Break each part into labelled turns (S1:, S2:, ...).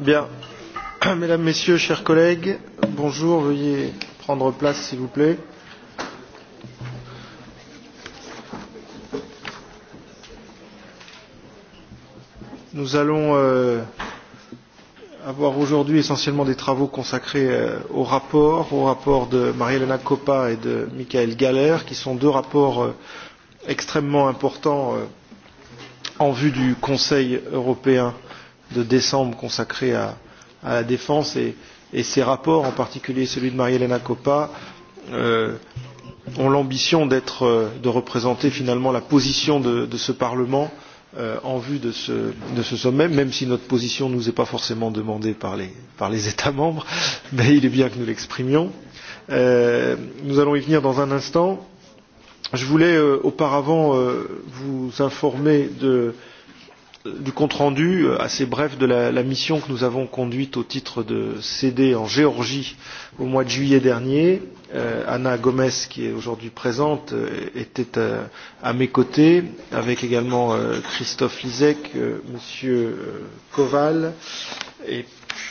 S1: Bien. Mesdames, Messieurs, chers collègues, bonjour, veuillez prendre place s'il vous plaît. Nous allons euh, avoir aujourd'hui essentiellement des travaux consacrés euh, au rapport, au rapport de Marie-Hélène Coppa et de Michael Galler, qui sont deux rapports euh, extrêmement importants euh, en vue du Conseil européen euh, de décembre consacré à, à la défense et, et ces rapports, en particulier celui de Marie-Hélène Coppa, euh, ont l'ambition d'être, euh, de représenter finalement la position de, de ce Parlement euh, en vue de ce, de ce sommet, même si notre position ne nous est pas forcément demandée par les, par les États membres, mais il est bien que nous l'exprimions. Euh, nous allons y venir dans un instant. Je voulais euh, auparavant euh, vous informer de euh, Euh, du compte rendu euh, assez bref de la, la mission que nous avons conduite au titre de CD en Géorgie au mois de juillet dernier. Euh, Anna Gomez, qui est aujourd'hui présente, euh, était à, euh, à mes côtés, avec également euh, Christophe Lisek, euh, Monsieur euh, Koval, et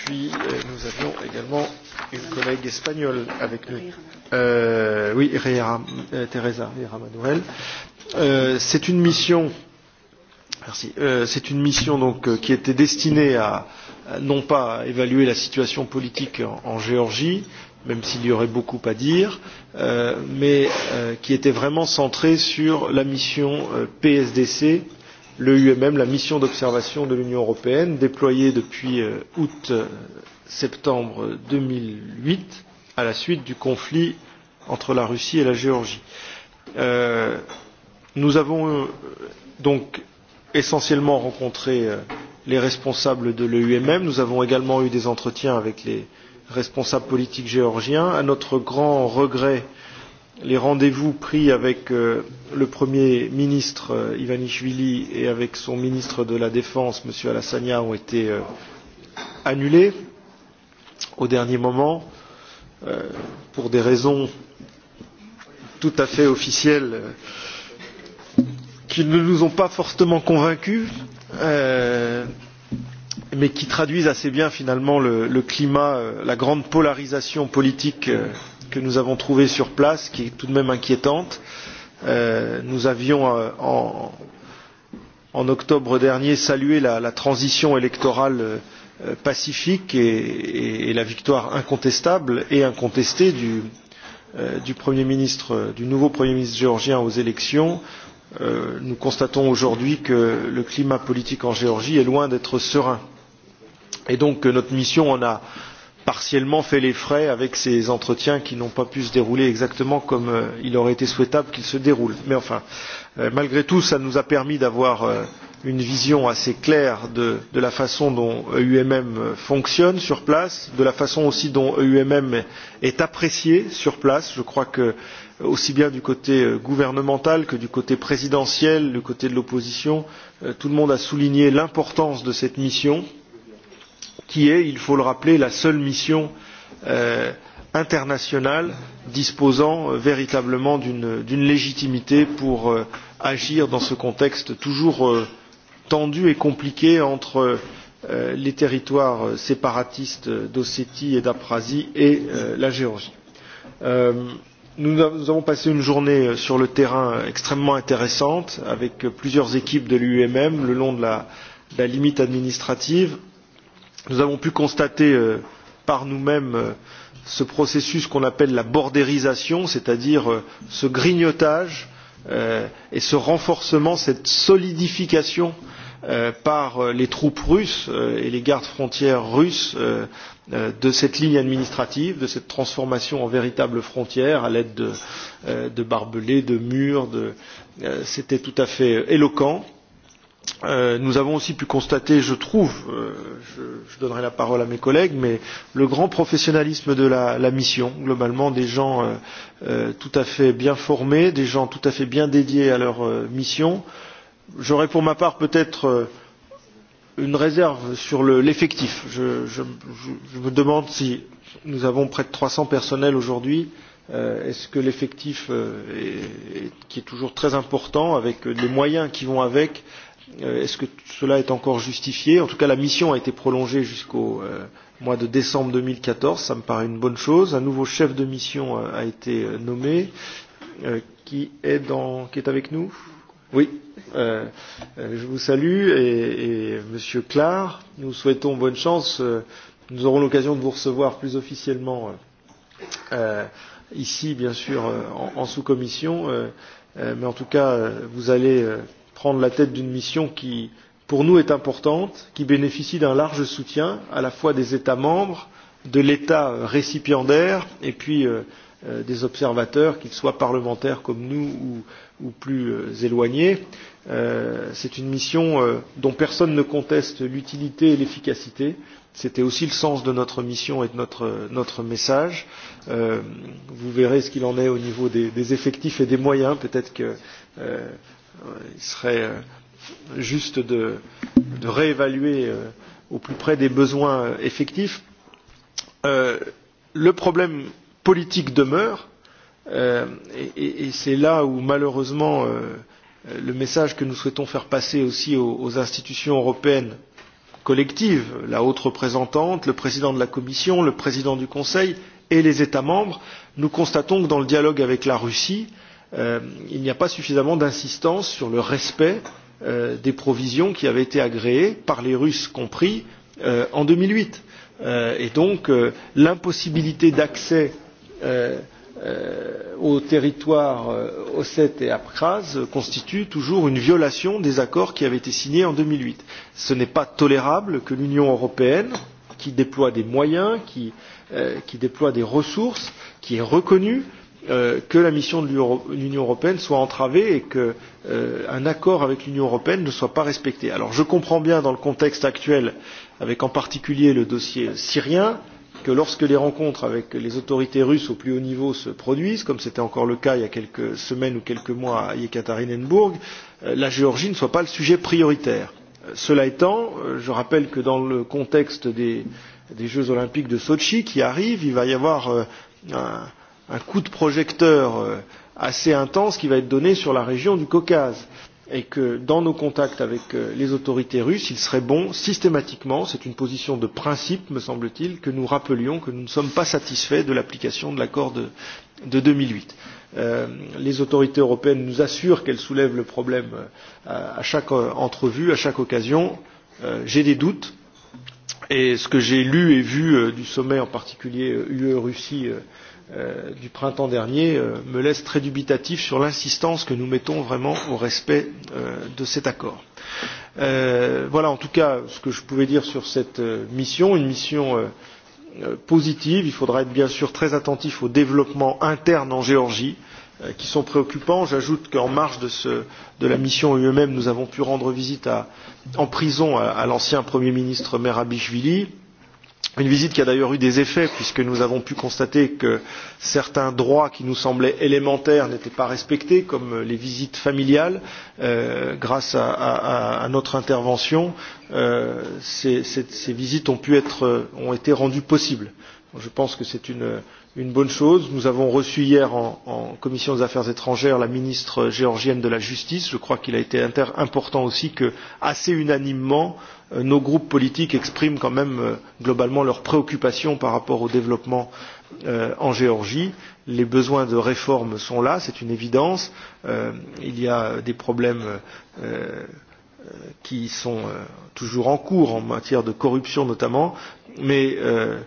S1: puis euh, nous avions également une collègue espagnole avec nous. Euh, oui, Herrera, euh, Teresa Herrera Manuel. Euh, C'est une mission euh, Merci. Euh, C'est une mission donc, euh, qui était destinée à non pas à évaluer la situation politique en, en Géorgie, même s'il y aurait beaucoup à dire, euh, mais euh, qui était vraiment centrée sur la mission euh, PSDC, le UMM, la mission d'observation de l'Union européenne, déployée depuis euh, août-septembre euh, 2008 à la suite du conflit entre la Russie et la Géorgie. Euh, nous avons euh, donc essentiellement rencontré euh, les responsables de l'EUMM. Nous avons également eu des entretiens avec les responsables politiques géorgiens. À notre grand regret, les rendez-vous pris avec euh, le Premier ministre euh, Ivanishvili et avec son ministre de la Défense, M. Alassania, ont été euh, annulés au dernier moment euh, pour des raisons tout à fait officielles. Euh, qu'ils ne nous ont pas fortement convaincus euh, mais qui traduisent assez bien finalement le, le climat euh, la grande polarisation politique euh, que nous avons trouvée sur place qui est tout de même inquiétante. Euh, nous avions euh, en, en octobre dernier salué la, la transition électorale euh, pacifique et, et, et la victoire incontestable et incontestée du, du, premier ministre, du nouveau premier ministre géorgien aux élections Euh, nous constatons aujourd'hui que le climat politique en géorgie est loin d'être serein et donc notre mission en a partiellement fait les frais avec ces entretiens qui n'ont pas pu se dérouler exactement comme euh, il aurait été souhaitable qu'ils se déroulent. mais enfin euh, malgré tout cela nous a permis d'avoir une vision assez claire de, de la façon dont eumm fonctionne sur place de la façon aussi dont eumm est apprécié sur place. je crois que aussi bien du côté euh, gouvernemental que du côté présidentiel, du côté de l'opposition, euh, tout le monde a souligné l'importance de cette mission, qui est, il faut le rappeler, la seule mission euh, internationale disposant euh, véritablement d'une légitimité pour euh, agir dans ce contexte toujours euh, tendu et compliqué entre euh, les territoires euh, séparatistes d'Ossétie et d'Aprasie et euh, la Géorgie. Euh, Nous avons passé une journée euh, sur le terrain euh, extrêmement intéressante avec euh, plusieurs équipes de l'UMM le long de la, de la limite administrative. Nous avons pu constater euh, par nous-mêmes euh, ce processus qu'on appelle la bordérisation, c'est-à-dire euh, ce grignotage euh, et ce renforcement, cette solidification euh, par euh, les troupes russes euh, et les gardes frontières russes euh, Euh, de cette ligne administrative, de cette transformation en véritable frontière à l'aide de, euh, de barbelés, de murs. De, euh, C'était tout à fait euh, éloquent. Euh, nous avons aussi pu constater, je trouve, euh, je, je donnerai la parole à mes collègues, mais le grand professionnalisme de la, la mission, globalement des gens euh, euh, tout à fait bien formés, des gens tout à fait bien dédiés à leur euh, mission. J'aurais pour ma part peut-être euh, une réserve sur l'effectif. Le, je, je, je, je me demande si nous avons près de 300 personnels aujourd'hui. Euh, Est-ce que l'effectif, euh, est, est, qui est toujours très important, avec les moyens qui vont avec, euh, est-ce que cela est encore justifié En tout cas, la mission a été prolongée jusqu'au euh, mois de décembre 2014. Ça me paraît une bonne chose. Un nouveau chef de mission euh, a été euh, nommé, euh, qui, est dans, qui est avec nous. Euh, Oui, euh, euh, je vous salue et, et Monsieur Clar, nous souhaitons bonne chance. Euh, nous aurons l'occasion de vous recevoir plus officiellement euh, euh ici, bien sûr, en, en sous-commission. Euh, mais en tout cas, vous allez prendre la tête d'une mission qui, pour nous, est importante, qui bénéficie d'un large soutien à la fois des États membres, de l'État récipiendaire et puis euh, des observateurs, qu'ils soient parlementaires comme nous ou ou plus euh, éloignés. Euh, C'est une mission euh, dont personne ne conteste l'utilité et l'efficacité. C'était aussi le sens de notre mission et de notre, notre message. Euh, vous verrez ce qu'il en est au niveau des, des effectifs et des moyens. Peut-être qu'il euh, il serait euh, juste de, de réévaluer euh, au plus près des besoins euh, effectifs. Euh, le problème politique demeure Euh, et et c'est là où, malheureusement, euh, le message que nous souhaitons faire passer aussi aux, aux institutions européennes collectives, la haute représentante, le président de la Commission, le président du Conseil et les États membres, nous constatons que dans le dialogue avec la Russie, euh, il n'y a pas suffisamment d'insistance sur le respect euh, des provisions qui avaient été agréées, par les Russes compris, euh, en 2008. Euh, et donc, euh, l'impossibilité d'accès euh, Euh, aux territoires euh, ossètes et abkhazes constitue toujours une violation des accords qui avaient été signés en. deux mille huit ce n'est pas tolérable que l'union européenne qui déploie des moyens qui, euh, qui déploie des ressources qui est reconnue euh, que la mission de l'Union européenne soit entravée et qu'un euh, accord avec l'Union européenne ne soit pas respecté. Alors je comprends bien dans le contexte actuel, avec en particulier le dossier syrien, euh, que lorsque les rencontres avec les autorités russes au plus haut niveau se produisent, comme c'était encore le cas il y a quelques semaines ou quelques mois à Yekaterinenburg, euh, la Géorgie ne soit pas le sujet prioritaire. Euh, cela étant, euh, je rappelle que dans le contexte des, des Jeux olympiques de Sochi qui arrivent, il va y avoir un, un coup de projecteur assez intense qui va être donné sur la région du Caucase. Euh, et que dans nos contacts avec euh, les autorités russes, il serait bon systématiquement, c'est une position de principe, me semble-t-il, que nous rappelions que nous ne sommes pas satisfaits de l'application de l'accord de, de 2008. Euh, les autorités européennes nous assurent qu'elles soulèvent le problème euh, à, à chaque euh, entrevue, à chaque occasion. Euh, J'ai des doutes. Et ce que j'ai lu et vu euh, du sommet, en particulier UE-Russie, euh, euh, du printemps dernier euh, me laisse très dubitatif sur l'insistance que nous mettons vraiment au respect euh, de cet accord. Euh, voilà en tout cas ce que je pouvais dire sur cette euh, mission, une mission euh, euh positive. Il faudra être bien sûr très attentif aux développements internes en Géorgie euh, qui sont préoccupants. J'ajoute qu'en marge de, ce, de la mission eux-mêmes, e nous avons pu rendre visite à, en prison à, à l'ancien Premier ministre Merabichvili, Une visite qui a d'ailleurs eu des effets puisque nous avons pu constater que certains droits qui nous semblaient élémentaires n'étaient pas respectés, comme les visites familiales. Euh, grâce à, à, à notre intervention, euh, ces, ces, ces visites ont, pu être, ont été rendues possibles. Je pense que c'est une, une bonne chose. Nous avons reçu hier en, en commission des affaires étrangères la ministre géorgienne de la justice. Je crois qu'il a été inter important aussi que, assez unanimement, euh, Euh, nos groupes politiques expriment quand même euh, globalement leurs préoccupations par rapport au développement euh, en Géorgie. Les besoins de réforme sont là, c'est une évidence. Euh, il y a des problèmes euh, euh, qui sont euh, toujours en cours en matière de corruption notamment, mais euh,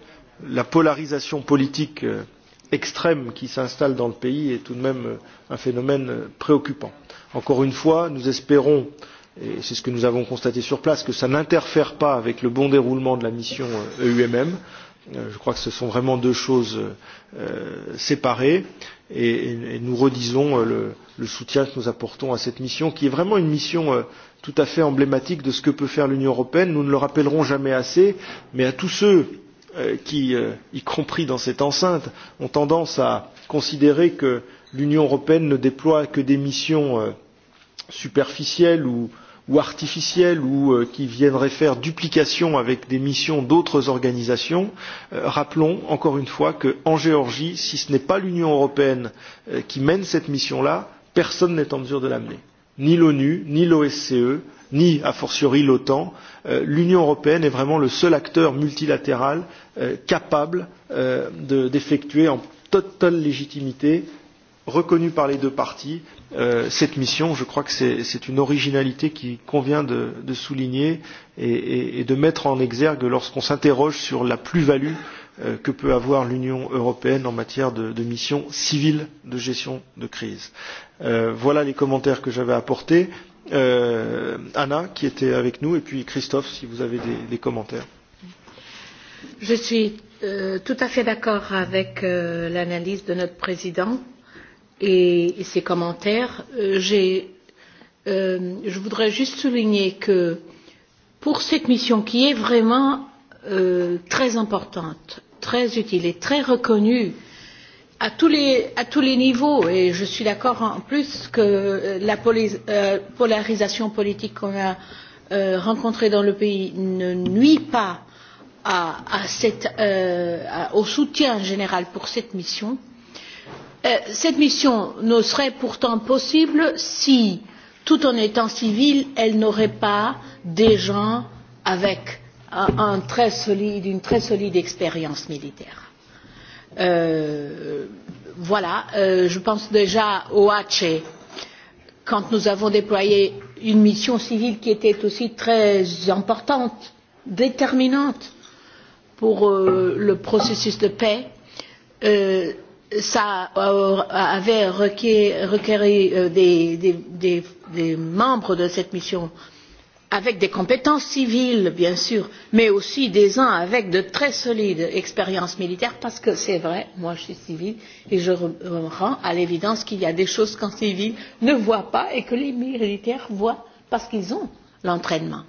S1: la polarisation politique euh, extrême qui s'installe dans le pays est tout de même un phénomène préoccupant. Encore une fois, nous espérons euh, et c'est ce que nous avons constaté sur place, que ça n'interfère pas avec le bon déroulement de la mission EUMM. E euh, je crois que ce sont vraiment deux choses euh, séparées et, et, et nous redisons euh, le, le soutien que nous apportons à cette mission qui est vraiment une mission euh, tout à fait emblématique de ce que peut faire l'Union européenne. Nous ne le rappellerons jamais assez, mais à tous ceux euh, qui, euh, y compris dans cette enceinte, ont tendance à considérer que l'Union européenne ne déploie que des missions euh, superficielles ou, ou artificielles ou euh, qui viendraient faire duplication avec des missions d'autres organisations. Euh, rappelons encore une fois qu'en Géorgie, si ce n'est pas l'Union européenne euh, qui mène cette mission-là, personne n'est en mesure de l'amener. Ni l'ONU, ni l'OSCE, ni a fortiori l'OTAN. Euh, L'Union européenne est vraiment le seul acteur multilatéral euh, capable euh, d'effectuer de, en totale légitimité euh, reconnue par les deux parties euh, cette mission. Je crois que c'est une originalité qui convient de, de souligner et, et, et de mettre en exergue lorsqu'on s'interroge sur la plus-value euh, que peut avoir l'Union européenne en matière de, de mission civile de gestion de crise. Euh, voilà les commentaires que j'avais apportés. Euh, Anna, qui était avec nous, et puis Christophe, si vous avez des, des commentaires.
S2: Je suis euh, tout à fait d'accord avec euh, l'analyse de notre présidente et, et ses commentaires. Euh, j'ai, euh, je voudrais juste souligner que pour cette mission qui est vraiment euh, très importante, très utile et très reconnue à tous les, à tous les niveaux, et je suis d'accord en plus que euh, la polis, euh, polarisation politique qu'on a euh, rencontrée dans le pays ne nuit pas à, à cette, euh, à, au soutien général pour cette mission. Euh, Euh, cette mission ne serait pourtant possible si tout en étant civile elle n'aurait pas des gens avec euh, un très solide, une très solide expérience militaire. Euh, voilà, euh, je pense déjà au Hatché, e. quand nous avons déployé une mission civile qui était aussi très importante, déterminante pour euh, le processus de paix. Euh, ça avait requéri euh, des, des, des, des membres de cette mission avec des compétences civiles bien sûr mais aussi des uns avec de très solides expériences militaires parce que c'est vrai moi je suis civile et je rends à l'évidence qu'il y a des choses qu'un civil ne voit pas et que les militaires voient parce qu'ils ont l'entraînement.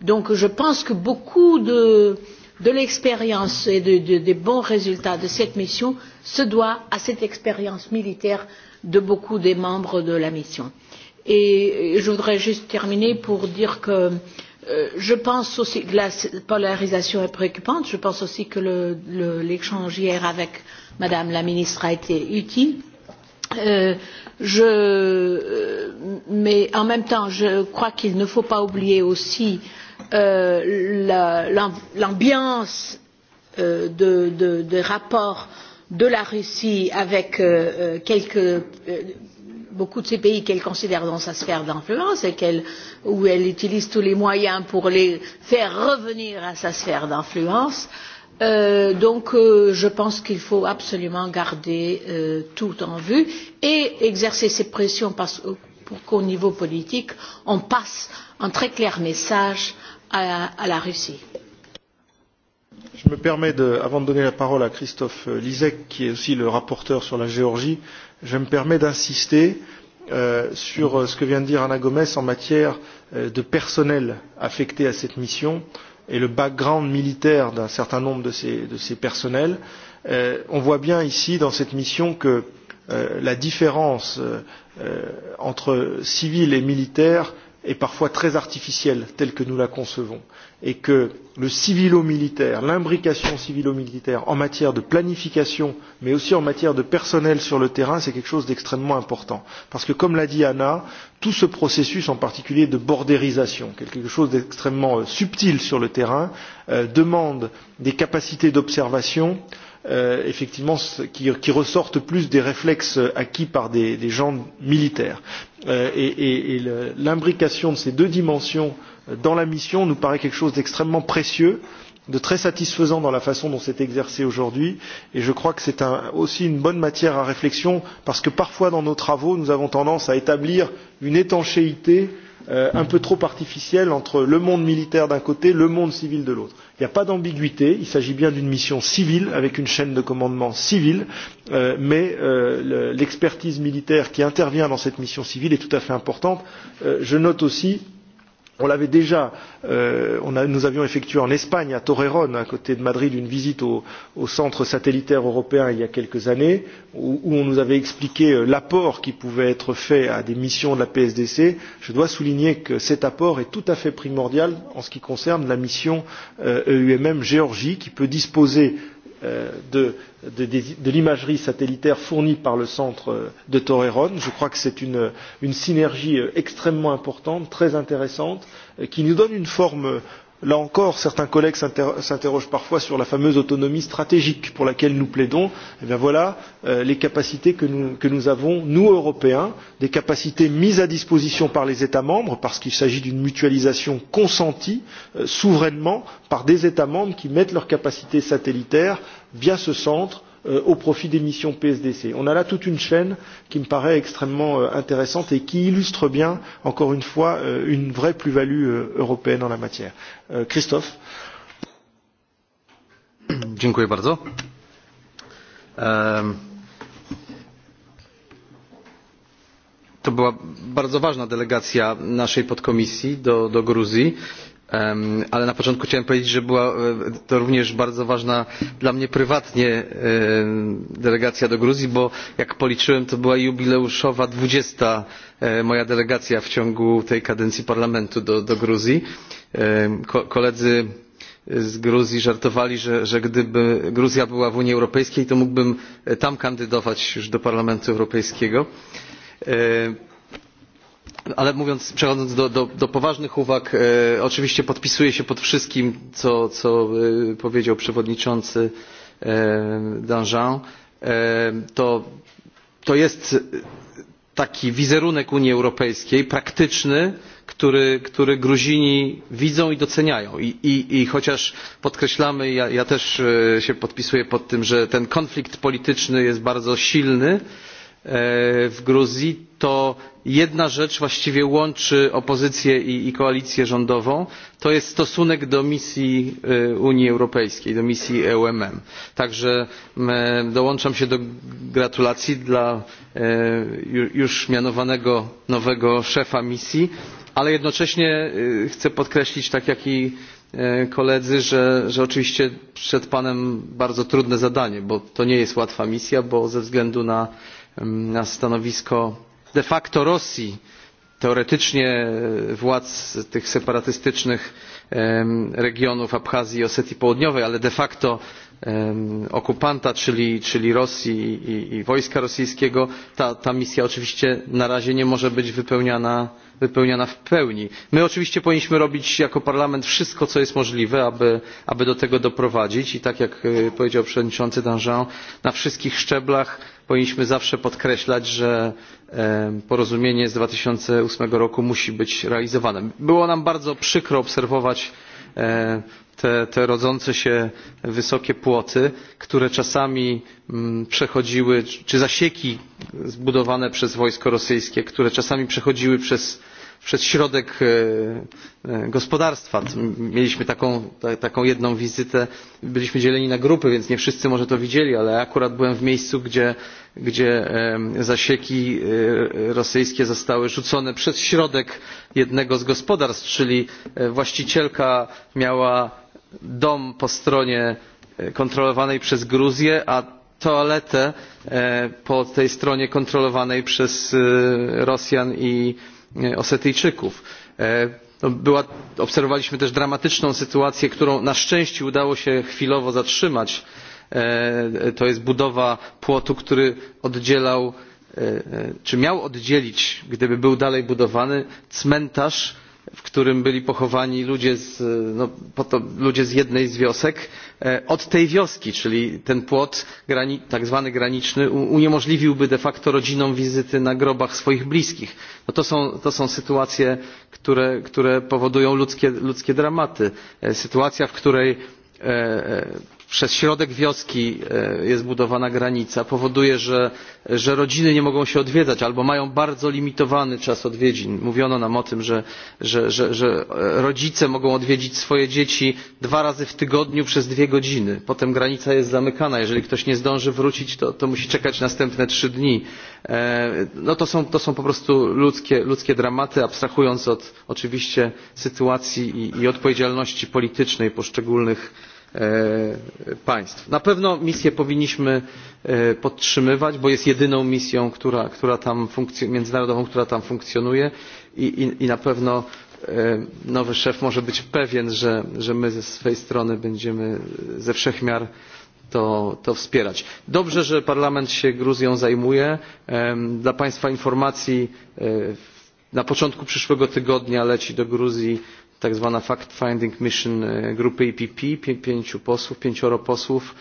S2: donc je pense que beaucoup de euh, de l'expérience et de, de, des bons résultats de cette mission se doit à cette expérience militaire de beaucoup des membres de la mission. Et, et je voudrais juste terminer pour dire que euh, je pense aussi que la polarisation est préoccupante. Je pense aussi que l'échange hier avec Madame la ministre a été utile. Euh, je, euh, mais en même temps, je crois qu'il ne faut pas oublier aussi euh, euh, l'ambiance la, euh, de, de, des rapports de la russie avec euh, euh quelques, euh, beaucoup de ces pays qu'elle considère dans sa sphère d'influence et elle, où elle utilise tous les moyens pour les faire revenir à sa sphère d'influence Euh, donc euh, je pense qu'il faut absolument garder euh, tout en vue et exercer ces pressions parce, euh, pour qu'au niveau politique on passe un très clair message à, à la
S1: Russie. Je me permets, de, avant de donner la parole à Christophe Lisek, qui est aussi le rapporteur sur la Géorgie, je me permets d'insister euh, sur euh, ce que vient de dire Anna Gomez en matière euh, de personnel affecté à cette mission et le background militaire d'un certain nombre de ces, de ces personnels. Euh, on voit bien ici, dans cette mission, que euh, la différence euh, euh entre civils et militaires euh, et parfois très artificielle telle que nous la concevons et que le civilo militaire l'imbrication civilo militaire en matière de planification mais aussi en matière de personnel sur le terrain c'est quelque chose d'extrêmement important parce que comme l'a dit Anna tout ce processus en particulier de bordérisation quelque chose d'extrêmement euh, subtil sur le terrain euh, demande des capacités d'observation euh, euh, effectivement qui, qui ressortent plus des réflexes acquis par des, des gens militaires. Euh, et et, et l'imbrication de ces deux dimensions dans la mission nous paraît quelque chose d'extrêmement précieux de très satisfaisant dans la façon dont c'est exercé aujourd'hui et je crois que c'est un, aussi une bonne matière à réflexion parce que parfois dans nos travaux nous avons tendance à établir une étanchéité euh, euh, un peu trop artificielle entre le monde militaire d'un côté et le monde civil de l'autre. Il n'y a pas d'ambiguïté, il s'agit bien d'une mission civile avec une chaîne de commandement civile, euh, mais euh, l'expertise militaire qui intervient dans cette mission civile est tout à fait importante. Euh, je note aussi euh, on l'avait déjà euh, on a, nous avions effectué en Espagne à Torreón à côté de Madrid une visite au, au centre satellitaire européen il y a quelques années où, où on nous avait expliqué euh, l'apport qui pouvait être fait à des missions de la PSDC je dois souligner que cet apport est tout à fait primordial en ce qui concerne la mission euh, EUMM Géorgie qui peut disposer euh, Euh, de, de, de, de l'imagerie satellitaire fournie par le centre euh, de Torreón. Je crois que c'est une, une synergie euh, extrêmement importante, très intéressante, qui nous donne une forme là encore certains collègues s'interrogent parfois sur la fameuse autonomie stratégique pour laquelle nous plaidons eh bien voilà euh, les capacités que nous, que nous avons nous européens des capacités mises à disposition par les états membres parce qu'il s'agit d'une mutualisation consentie euh, souverainement par des états membres qui mettent leurs capacités satellitaires via ce centre euh, au profit des missions PSDC. On a là toute une chaîne qui me paraît extrêmement euh, intéressante et qui illustre bien, encore une fois, euh, une vraie plus-value euh, européenne en la matière. Euh, Christophe.
S3: Dziękuję bardzo. Um... To była bardzo ważna delegacja naszej podkomisji do, do Gruzji. Um ale na początku chciałem powiedzieć że była e, to również bardzo ważna dla mnie prywatnie e, delegacja do gruzji bo jak policzyłem to była jubileuszowa dwudziesta e, moja delegacja w ciągu tej kadencji parlamentu do, do gruzji. koledzy z gruzji żartowali że, że gdyby gruzja była w unii europejskiej to mógłbym tam kandydować już do parlamentu europejskiego ale mówiąc, przechodząc do, do, do poważnych uwag, e, oczywiście podpisuję się pod wszystkim, co, co e, powiedział przewodniczący e, Danjean. E, to, to jest taki wizerunek Unii Europejskiej, praktyczny, który, który Gruzini widzą i doceniają. I, i, i chociaż podkreślamy, ja, ja też e, się podpisuję pod tym, że ten konflikt polityczny jest bardzo silny, e, E, w gruzji to jedna rzecz właściwie łączy opozycję i, i koalicję rządową to jest stosunek do misji e, unii europejskiej do misji eumm. także e, dołączam się do gratulacji dla już mianowanego nowego szefa misji ale jednocześnie chcę podkreślić tak jak i koledzy że, że oczywiście przed panem bardzo trudne zadanie bo to nie jest łatwa misja bo ze względu na na stanowisko de facto rosji teoretycznie władz tych separatystycznych regionów abchazji i osetii południowej ale de facto okupanta czyli, czyli rosji i, i wojska rosyjskiego ta, ta misja oczywiście na razie nie może być wypełniana, wypełniana w pełni. my oczywiście powinniśmy robić jako parlament wszystko co jest możliwe aby, aby do tego doprowadzić i tak jak e, powiedział przewodniczący danjean na wszystkich szczeblach powinniśmy zawsze podkreślać że porozumienie z dwa tysiące osiem roku musi być realizowane. było nam bardzo przykro obserwować e, te, te rodzące się wysokie płoty które czasami przechodziły czy zasieki zbudowane przez wojsko rosyjskie które czasami przechodziły przez przez środek e, e, gospodarstwa. mieliśmy taką, ta, taką jedną wizytę byliśmy dzieleni na grupy więc nie wszyscy może to widzieli ale akurat byłem w miejscu gdzie, gdzie zasieki e, rosyjskie zostały rzucone przez środek jednego z gospodarstw czyli właścicielka miała dom po stronie kontrolowanej przez gruzję a toaletę po tej stronie kontrolowanej przez rosjan i E, osetyjczyków. E, była, obserwowaliśmy też dramatyczną sytuację którą na szczęście udało się chwilowo zatrzymać e, to jest budowa płotu który oddzielał czy miał oddzielić gdyby był dalej budowany cmentarz w którym byli pochowani ludzie z, no, ludzie z jednej z wiosek E, od tej wioski czyli ten płot tak zwany graniczny uniemożliwiłby de facto rodzinom wizyty na grobach swoich bliskich. No to, są, to są sytuacje które, które powodują ludzkie, ludzkie dramaty e, sytuacja w której e, przez środek wioski e, jest budowana granica powoduje że, że rodziny nie mogą się odwiedzać albo mają bardzo limitowany czas odwiedzin. mówiono nam o tym że, że, że rodzice mogą odwiedzić swoje dzieci dwa razy w tygodniu przez dwie godziny potem granica jest zamykana jeżeli ktoś nie zdąży wrócić to, to musi czekać następne trzy dni. E, no to, są, to są po prostu ludzkie, ludzkie dramaty abstrahując od oczywiście sytuacji i, i odpowiedzialności politycznej poszczególnych E, państw. na pewno misję powinniśmy e, podtrzymywać bo jest jedyną misją która, która tam międzynarodową która tam funkcjonuje i, i, i na pewno e, nowy szef może być pewien że, że my ze swej strony będziemy ze wszech miar to, to wspierać. dobrze że parlament się gruzją zajmuje. dla państwa informacji na początku przyszłego tygodnia leci do gruzji tak zwana fact finding mission e, grupy EPP, pięciu posłów, pięcioro posłów.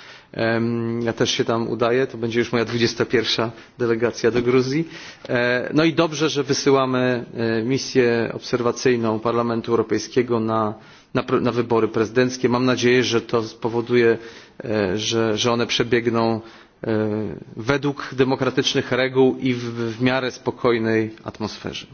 S3: Ja też się tam udaję, to będzie już moja 21 delegacja do Gruzji. E, no i dobrze, że wysyłamy e, misję obserwacyjną Parlamentu Europejskiego na, na, na wybory prezydenckie. Mam nadzieję, że to spowoduje, że, że one przebiegną według demokratycznych reguł i w, w miarę spokojnej atmosferze.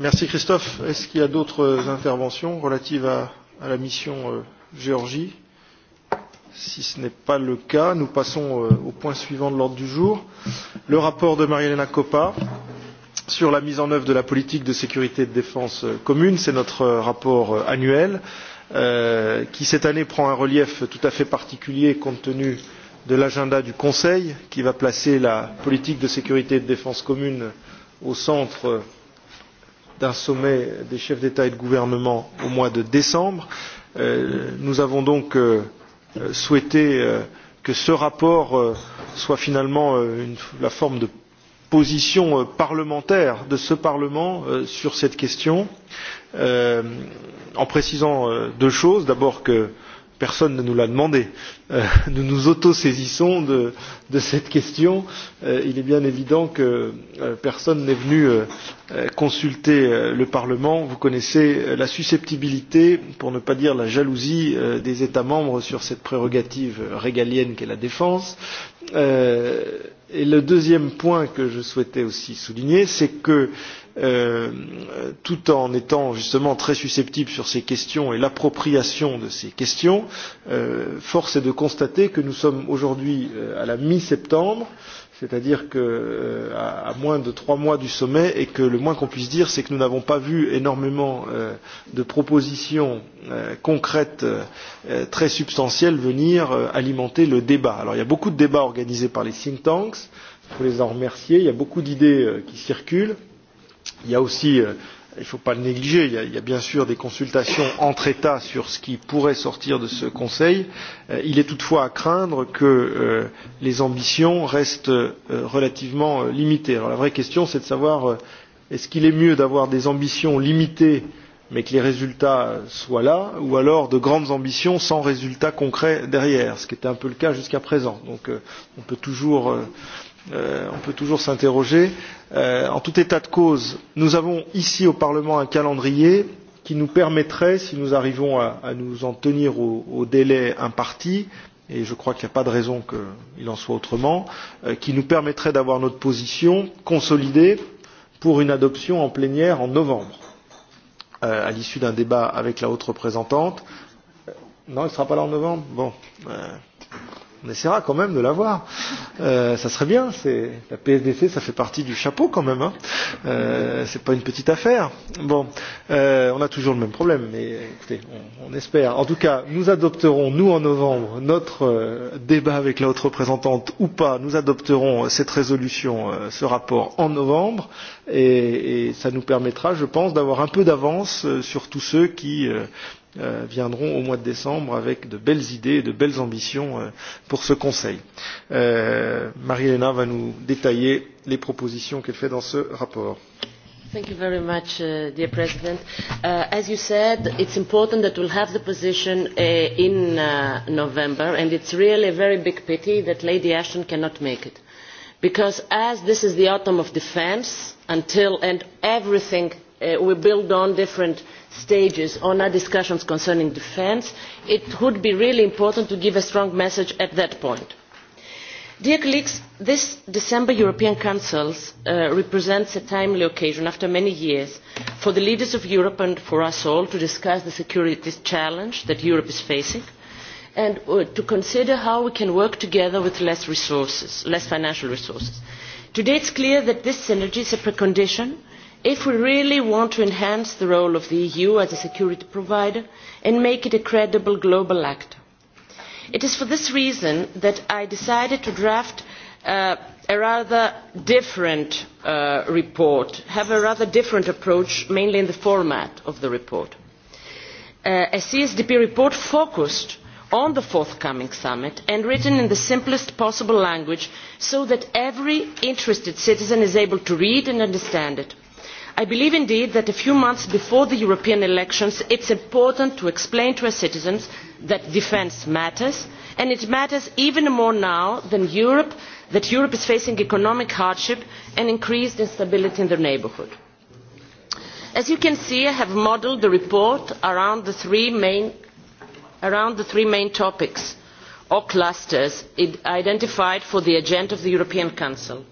S1: Merci Christophe. Est-ce qu'il y a d'autres interventions relatives à, à la mission euh, Géorgie Si ce n'est pas le cas, nous passons euh, au point suivant de l'ordre du jour. Le rapport de Marielena Coppa sur la mise en œuvre de la politique de sécurité et de défense euh, commune. C'est notre euh, rapport euh, annuel euh, qui, cette année, prend un relief tout à fait particulier compte tenu de l'agenda du Conseil qui va placer la politique de sécurité et de défense commune au centre euh, d'un sommet des chefs d'État et de gouvernement au mois de décembre. Euh, nous avons donc euh, souhaité euh, que ce rapport euh, soit finalement euh, une, la forme de position euh, parlementaire de ce Parlement euh, sur cette question, euh, en précisant euh, deux choses. D'abord que euh, personne ne nous l'a demandé. Euh, nous nous autosaisissons de, de cette question. Euh, il est bien évident que euh, personne n'est venu euh, euh consulter euh, le Parlement. Vous connaissez euh, la susceptibilité, pour ne pas dire la jalousie, euh, des États membres sur cette prérogative régalienne qu'est la défense. Euh, et le deuxième point que je souhaitais aussi souligner, c'est que euh, euh, tout en étant justement très susceptible sur ces questions et l'appropriation de ces questions, euh, force est de constater que nous sommes aujourd'hui euh, à la mi-septembre, c'est-à-dire que euh, à, à moins de trois mois du sommet et que le moins qu'on puisse dire, c'est que nous n'avons pas vu énormément euh, de propositions euh, concrètes euh, très substantielles venir euh, alimenter le débat. Alors il y a beaucoup de débats organisés par les think tanks, il faut les en remercier, il y a beaucoup d'idées euh, qui circulent il y a aussi euh, il ne faut pas le négliger il y, a, il y a bien sûr des consultations entre États sur ce qui pourrait sortir de ce Conseil. Euh, il est toutefois à craindre que euh, les ambitions restent euh, relativement euh, limitées. Alors la vraie question, c'est de savoir euh, est-ce qu'il est mieux d'avoir des ambitions limitées euh, mais que les résultats soient là, ou alors de grandes ambitions sans résultats concrets derrière, ce qui était un peu le cas jusqu'à présent. Donc euh, on peut toujours, euh, euh, on peut toujours s'interroger. Euh, en tout état de cause, nous avons ici au Parlement un calendrier qui nous permettrait, si nous arrivons à, à nous en tenir au, au délai imparti, et je crois qu'il n'y a pas de raison qu'il en soit autrement, euh, qui nous permettrait d'avoir notre position consolidée pour une adoption en plénière en novembre euh, à l'issue d'un débat avec la haute représentante. Non, elle ne sera pas là en novembre Bon. Euh, on essaiera quand même de l'avoir. Euh, ça serait bien. C'est la PSDC, ça fait partie du chapeau quand même. Hein. Euh, c'est pas une petite affaire. Bon, euh, on a toujours le même problème, mais écoutez, on, on espère. En tout cas, nous adopterons nous en novembre notre euh, débat avec la haute représentante ou pas. Nous adopterons euh, cette résolution, euh, ce rapport en novembre, et, et ça nous permettra, je pense, d'avoir un peu d'avance euh, sur tous ceux qui euh, euh, viendront au mois de décembre avec de belles idées et de belles ambitions euh, pour ce Conseil. Euh, Marie-Hélène va nous détailler les propositions qu'elle fait dans ce rapport.
S4: Thank you very much, uh, dear President. Uh, as you said, it's important that we'll have the position uh, in uh, November, and it's really a very big pity that Lady Ashton cannot make it. Because as this is the autumn of defense, until and everything uh, we build on different uh, stages on our discussions concerning defence it would be really important to give a strong message at that point. this december european council uh, represents a timely occasion after many years for the leaders of europe and for us all to discuss the security challenge that europe is facing and uh, to consider how we can work together with less resources less financial resources. today it is clear that this synergy is a precondition if we really want to enhance the role of the eu as a security provider and make it a credible global actor. it is for this reason that i decided to draft uh, a rather different uh, report have a rather different approach mainly in the format of the report. Uh, a csdp report focused on the forthcoming summit and written in the simplest possible language so that every interested citizen is able to read and understand it i believe indeed that a few months before the european elections it is important to explain to our citizens that defence matters and it matters even more now than ever that europe is facing economic hardship and increased instability in their neighbourhood. as you can see i have modelled the report around the three main, the three main topics or clusters identified for the agenda of the european council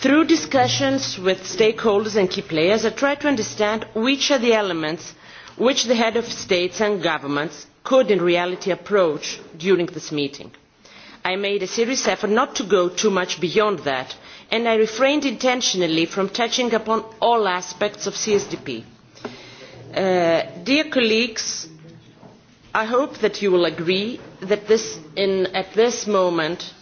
S4: through discussions with stakeholders and key players i tried to understand which are the elements which the heads of state and governments could in reality approach during this meeting. i made a serious effort not to go too much beyond that and i refrained intentionally from touching upon all aspects of csdp. Uh, dear colleagues i hope that you will agree that this in, at this moment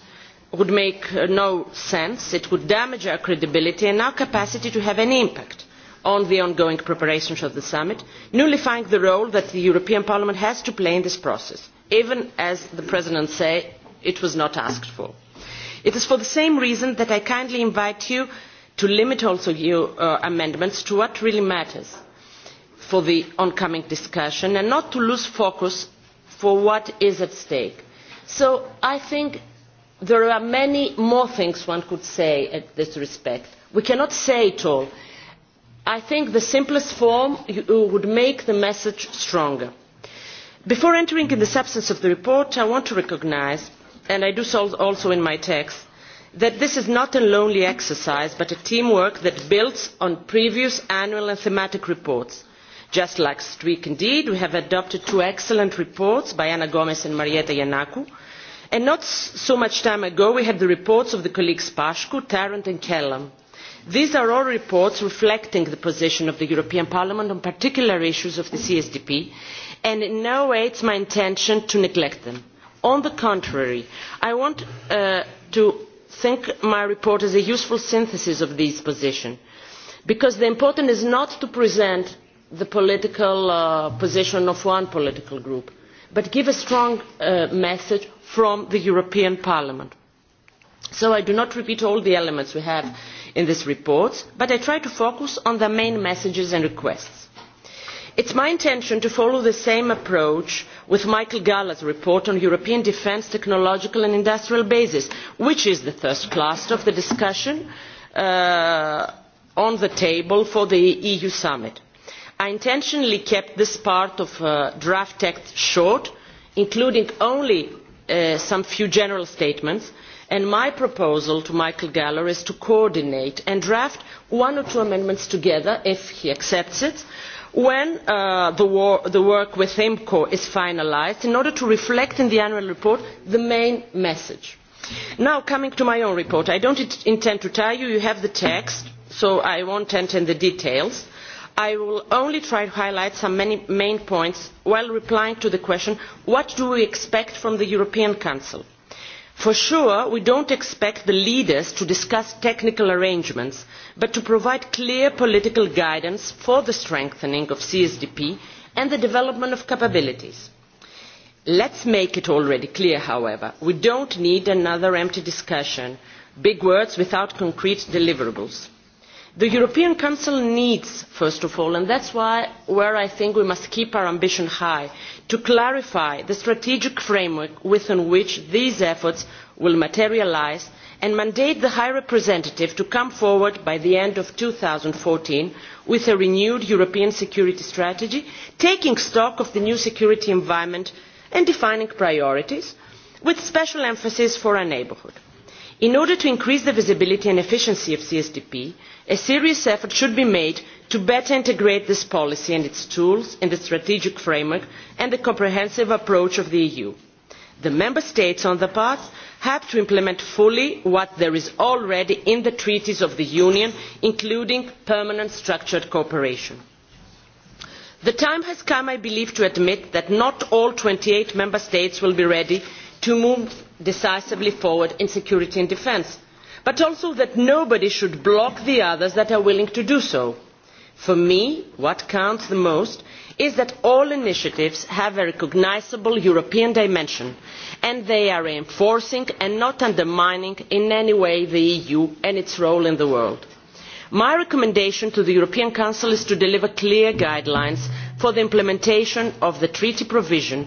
S4: would make uh, no sense it would damage our credibility and our capacity to have an impact on the ongoing preparations of the summit nullifying the role that the european parliament has to play in this process even as the president said it was not asked for. it is for the same reason that i kindly invite you to limit also your uh, amendments to what really matters for the oncoming discussion and not to lose focus for what is at stake. so i think there are many more things one could say in this respect. we cannot say it all. i think the simplest form uh, would make the message stronger. before entering into the substance of the report i want to recognise and i do so also in my text that this is not a lonely exercise but a teamwork that builds on previous annual and thematic reports. just last week indeed we have adopted two excellent reports by ana gomes and marietta giannakou And not so much time ago we had the reports of the colleagues pacu tarand and kelam. these are all reports reflecting the position of the european parliament on particular issues of the csdp and in no way is it my intention to neglect them. on the contrary i want uh, to think my report as a useful synthesis of these positions because the important is not to present the political uh, position of one political group but give a strong uh, message from the european parliament. so i do not repeat all the elements we have in this report but i try to focus on the main messages and requests. it is my intention to follow the same approach with michael gahler's report on european defence technological and industrial bases which is the first cluster of the discussion uh, on the table for the eu summit i intentionally kept this part of the uh, draft text short including only uh, some few general statements and my proposal to michael gahler is to coordinate and draft one or two amendments together if he accepts it when uh, the, war, the work with imco is finalised in order to reflect in the annual report the main message. now coming to my own report i do not intend to tire you you have the text so i will not enter into the details i will only try to highlight some main points while replying to the question what do we expect from the european council? for sure we do not expect the leaders to discuss technical arrangements but to provide clear political guidance for the strengthening of csdp and the development of capabilities. let us make it already clear however we do not need another empty discussion big words without concrete deliverables the european council needs first of all and that is where i think we must keep our ambition high to clarify the strategic framework within which these efforts will materialise and mandate the high representative to come forward by the end of two thousand and fourteen with a renewed european security strategy taking stock of the new security environment and defining priorities with special emphasis on our neighbourhood. in order to increase the visibility and efficiency of csdp a serious effort should be made to better integrate this policy and its tools in the strategic framework and the comprehensive approach of the eu. the member states on their part have to implement fully what there is already in the treaties of the union including permanent structured cooperation. the time has come i believe to admit that not all twenty eight member states will be ready to move decisively forward in security and defence but also that nobody should block the others that are willing to do so. for me what counts the most is that all initiatives have a recognisable european dimension and they are reinforcing and not undermining in any way the eu and its role in the world. my recommendation to the european council is to deliver clear guidelines for the implementation of the treaty provision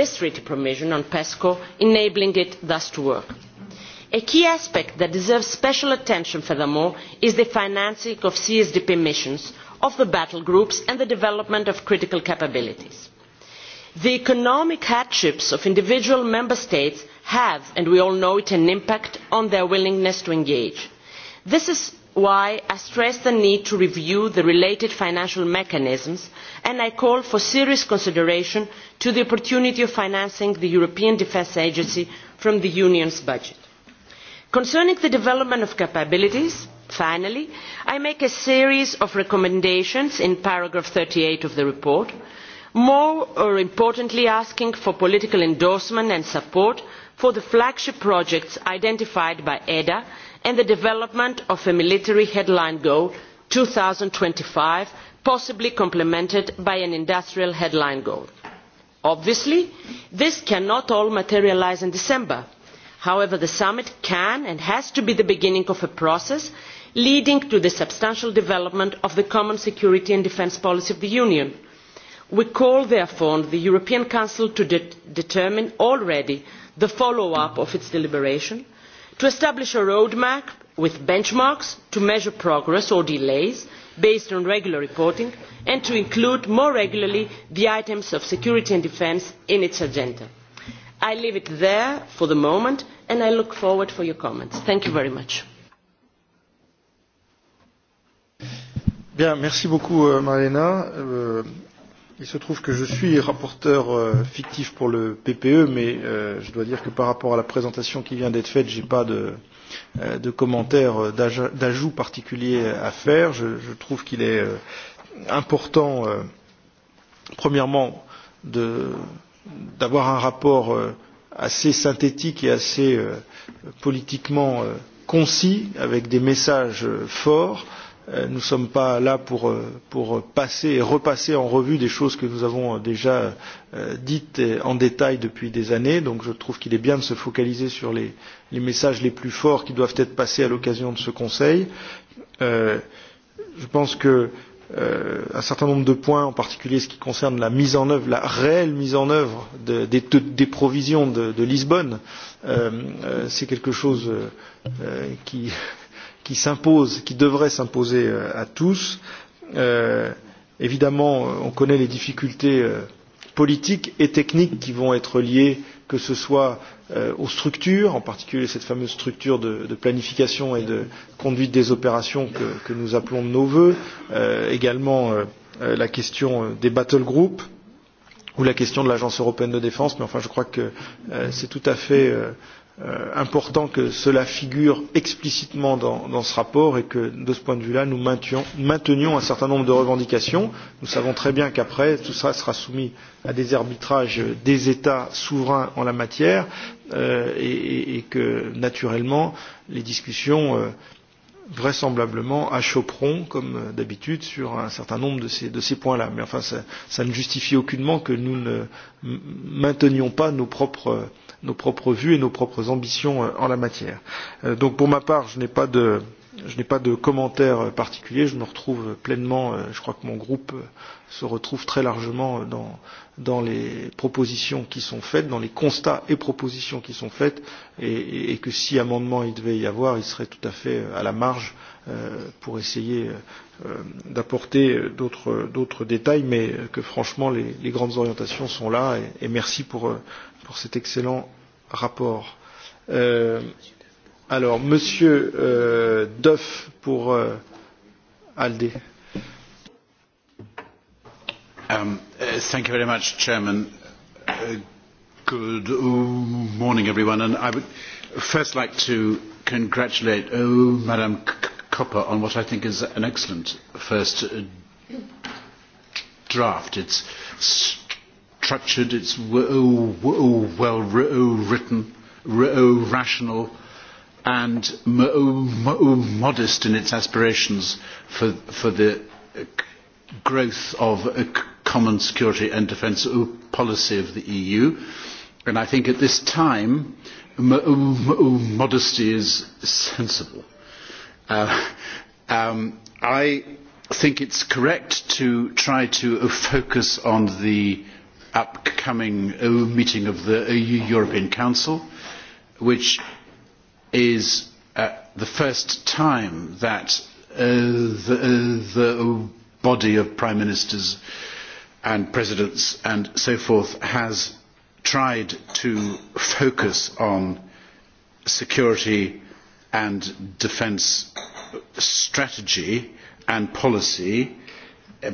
S4: this treaty provision on pesco enabling it thus to work a key aspect that deserves special attention furthermore is the financing of csdp missions of the battle groups and the development of critical capabilities. the economic hardships of individual member states have and we all know it an impact on their willingness to engage. this is why i stress the need to review the related financial mechanisms and i call for serious consideration of the opportunity of financing the european defence agency from the union's budget concerning the development of capabilities finally i make a series of recommendations in paragraph thirty eight of the report more importantly asking for political endorsement and support for the flagship projects identified by eda and the development of a military headline goal two thousand and twenty five possibly complemented by an industrial headline goal. obviously this cannot all materialise in december however the summit can and has to be the beginning of a process leading to the substantial development of the common security and defence policy of the union. we call therefore on the european council to de determine already the follow up of its deliberation to establish a roadmap with benchmarks to measure progress or delays based on regular reporting and to include more regularly the items of security and defence in its agenda i leave it there for the moment and i look forward to your comments. thank you very much.
S1: Bien, merci beaucoup euh, Marlena. Euh, il se trouve que je suis rapporteur euh, fictif pour le PPE, mais euh, je dois dire que par rapport à la présentation qui vient d'être faite, j'ai pas de, euh, de commentaires euh, d'ajout particulier à faire. Je, je trouve qu'il est euh, important, euh, premièrement, de euh, d'avoir un rapport euh, assez synthétique et assez euh, politiquement euh, concis, avec des messages euh, forts. Euh, nous ne sommes pas là pour, euh, pour passer et repasser en revue des choses que nous avons euh, déjà euh, dites en détail depuis des années. Donc je trouve qu'il est bien de se focaliser sur les, les messages les plus forts qui doivent être passés à l'occasion de ce Conseil. Euh, je pense que euh, euh, un certain nombre de points, en particulier ce qui concerne la mise en œuvre, la réelle mise en œuvre de, de, de, des provisions de, de Lisbonne. Euh, euh, C'est quelque chose euh, euh qui, qui s'impose, qui devrait s'imposer euh, à tous. Euh, évidemment, on connaît les difficultés euh, politiques et techniques qui vont être liées, que ce soit euh, aux structures, en particulier cette fameuse structure de, de planification et de conduite des opérations que, que nous appelons de nos voeux, euh, également euh, euh la question euh, des battle groups ou la question de l'Agence européenne de défense, mais enfin je crois que euh, c'est tout à fait euh, euh, important que cela figure explicitement dans, dans ce rapport et que, de ce point de vue-là, nous maintenions, maintenions un certain nombre de revendications. Nous savons très bien qu'après, tout ça sera soumis à des arbitrages des États souverains en la matière euh, et, et que, naturellement, les discussions euh, vraisemblablement achoperont, comme d'habitude, sur un certain nombre de ces, de ces points-là. Mais enfin, ça, ça ne justifie aucunement que nous ne maintenions pas nos propres euh, nos propres vues et nos propres ambitions euh, en la matière. Euh, donc pour ma part, je n'ai pas de je n'ai pas de commentaires euh, particuliers, je me retrouve pleinement, euh, je crois que mon groupe euh, se retrouve très largement dans, dans les propositions qui sont faites, dans les constats et propositions qui sont faites, et, et, et que si amendement il devait y avoir, il serait tout à fait à la marge euh, pour essayer euh, d'apporter d'autres détails, mais que franchement les, les grandes orientations sont là, et, et merci pour, pour cet excellent rapport. Euh, alors, Monsieur euh, Duff pour euh, ALDE.
S5: Um, uh, thank you very much, Chairman. Uh, good uh, morning, everyone. And I would first like to congratulate oh, Madame Copper on what I think is an excellent first uh, draft. It's structured, it's w- w- well written, r- rational, and m- modest in its aspirations for, for the uh, growth of a uh, common security and defence uh, policy of the EU. And I think at this time, m- modesty is sensible. Uh, um, I think it's correct to try to focus on the uh, upcoming uh, meeting of the uh, European Council, which is uh, the first time that uh, the, uh, the body of prime ministers and presidents and so forth has tried to focus on security and defence strategy and policy.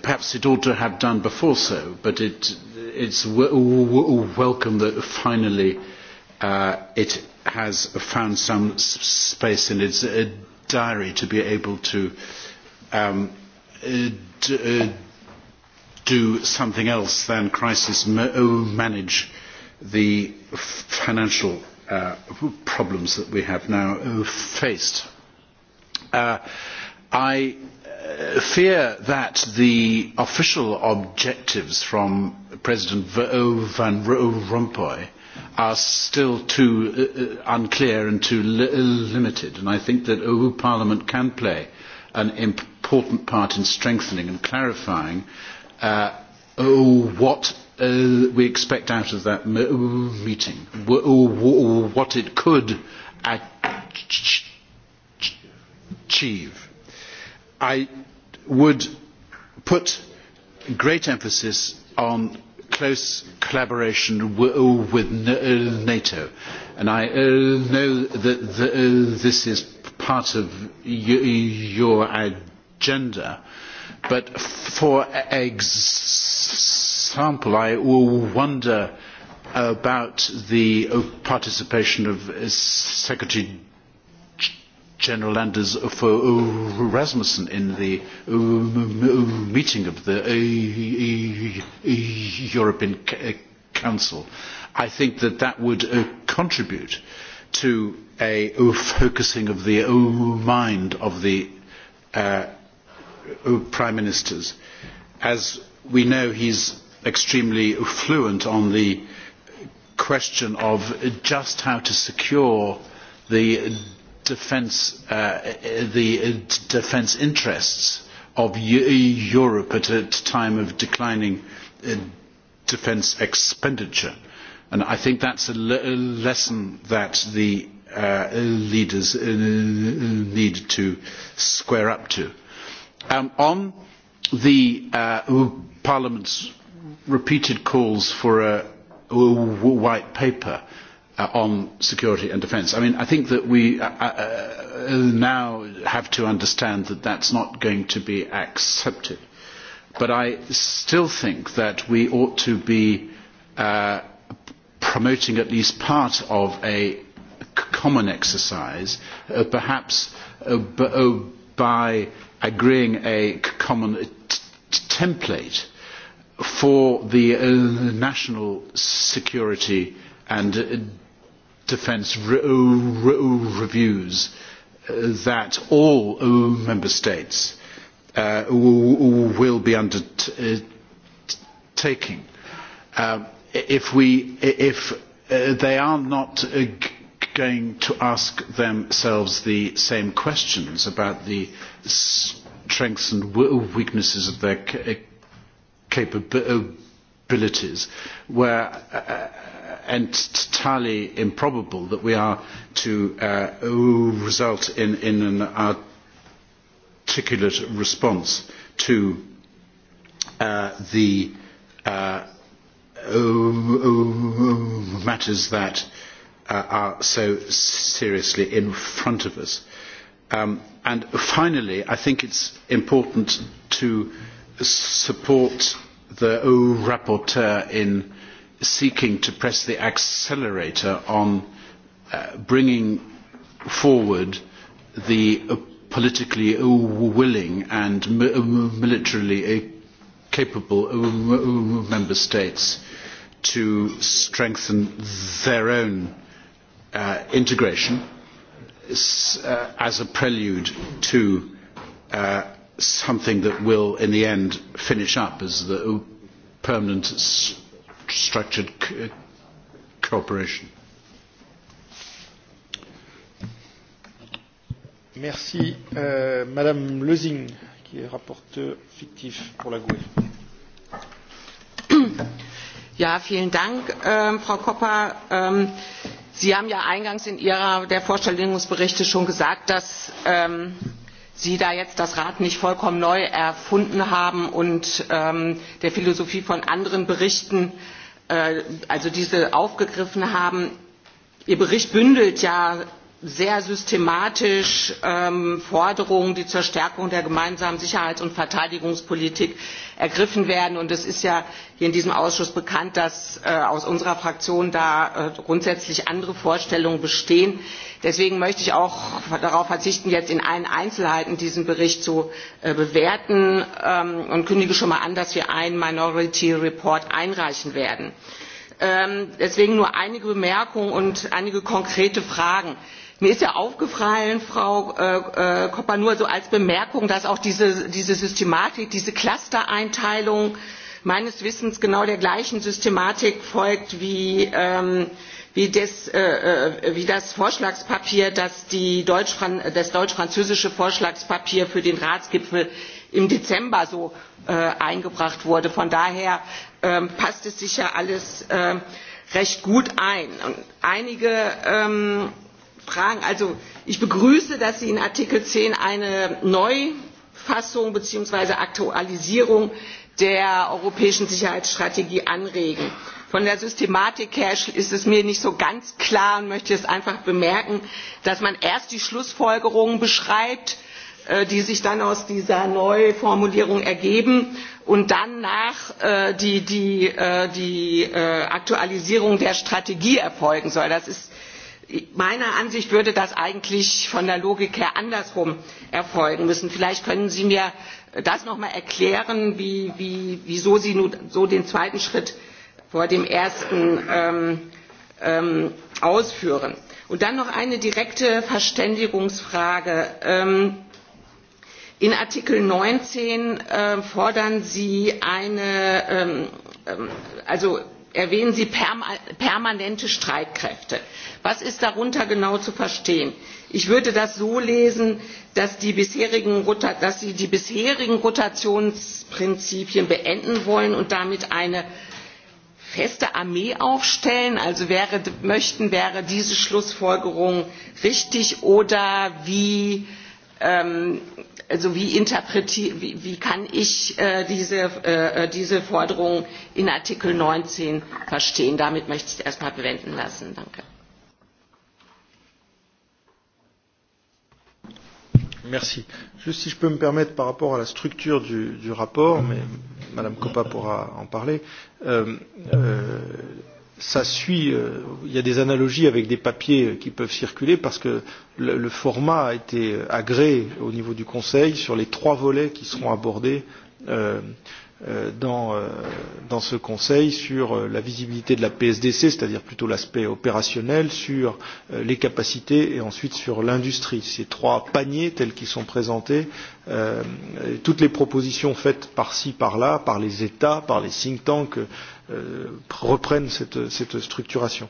S5: Perhaps it ought to have done before so, but it it's w- w- welcome that finally uh, it has found some space in its uh, diary to be able to um, uh, d- uh, do something else than crisis m- uh, manage the financial uh, problems that we have now uh, faced. Uh, I Uh, fear that the official objectives from President oh, Van oh, Rompuy are still too uh, uh, unclear and too limited, and I think that oh, Parliament can play an important part in strengthening and clarifying uh, what uh, we expect out of that meeting, what it could achieve I would put great emphasis on close collaboration with uh, NATO. And I uh, know that uh, this is part of your agenda, but for example, I wonder about the participation of Secretary General Anders for uh, Rasmussen in the uh, uh, meeting of the e, e, e, European Council. I think that that would contribute to a focusing of the mind of the uh, prime ministers. As we know, he's extremely fluent on the question of just how to secure the defense, uh, the uh, defense interests of Europe at a time of declining uh, defense expenditure. And I think that's a lesson that the uh, leaders uh, need to square up to. Um, on the uh, Parliament's repeated calls for a, a white paper, uh, uh, on security and defence. I mean, I think that we uh, uh, uh, now have to understand that that's not going to be accepted. But I still think that we ought to be uh, promoting at least part of a common exercise, uh, perhaps uh, b- oh, by agreeing a common t- template for the uh, national security and uh, defence re- re- reviews uh, that all member states uh, will be undertaking. Uh, um, if, we, if uh, they are not uh, going to ask themselves the same questions about the strengths and weaknesses of their uh, capabilities, where uh, entirely improbable that we are to uh, result in, in an articulate response to uh, the uh, matters that uh, are so seriously in front of us. Um, and finally, I think it's important to support the rapporteur in uh, seeking to press the accelerator on uh, bringing forward the uh, politically willing and uh, militarily uh, capable uh, member states to strengthen their own uh, integration uh, as a prelude to uh, something that will, in the end, finish up as the permanent structured co- uh, cooperation.
S1: Merci. Euh, Madame Lezing, qui est rapporteur fictif pour la GUE.
S6: Ja, vielen Dank, ähm, Frau Kopper. Ähm, Sie haben ja eingangs in Ihrer der Vorstellungsberichte schon gesagt, dass ähm, Sie da jetzt das Rad nicht vollkommen neu erfunden haben und ähm, der Philosophie von anderen Berichten äh, Äh, also diese aufgegriffen haben. ihr bericht bündelt ja sehr systematisch ähm, Forderungen, die zur Stärkung der gemeinsamen Sicherheits- und Verteidigungspolitik ergriffen werden. Und es ist ja hier in diesem Ausschuss bekannt, dass äh, aus unserer Fraktion da äh, grundsätzlich andere Vorstellungen bestehen. Deswegen möchte ich auch darauf verzichten, jetzt in allen Einzelheiten diesen Bericht zu äh, bewerten ähm, und kündige schon mal an, dass wir einen Minority Report einreichen werden. Ähm, deswegen nur einige Bemerkungen und einige konkrete Fragen. Äh, mir ist ja aufgefallen frau äh, äh, koppa nur so als bemerkung dass auch diese, diese systematik diese clustereinteilung meines wissens genau der gleichen systematik folgt wie, ähm, wie, des, äh, äh wie das vorschlagspapier das Deutsch das deutsch französische vorschlagspapier für den ratsgipfel im dezember so äh, eingebracht wurde. von daher ähm, passt es sich ja alles ähm, recht gut ein. Und einige ähm, fragen. Also ich begrüße, dass Sie in Artikel 10 eine Neufassung bzw. Aktualisierung der europäischen Sicherheitsstrategie anregen. Von der Systematik her ist es mir nicht so ganz klar und möchte es einfach bemerken, dass man erst die Schlussfolgerungen beschreibt, äh, die sich dann aus dieser Neuformulierung ergeben und dann nach äh, die, die, äh, die äh, Aktualisierung der Strategie erfolgen soll. Das ist meiner ansicht nach würde das eigentlich von der logik her andersherum erfolgen müssen. vielleicht können sie mir das noch einmal erklären wie, wie, wieso sie nun so den zweiten schritt vor dem ersten ähm, ähm, ausführen. und dann noch eine direkte verständigungsfrage ähm, in artikel neunzehn äh, fordern sie eine ähm, ähm, also erwähnen sie permanente streitkräfte. was ist darunter genau zu verstehen? ich würde das so lesen dass sie die bisherigen rotationsprinzipien beenden wollen und damit eine feste armee aufstellen? also wäre, möchten wäre diese schlussfolgerung richtig oder wie ähm, also wie interpretiere, wie, wie kann ich äh, diese, äh, äh diese Forderung in Artikel 19 verstehen? Damit möchte ich es erstmal bewenden lassen. Danke.
S1: Merci. Juste si je peux me permettre par rapport à la structure du, du rapport, mais Madame Coppa pourra en parler. Euh, euh, ça suit, euh, il y a des analogies avec des papiers qui peuvent circuler parce que le, le format a été agréé au niveau du Conseil sur les trois volets qui seront abordés euh, euh, dans, euh, dans ce Conseil sur euh, la visibilité de la PSDC, c'est-à-dire plutôt l'aspect opérationnel, sur euh, les capacités et ensuite sur l'industrie. Ces trois paniers tels qu'ils sont présentés, euh, toutes les propositions faites par-ci, par-là, par les États, par les think tanks, euh, euh, reprennent cette, cette structuration.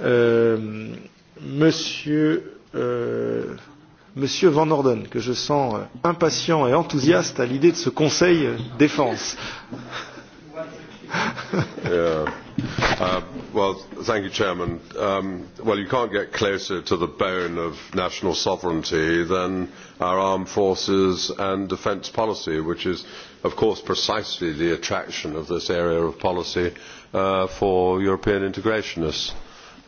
S1: Euh, monsieur, euh, monsieur Van Orden, que je sens impatient et enthousiaste à l'idée de ce Conseil défense.
S7: yeah.
S8: Uh, well, thank you, Chairman. Um, well, you can't get closer to the bone of national sovereignty than our armed forces and defence policy, which is of course precisely the attraction of this area of policy uh, for European integrationists.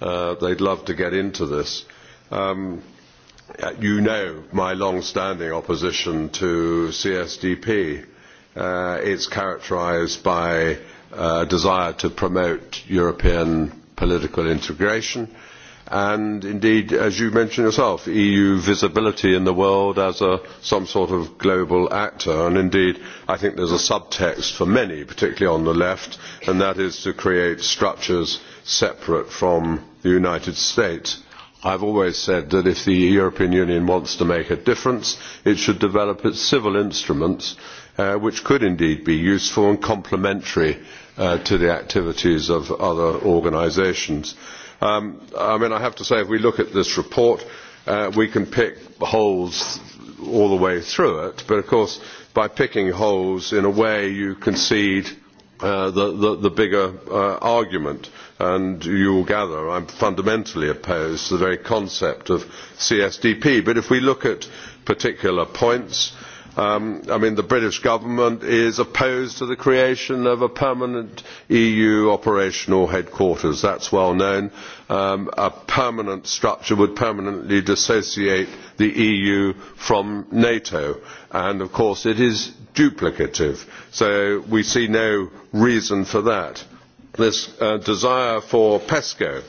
S8: Uh, they'd love to get into this. Um, uh, you know my long-standing opposition to CSDP. Uh, it's characterized by a uh, desire to promote European political integration, uh, and indeed as you mentioned yourself eu visibility in the world as a, some sort of global actor and indeed i think there is a subtext for many particularly on the left and that is to create structures separate from the united states. i have always said that if the european union wants to make a difference it should develop its civil instruments uh, which could indeed be useful and complementary uh, to the activities of other organisations. Uh, Um, I mean, I have to say, if we look at this report, uh, we can pick holes all the way through it, but of course, by picking holes, in a way, you concede uh, the, the, the bigger uh, argument. And you will gather I'm fundamentally opposed to the very concept of CSDP. But if we look at particular points, Um, I mean, the British government is opposed to the creation of a permanent EU operational headquarters. That's well known. Um, a permanent structure would permanently dissociate the EU from NATO. And of course, it is duplicative. So we see no reason for that. This uh, desire for PESCO,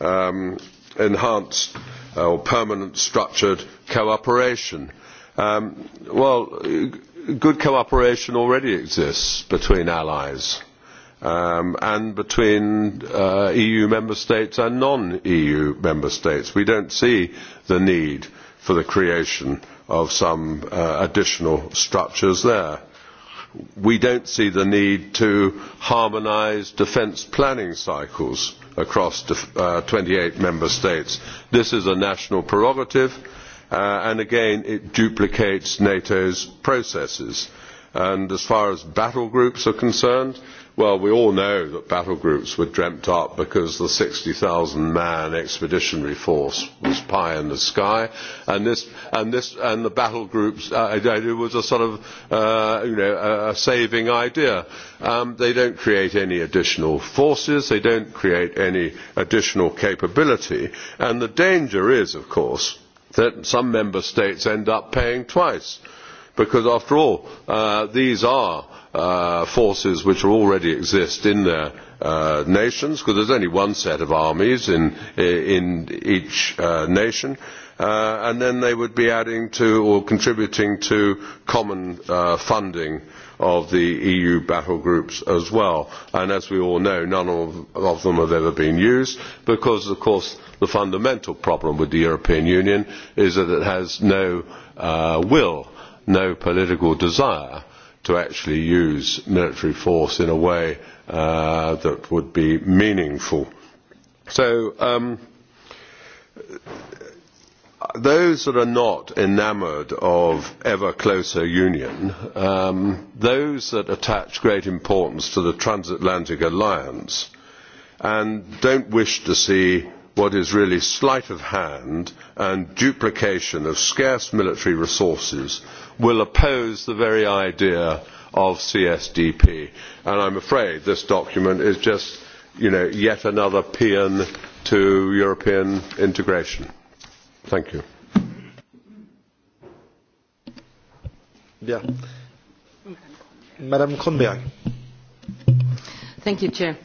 S8: um, enhanced uh, or permanent structured cooperation, Um, well, good cooperation already exists between allies um, and between uh, EU member states and non-EU member states. We don't see the need for the creation of some uh, additional structures there. We don't see the need to harmonise defence planning cycles across def- uh, 28 member states. This is a national prerogative. Uh, uh, and again it duplicates NATO's processes. And as far as battle groups are concerned, well, we all know that battle groups were dreamt up because the 60,000 man expeditionary force was pie in the sky, and this and this and the battle groups uh, it was a sort of uh, you know a saving idea. Um, they don't create any additional forces, they don't create any additional capability, and the danger is, of course, that some member states end up paying twice because after all uh, these are uh, forces which already exist in their uh, nations because there's only one set of armies in, in each uh, nation uh, and then they would be adding to or contributing to common uh, funding uh, of the EU battle groups as well. And as we all know, none of, of them have ever been used because, of course, the fundamental problem with the European Union is that it has no uh, will, no political desire to actually use military force in a way uh, that would be meaningful. So, um, those that are not enamoured of ever closer union, um, those that attach great importance to the transatlantic alliance and don't wish to see what is really sleight of hand and duplication of scarce military resources will oppose the very idea of CSDP. And I'm afraid this document is just, you know, yet another paean to European integration. Thank you.
S1: Bien. Madame Kronberg.
S9: Thank you, Chair.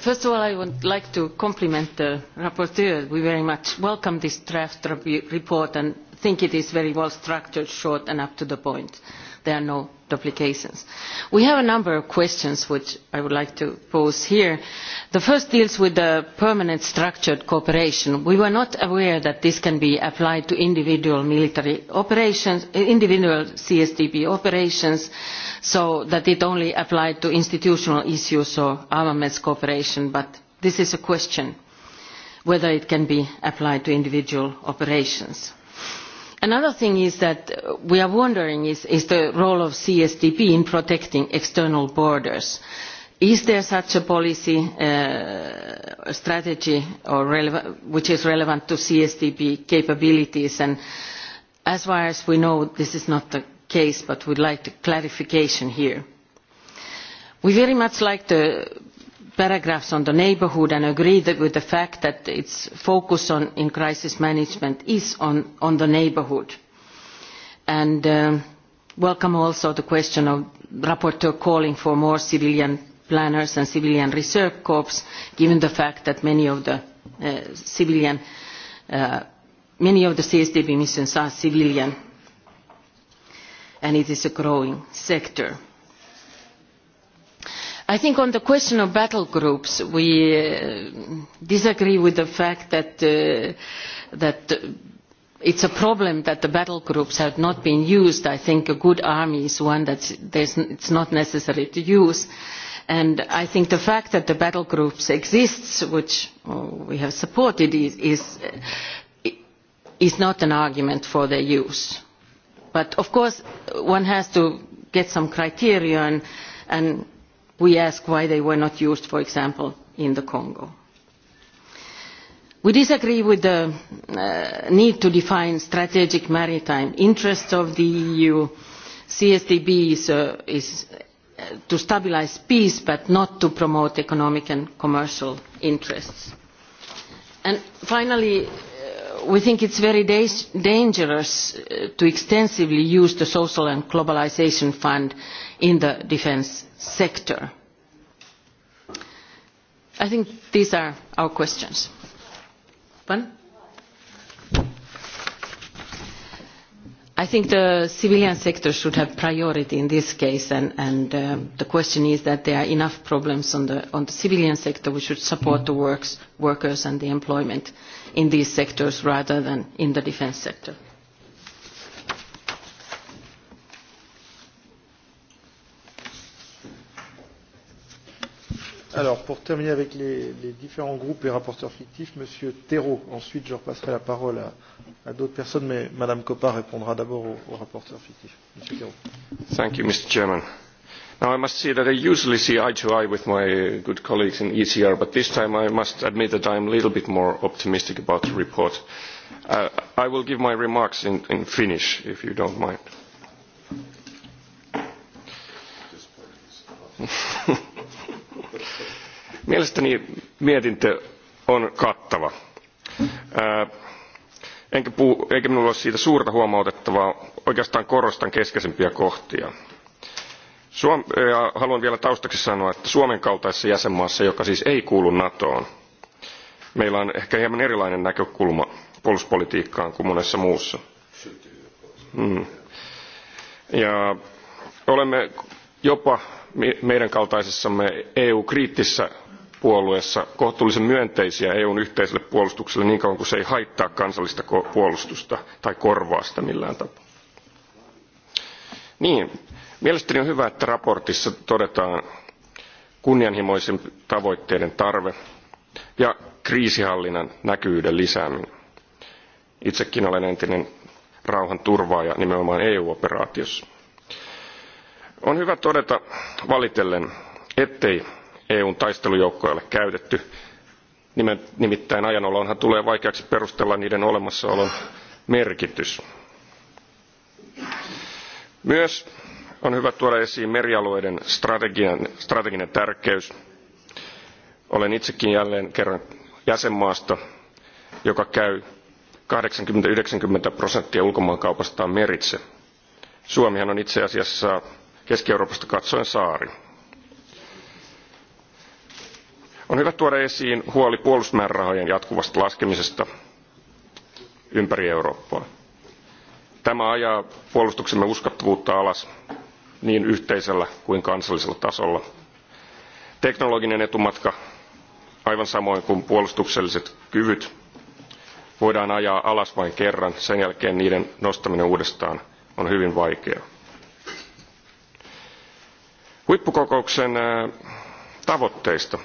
S9: First of all, I would like to compliment the rapporteur. We very much welcome this draft report and think it is very well structured, short and up to the point. Uh, there are no duplications. We have a number of questions which I would like to pose here. The first deals with the permanent structured cooperation. We were not aware that this can be applied to individual military operations, individual CSDP operations, so that it only applied to institutional issues or armaments cooperation, but this is a question whether it can be applied to individual operations another thing is that we are wondering is, is the role of csdp in protecting external borders. is there such a policy uh, strategy which is relevant to csdp capabilities and as far as we know this is not the case but we would like clarification here. we very much like the paragraphs on the neighbourhood and agree that with the fact that its focus on, in crisis management is on, on the neighbourhood. And um, welcome also the question of the rapporteur calling for more civilian planners and civilian reserve corps, given the fact that many of the uh, civilian, uh, many of the CSDB missions are civilian, and it is a growing sector i think on the question of battle groups we uh, disagree with the fact that, uh, that uh, it is a problem that the battle groups have not been used. i think a good army is one that it is not necessary to use and i think the fact that the battle groups exist which oh, we have supported is, is, uh, is not an argument for their use. but of course one has to get some criteria and, and we ask why they were not used for example in the congo. we disagree with the uh, need to define strategic maritime interests of the eu. csdp is, uh, is uh, to stabilise peace but not to promote economic and commercial interests. And finally we think it is very da dangerous uh, to extensively use the social and globalisation fund in the defence sector. i think these are our questions. Pardon? i think the civilian sector should have priority in this case and, and uh, the question is that there are enough problems on the, on the civilian sector. we should support the works, workers and the employment uh, in these sectors rather than in the defence sector.
S1: Alors, pour terminer avec les, les différents groupes et rapporteurs fictifs, Monsieur Thérault. Ensuite, je repasserai la parole à, à d'autres personnes, mais Madame Coppa répondra d'abord aux, aux rapporteurs fictifs. Monsieur Thérault.
S7: Thank you, Mr. Chairman. Now I must say that I usually see eye to eye with my good colleagues in ECR, but this time I must admit that I'm a little bit more optimistic about the report. Uh, I will give my remarks in, in Finnish, if you don't mind. Mielestäni mietintö on kattava. Ää, uh, enkä, puhu, eikä minulla ole siitä suurta huomautettavaa, oikeastaan korostan keskeisimpiä kohtia. Suom ja haluan vielä taustaksi sanoa, että Suomen kaltaisessa jäsenmaassa, joka siis ei kuulu NATOon, meillä on ehkä hieman erilainen näkökulma puolustuspolitiikkaan kuin monessa muussa. Mm. Ja olemme jopa meidän kaltaisessamme eu kriittisessä puolueessa kohtuullisen myönteisiä eun yhteiselle puolustukselle niin kauan kuin se ei haittaa kansallista puolustusta tai korvaa sitä millään tapaa. Niin, mielestäni on hyvä että mietinnössä todetaan kunnianhimoisten tavoitteiden tarve ja kriisinhallinnan näkyvyyden lisääminen. itsekin olen entinen rauhanturvaaja nimenomaan eu operaatiossa. on hyvä todeta valitellen ettei eun taistelujoukkoja ole käytetty nimittäin ajanolonhan tulee vaikeaksi perustella niiden olemassaolon merkitys. myös on hyvä tuoda esiin merialueiden strateginen tärkeys. olen itsekin jälleen kerran jäsenmaasta joka käy kahdeksankymmentä yhdeksänkymmentä prosenttia ulkomaankaupastaan meritse. suomihan on itse asiassa keski euroopasta katsoen saari. on hyvä tuoda esiin huoli puolustusmäärärahojen jatkuvasta laskemisesta ympäri eurooppaa. tämä ajaa puolustuksemme uskottavuutta alas niin yhteisellä kuin kansallisella tasolla. teknologinen etumatka aivan samoin kuin puolustukselliset kyvyt voidaan ajaa alas vain kerran sen jälkeen niiden nostaminen uudestaan on hyvin vaikeaa. huippukokouksen tavoitteista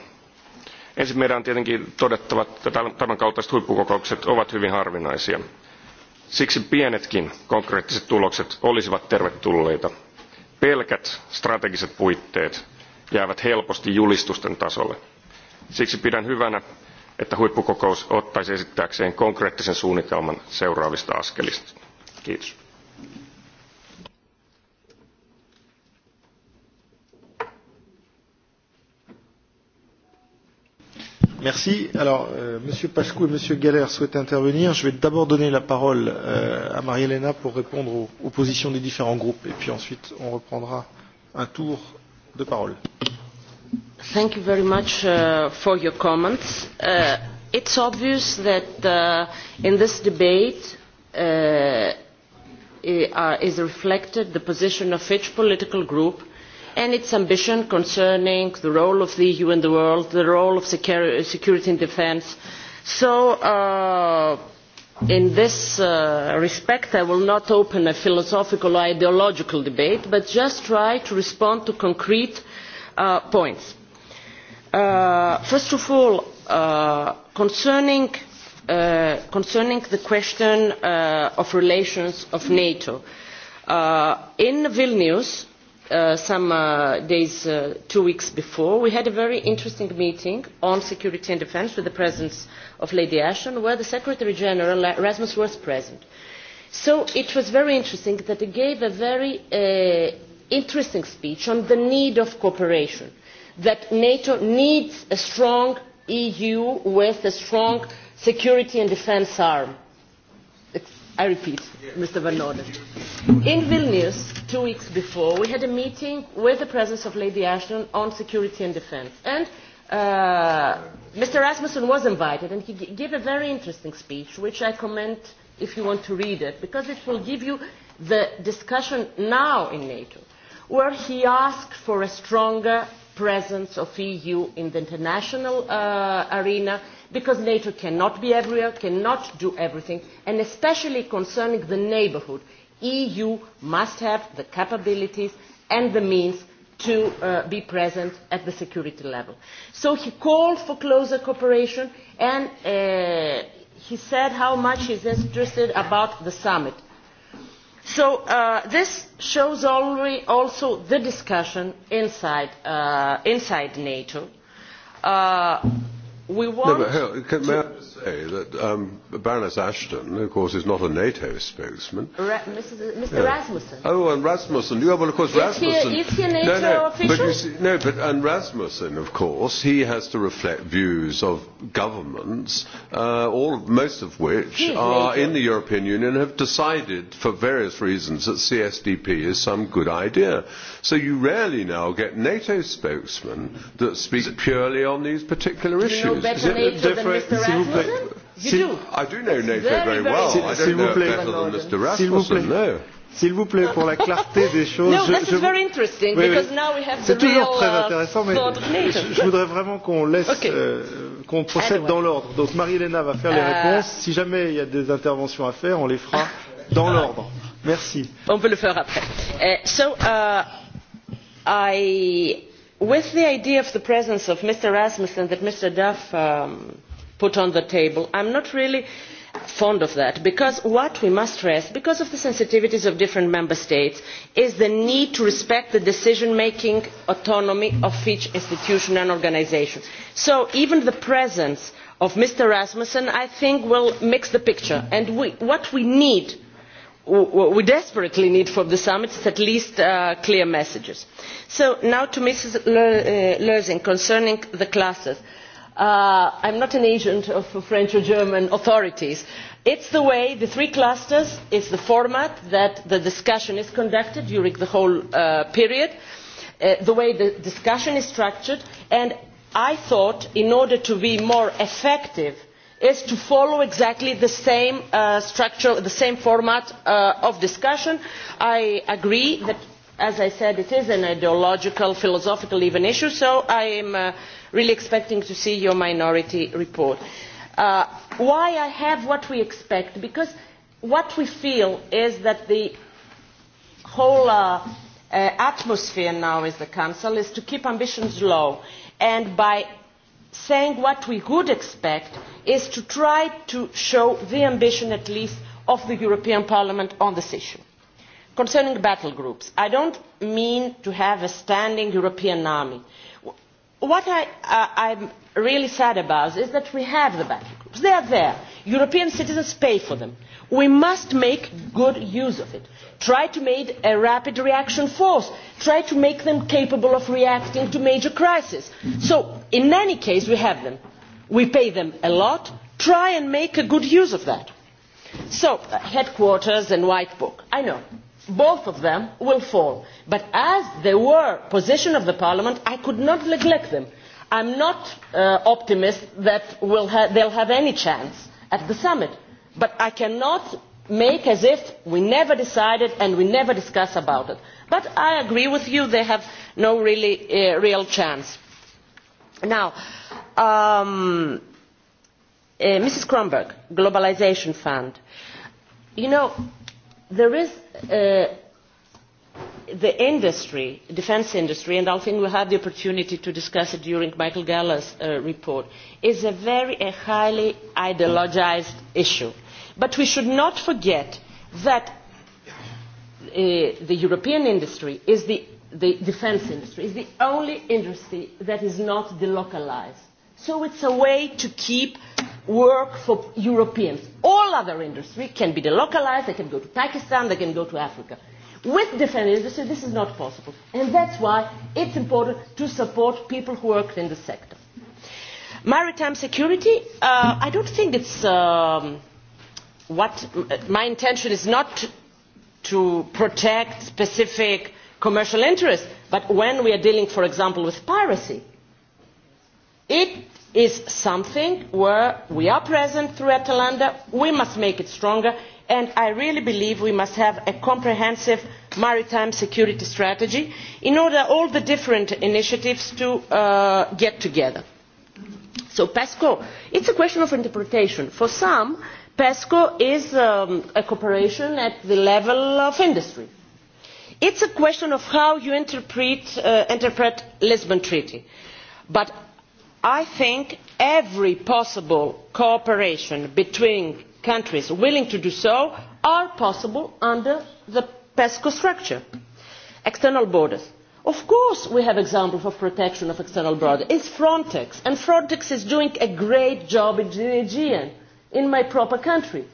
S7: ensin meidän on tietenkin todettava että tämänkaltaiset huippukokoukset ovat hyvin harvinaisia. siksi pienetkin konkreettiset tulokset olisivat tervetulleita pelkät strategiset puitteet jäävät helposti julistusten tasolle. siksi pidän hyvänä että huippukokous ottaisi esittääkseen konkreettisen suunnitelman seuraavista askelista. kiitos.
S1: Merci. Alors, euh, Monsieur Pascou et Monsieur Galler souhaitent intervenir. Je vais d'abord donner la parole euh, à Marie-Hélène pour répondre aux, aux positions des différents groupes, et puis ensuite on reprendra un tour de parole.
S4: Thank you very much uh, for your comments. Uh, it's obvious that uh, in this debate uh, uh is reflected the position of each political group uh, and its ambition concerning the role of the eu in the world the role of security and defence so uh, in this uh, respect i will not open a philosophical or ideological debate but just try to respond to concrete uh, points. Uh, first of all uh, concerning, uh, concerning the question of relations of nato in vilnius uh, some uh, days, uh, two weeks before, we had a very interesting meeting on security and defense with the presence of Lady Ashton, where the Secretary General Rasmus was present. So it was very interesting that he gave a very uh, interesting speech on the need of cooperation, that NATO needs a strong EU with a strong security and defense arm. Uh, I repeat, Mr. Van Orden. In Vilnius, two weeks before, we had a meeting with the presence of Lady Ashton on security and defense. And uh, Mr. Rasmussen was invited, and he g- gave a very interesting speech, which I commend if you want to read it, because it will give you the discussion now in NATO, where he asked for a stronger presence of EU in the international uh, arena because nato cannot be everywhere cannot do everything and especially concerning the neighbourhood the eu must have the capabilities and the means to uh, be present at the security level. so he called for closer cooperation and uh, he said how much he is interested about the summit. So uh, this shows already also the discussion inside, uh, inside NATO. Uh, we want no, but hell, can, may I,
S8: say that um, Baroness Ashton, of course, is not a NATO spokesman.
S4: Ra- Mrs. Uh, Mr. Yeah. Rasmussen.
S8: Oh, and Rasmussen. Yeah, well, of course, is Rasmussen. He, is he a NATO no, no, official? But you see, no, but and Rasmussen, of course, he has to reflect views of governments, uh, all most of which He's are NATO. in the European Union have decided, for various reasons, that CSDP is some good idea. So you rarely now get NATO spokesmen that speak purely on these particular issues. You know better NATO different, than Mr. Rasmussen? Pardon? You do? I do know NATO very, very well. I don't know it better than Mr. Rasmussen, no.
S1: S'il vous plaît, pour la clarté des choses. No, this je, je... is very
S4: interesting oui, because oui. now we have the real. C'est toujours très uh, intéressant, mais je, je
S1: voudrais vraiment qu'on laisse, okay. euh, qu'on procède anyway. dans l'ordre. Donc Marie-Hélène va faire uh, les euh, réponses. Si jamais il y a des interventions à faire, on les fera dans l'ordre. Merci.
S4: On peut le faire après. Uh, so, uh, I, with the idea of the presence of Mr. Rasmussen that Mr. Duff. Um, put on the table. i am not really fond of that because what we must stress because of the sensitivities of different member states is the need to respect the decision making autonomy of each institution and organisation. so even the presence of mr rasmussen i think will mix the picture and we, what we need what we desperately need from the summit is at least uh, clear messages. so now to mrs lsing uh, concerning the clusters uh, I'm not an agent of French or German authorities. It's the way, the three clusters, it's the format that the discussion is conducted during the whole uh, period, uh, the way the discussion is structured, and I thought in order to be more effective is to follow exactly the same uh, structure, the same format uh, of discussion. I agree that, as I said, it is an ideological, philosophical even issue, so I am uh, really expecting to see your minority report. Uh, why I have what we expect? Because what we feel is that the whole uh, uh, atmosphere now in the Council is to keep ambitions low. And by saying what we would expect is to try to show the ambition at least of the European Parliament on this issue. Concerning battle groups, I don't mean to have a standing European army. Uh, what I, I, uh, I'm really sad about is that we have the battle groups. They are there. European citizens pay for them. We must make good use of it. Try to make a rapid reaction force. Try to make them capable of reacting to major crises. So, in any case, we have them. We pay them a lot. Try and make a good use of that. So, uh, headquarters and white book. I know both of them will fall but as they were the position of the parliament i could not neglect them. i am not an uh, optimist that we'll ha they will have any chance at the summit but i cannot make as if we never decided and we never discussed about it. but i agree with you they have no really, uh, real chance. now um, uh, mrs kronberg globalisation fund you know there is uh, the industry, defense industry, and I think we had the opportunity to discuss it during Michael Galler's uh, report, is a very a highly ideologized issue. But we should not forget that uh, the European industry is the, the defense industry, is the only industry that is not delocalized So it's a way to keep work for Europeans. All other industry can be delocalized, they can go to Pakistan, they can go to Africa. With defense industry, this is not possible. And that's why it's important to support people who work in the sector. Maritime security, uh, I don't think it's um, what my intention is not to protect specific commercial interests, but when we are dealing, for example, with piracy, uh, it is something where we are present through atalanta we must make it stronger and i really believe we must have a comprehensive maritime security strategy in order for all the different initiatives to uh, get together. so pesco it is a question of interpretation. for some pesco is um, a cooperation at the level of industry. it is a question of how you interpret, uh, interpret the lisbon treaty. but i think every possible cooperation between countries willing to do so is possible under the pesco structure external borders. of course we have examples of protection of external borders it is frontex and frontex is doing a great job in the aegean in my proper country.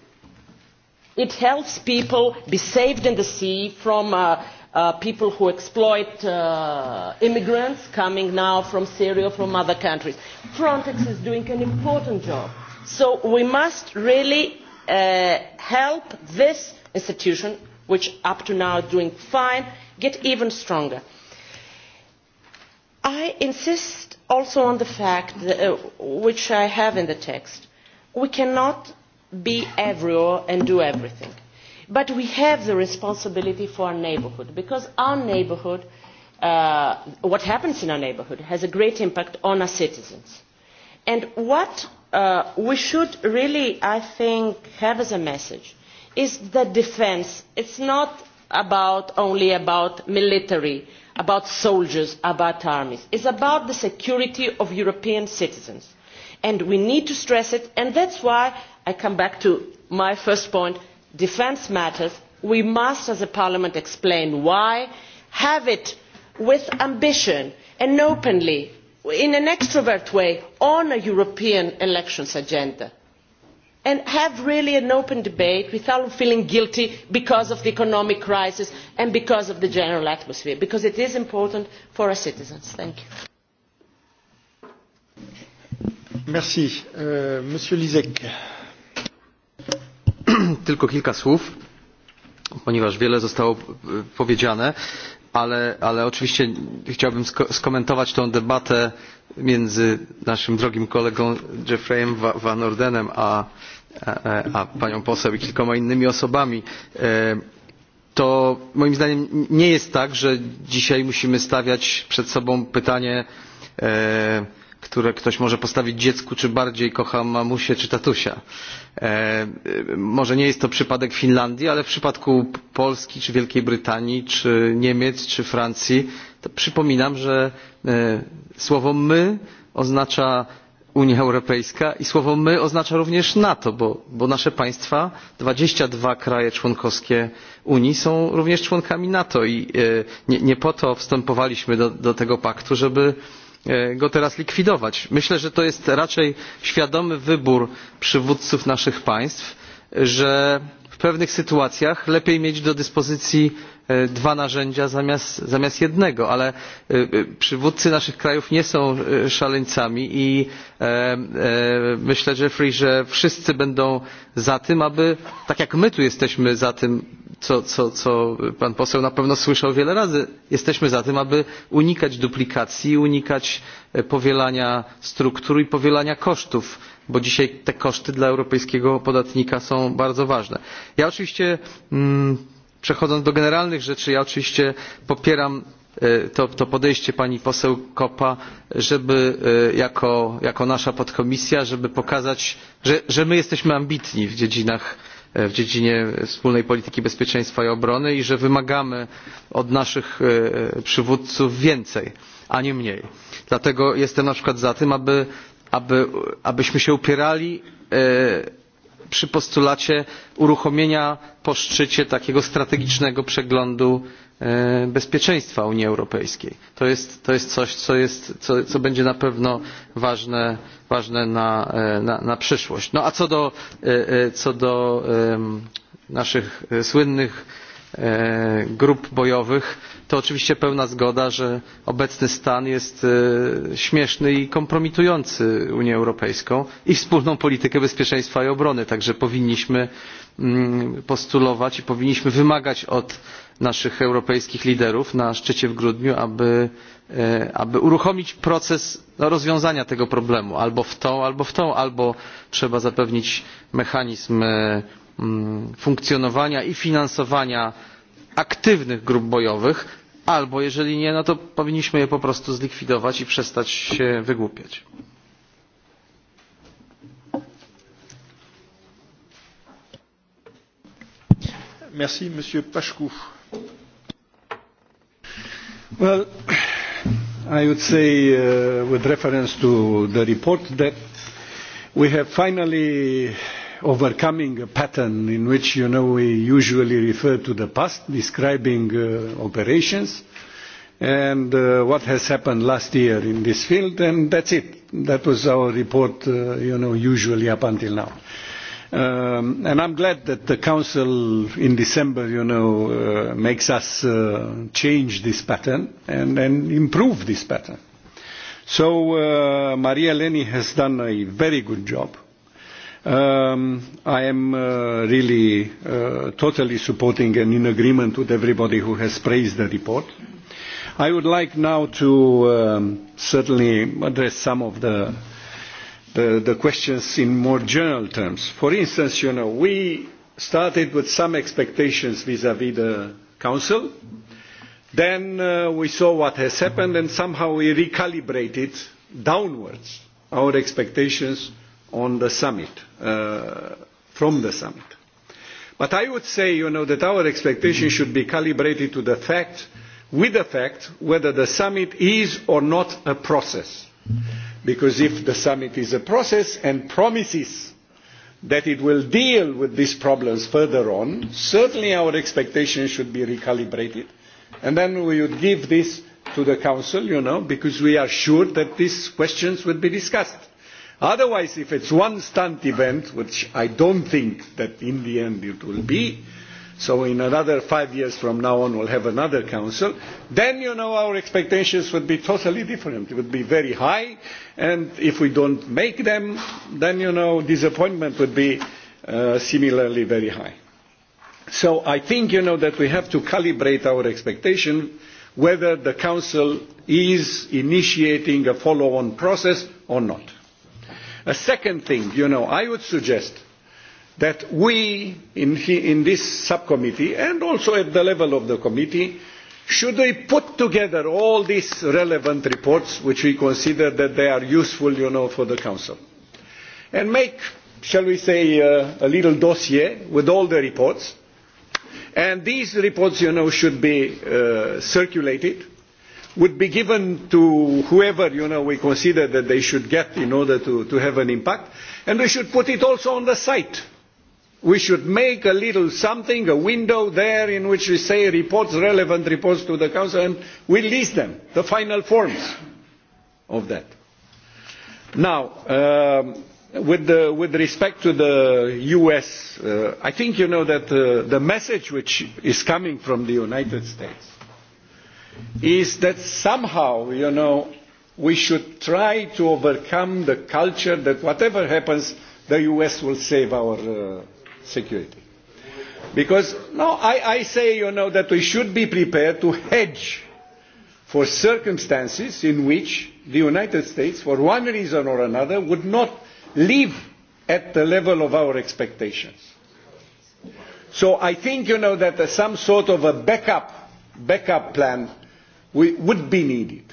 S4: it helps people be saved in the sea from uh, uh, people who exploit uh, immigrants coming now from Syria, from other countries. Frontex is doing an important job. So we must really uh, help this institution, which up to now is doing fine, get even stronger. I insist also on the fact, that, uh, which I have in the text, we cannot be everywhere and do everything but we have the responsibility for our neighbourhood because our neighbourhood uh, what happens in our neighbourhood has a great impact on our citizens and what uh, we should really i think have as a message is that defence is not about only about military about soldiers about armies it is about the security of european citizens and we need to stress it and that is why i come back to my first point defence matters we must as a parliament explain why have it with ambition and openly in an extrovert way on a european elections agenda and have really an open debate without feeling guilty because of the economic crisis and because of the general atmosphere because it is important for our citizens. thank you.
S1: Merci. Euh, Monsieur Lisek
S3: tylko kilka słów ponieważ wiele zostało e, powiedziane ale, ale oczywiście chciałbym skomentować tę debatę między naszym drogim kolegą jeffreyem van ordenem a, a, e, e, a panią poseł i kilkoma innymi osobami to moim zdaniem nie jest tak że dzisiaj musimy stawiać przed sobą pytanie e, które ktoś może postawić dziecku, czy bardziej kocha mamusię czy tatusia. E, może nie jest to przypadek Finlandii, ale w przypadku Polski, czy Wielkiej Brytanii, czy Niemiec, czy Francji, to przypominam, że e, słowo my oznacza Unia Europejska i słowo my oznacza również NATO, bo, bo nasze państwa, 22 kraje członkowskie Unii są również członkami NATO i e, nie, nie po to wstępowaliśmy do, do tego paktu, żeby e, E, go teraz likwidować. myślę że to jest raczej świadomy wybór przywódców naszych państw że w pewnych sytuacjach lepiej mieć do dyspozycji e, dwa narzędzia zamiast, zamiast jednego ale e, e, przywódcy naszych krajów nie są szaleńcami i myślę jeffrey że wszyscy będą za tym aby tak jak my tu jesteśmy za tym co, co, co pan poseł na pewno słyszał wiele razy jesteśmy za tym aby unikać duplikacji unikać powielania struktur i powielania kosztów bo dzisiaj te koszty dla europejskiego podatnika są bardzo ważne. Ja oczywiście mm, przechodząc do generalnych rzeczy ja oczywiście popieram e, to, to podejście pani poseł koppa żeby e, jako, jako nasza podkomisja żeby pokazać że, że my jesteśmy ambitni w dziedzinach e, w dziedzinie wspólnej polityki bezpieczeństwa i obrony i że wymagamy od naszych przywódców więcej a nie mniej. dlatego jestem na przykład za tym aby aby, abyśmy się upierali e, przy postulacie uruchomienia po szczycie takiego strategicznego przeglądu e, bezpieczeństwa unii europejskiej. to jest, to jest coś co, jest, co, co będzie na pewno ważne, ważne na, e, na, na przyszłość. no a co do, co do naszych słynnych E, grup bojowych to oczywiście pełna zgoda że obecny stan jest e, śmieszny i kompromitujący unię europejską i wspólną politykę bezpieczeństwa i obrony tak że powinniśmy mm, postulować i powinniśmy wymagać od naszych europejskich liderów na szczycie w grudniu aby, e, aby uruchomić proces rozwiązania tego problemu albo w tą albo w tą albo trzeba zapewnić mechanizm Mm, funkcjonowania i finansowania aktywnych grup bojowych albo jeżeli nie no to powinniśmy je po prostu zlikwidować i przestać się wygłupiać.
S1: Merci, Monsieur Pashkou. Well,
S10: I would say, uh, with reference to the report, that we have finally uh, overcoming a pattern in which you know we usually refer to the past describing uh, operations and uh, what has happened last year in this field and that's it that was our report uh, you know usually up until now um, and I'm glad that the Council in December, you know, uh, makes us uh, change this pattern and, and improve this pattern. So uh, Maria Leni has done a very good job Um, I am uh, really uh, totally supporting and in agreement with everybody who has praised the report. I would like now to um, certainly address some of the, the, the questions in more general terms. For instance, you know, we started with some expectations vis-à-vis -vis the Council. Then uh, we saw what has happened and somehow we recalibrated downwards our expectations uh, on the summit, uh, from the summit. But I would say, you know, that our expectations should be calibrated to the fact, with the fact, whether the summit is or not a process. Because if the summit is a process and promises that it will deal with these problems further on, certainly our expectations should be recalibrated. And then we would give this to the Council, you know, because we are sure that these questions will be discussed Otherwise, if it's one stunt event, which I don't think that in the end it will be, so in another five years from now on we'll have another council, then you know our expectations would be totally different. It would be very high, and if we don't make them, then you know disappointment would be uh, similarly very high. So I think you know that we have to calibrate our expectation whether the council is initiating a follow-on process or not. A second thing, you know, I would suggest that we in, in this subcommittee and also at the level of the committee should we put together all these relevant reports which we consider that they are useful you know for the council and make shall we say uh, a little dossier with all the reports and these reports you know should be uh, circulated would be given to whoever you know, we consider that they should get in order to, to have an impact. And we should put it also on the site. We should make a little something, a window there in which we say reports, relevant reports to the Council, and we list them, the final forms of that. Now, um, with, the, with respect to the US, uh, I think you know that uh, the message which is coming from the United States is that somehow, you know, we should try to overcome the culture that whatever happens, the US will save our uh, security. Because, no, I, I say, you know, that we should be prepared to hedge for circumstances in which the United States, for one reason or another, would not live at the level of our expectations. So I think, you know, that some sort of a backup, backup plan we, would be needed.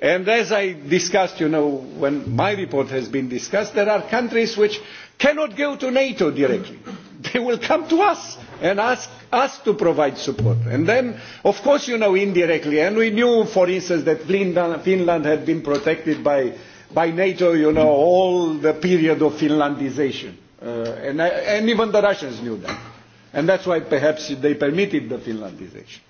S10: And as I discussed, you know, when my report has been discussed, there are countries which cannot go to NATO directly. They will come to us and ask us to provide support. And then, of course, you know, indirectly, and we knew, for instance, that Finland, Finland had been protected by, by NATO, you know, all the period of Finlandization. Uh, and, and even the Russians knew that. And that's why perhaps they permitted the Finlandization.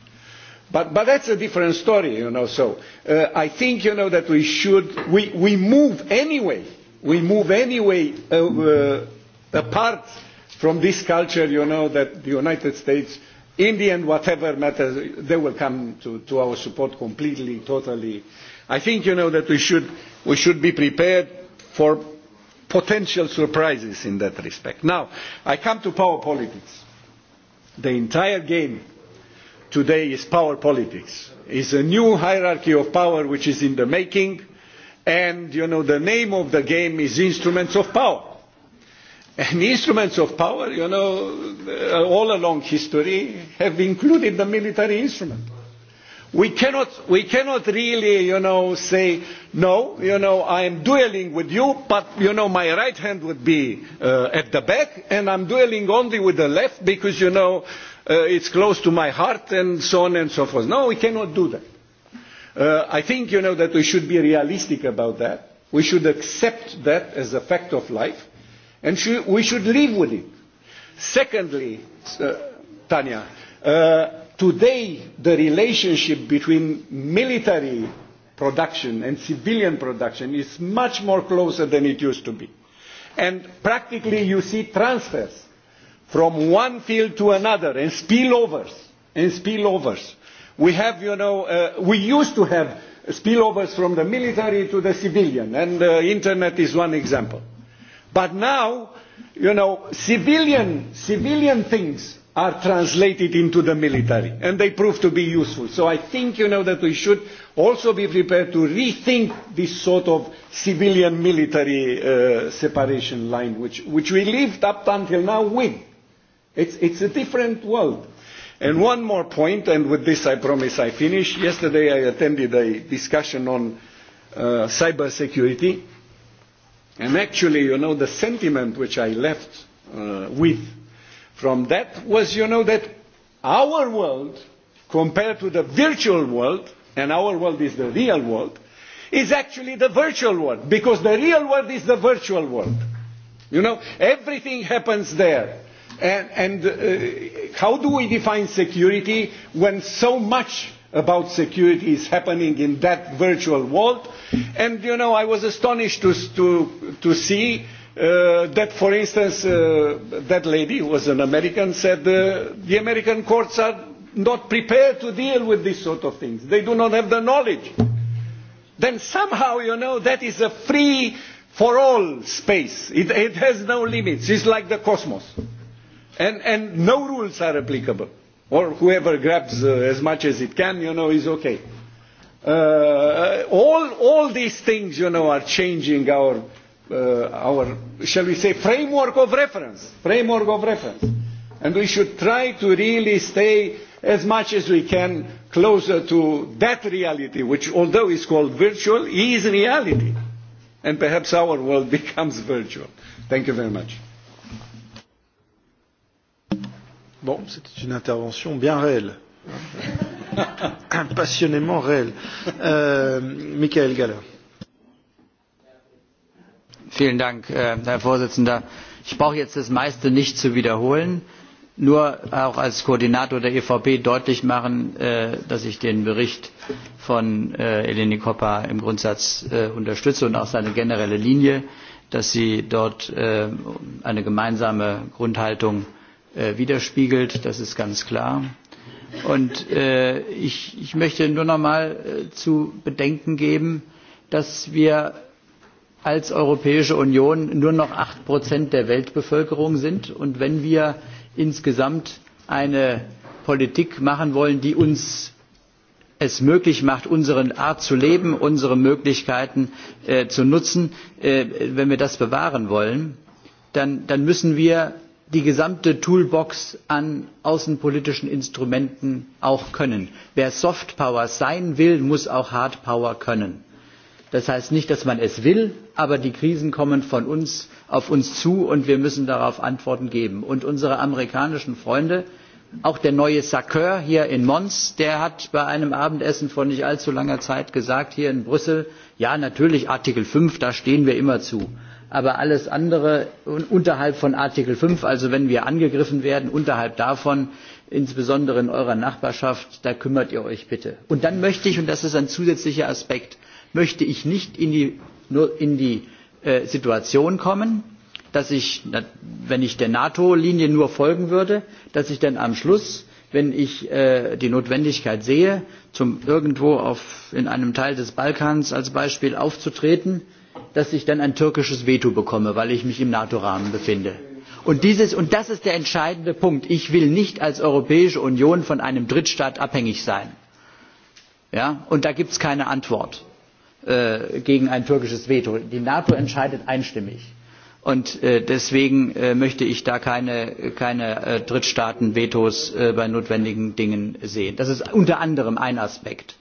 S10: But, but that's a different story, you know. So uh, I think, you know, that we should, we, we move anyway, we move anyway uh, uh, apart from this culture, you know, that the United States, in the end, whatever matters, they will come to, to our support completely, totally. I think, you know, that we should, we should be prepared for potential surprises in that respect. Now, I come to power politics. The entire game today is power politics. It's a new hierarchy of power which is in the making, and you know the name of the game is instruments of power. And instruments of power, you know, uh, all along history have included the military instrument. We cannot, we cannot really, you know, say, no, you know, I am dueling with you, but, you know, my right hand would be uh, at the back, and I'm dueling only with the left because, you know, uh, uh, it's close to my heart and so on and so forth. No, we cannot do that. Uh, I think, you know, that we should be realistic about that. We should accept that as a fact of life and sh- we should live with it. Secondly, uh, Tanya, uh, today the relationship between military production and civilian production is much more closer than it used to be. And practically you see transfers from one field to another and spillovers and spillovers. We have, you know, uh, we used to have spillovers from the military to the civilian, and the uh, internet is one example. But now, you know, civilian, civilian things are translated into the military, and they prove to be useful. So I think, you know, that we should also be prepared to rethink this sort of civilian-military uh, separation line, which, which we lived up until now with It's, it's a different world. And one more point, and with this I promise I finish. Yesterday I attended a discussion on uh, cybersecurity. And actually, you know, the sentiment which I left uh, with from that was, you know, that our world, compared to the virtual world, and our world is the real world, is actually the virtual world, because the real world is the virtual world. You know, everything happens there And, and uh, how do we define security when so much about security is happening in that virtual world? And, you know, I was astonished to, to, to see uh, that, for instance, uh, that lady who was an American said uh, the American courts are not prepared to deal with these sort of things. They do not have the knowledge. Then somehow, you know, that is a free for all space. It, it has no limits. It's like the cosmos. Uh, and, and no rules are applicable. Or whoever grabs uh, as much as it can, you know, is okay. Uh, all, all these things, you know, are changing our, uh, our, shall we say, framework of reference. Framework of reference. And we should try to really stay as much as we can closer to that reality, which although is called virtual, is reality. And perhaps our world becomes virtual.
S1: Thank you very much. Bon, c'était une intervention bien réelle. Passionnément réelle. Euh, Michael Galler.
S11: Vielen Dank, äh, Herr Vorsitzender. Ich brauche jetzt das meiste nicht zu wiederholen, nur auch als Koordinator der EVP deutlich machen, äh, dass ich den Bericht von äh, Eleni Koppa im Grundsatz unterstütze und auch seine generelle Linie, dass sie dort eine gemeinsame Grundhaltung äh, äh, widerspiegelt. Das ist ganz klar. Und äh, ich, ich möchte nur noch mal äh, zu bedenken geben, dass wir als Europäische Union nur noch acht Prozent der Weltbevölkerung sind. Und wenn wir insgesamt eine Politik machen wollen, die uns es möglich macht, unsere Art zu leben, unsere Möglichkeiten äh, zu nutzen, äh, wenn wir das bewahren wollen, dann, dann müssen wir die gesamte toolbox an außenpolitischen instrumenten auch können. wer soft power sein will muss auch hard power können. das heißt nicht dass man es will aber die krisen kommen von uns auf uns zu und wir müssen darauf antworten geben. und unsere amerikanischen freunde auch der neue sacr hier in mons der hat bei einem abendessen vor nicht allzu langer zeit gesagt hier in brüssel ja natürlich artikel fünf da stehen wir immer zu aber alles andere unterhalb von Artikel 5, also wenn wir angegriffen werden, unterhalb davon, insbesondere in eurer Nachbarschaft, da kümmert ihr euch bitte. Und dann möchte ich, und das ist ein zusätzlicher Aspekt, möchte ich nicht in die, nur in die äh, Situation kommen, dass ich, wenn ich der NATO-Linie nur folgen würde, dass ich dann am Schluss, wenn ich äh, die Notwendigkeit sehe, zum irgendwo auf, in einem Teil des Balkans als Beispiel aufzutreten, äh, dass ich dann ein türkisches veto bekomme weil ich mich im nato rahmen befinde. Und, dieses, und das ist der entscheidende punkt ich will nicht als europäische union von einem drittstaat abhängig sein. Ja? und da gibt es keine antwort äh, gegen ein türkisches veto. die nato entscheidet einstimmig und äh, deswegen äh, möchte ich da keine, keine äh, drittstaaten vetos äh, bei notwendigen dingen sehen. das ist unter anderem ein aspekt.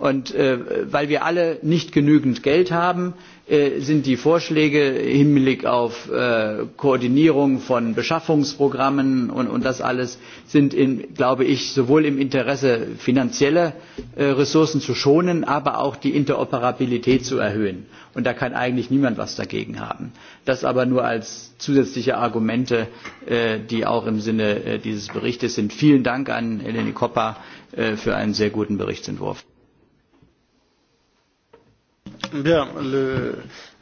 S11: und äh, weil wir alle nicht genügend geld haben Äh, sind die Vorschläge im Hinblick auf äh, Koordinierung von Beschaffungsprogrammen und, und das alles sind, in, glaube ich, sowohl im Interesse finanzielle äh, Ressourcen zu schonen, aber auch die Interoperabilität zu erhöhen. Und da kann eigentlich niemand was dagegen haben. Das aber nur als zusätzliche Argumente, äh, die auch im Sinne äh, dieses Berichtes sind. Vielen Dank an Eleni Koppa äh, für einen sehr guten Berichtsentwurf.
S1: Bien, le,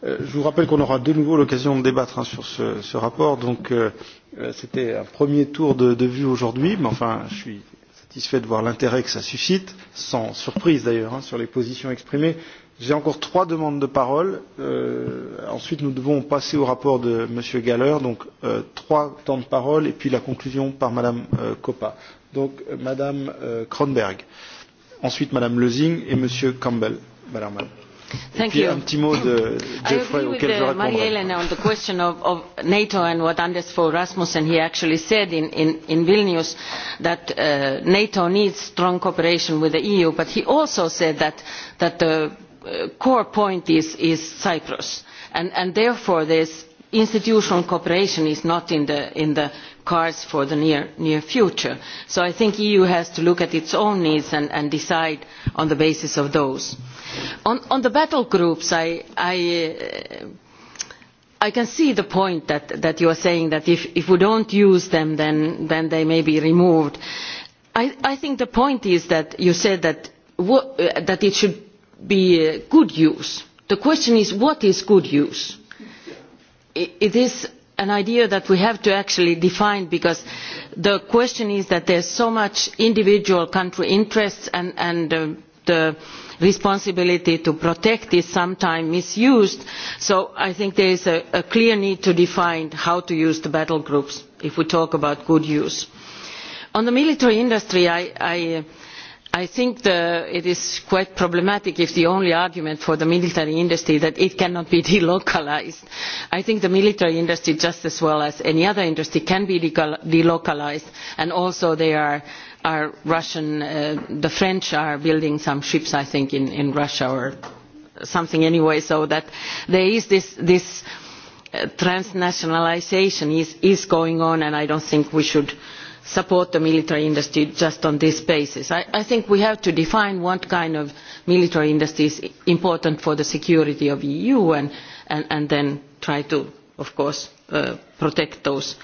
S1: euh, je vous rappelle qu'on aura de nouveau l'occasion de débattre hein, sur ce, ce rapport. Donc, euh, euh, c'était un premier tour de, de vue aujourd'hui, mais enfin, je suis satisfait de voir l'intérêt que ça suscite, sans surprise d'ailleurs, hein, sur les positions exprimées. J'ai encore trois demandes de parole. Euh, ensuite, nous devons passer au rapport de M. Galler, donc euh, trois temps de parole, et puis la conclusion par Mme euh, Coppa. Donc, euh, Mme euh, Kronberg, ensuite Mme Lezing et M. Campbell. Madame. Madame. Thank you. Un petit mot de Geoffrey I agree with uh, Marie-Hélène
S9: on the question of, of NATO and what Anders Fogh Rasmussen he actually said in, in, in Vilnius that uh, NATO needs strong cooperation with the EU, but he also said that, that the uh, core point is, is Cyprus. And, and therefore there's institutional cooperation is not in the, in the cards for the near, near future. So I think the EU has to look at its own needs and, and decide on the basis of those. On, on the battle groups, I, I, uh, I can see the point that, that you are saying that if, if we don't use them, then, then they may be removed. I, I think the point is that you said that, what, uh, that it should be uh, good use. The question is, what is good use? it is an idea that we have to actually define because the question is that there are so many individual country interests and, and uh, the responsibility to protect is sometimes misused so i think there is a, a clear need to define how to use the battle groups if we talk about good use. on the military industry i, I i think the, it is quite problematic if the only argument for the military industry is that it cannot be delocalised. i think the military industry just as well as any other industry can be delocalised and also there are, are russian uh, the french are building some ships i think in, in russia or something anyway so that there is this, this uh, transnationalisation is, is going on and i do not think we should uh, support the military industry just on this basis. I, I think we have to define what kind of military industry is important for the security of the EU and, and, and then try to, of course, uh, protect those.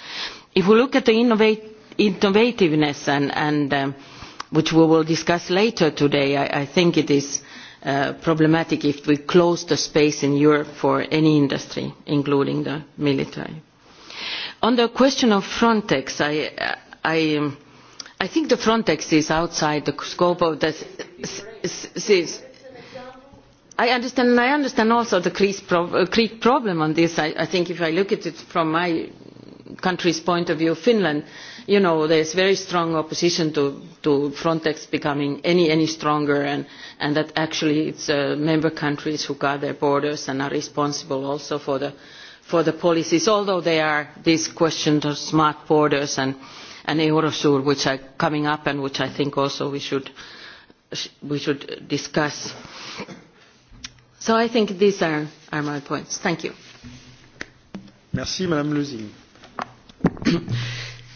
S9: If we look at the innovate, innovativeness, and, and, um, which we will discuss later today, I, I think it is uh, problematic if we close the space in Europe for any industry, including the military. On the question of Frontex, I, uh, I, I think the Frontex is outside the scope of the. This. I understand, and I understand also the Greek, pro uh, Greek problem on this. I, I think if I look at it from my country's point of view, Finland, you know, there's very strong opposition to, to Frontex becoming any, any stronger, and, and that actually it's uh, member countries who guard their borders and are responsible also for the, for the policies, although they are these questions of smart borders and, uh, and Eurosur, which are coming up and which I think also we should, we should discuss. So I think these are, are my points. Thank you.
S1: Merci, Madame Lusing.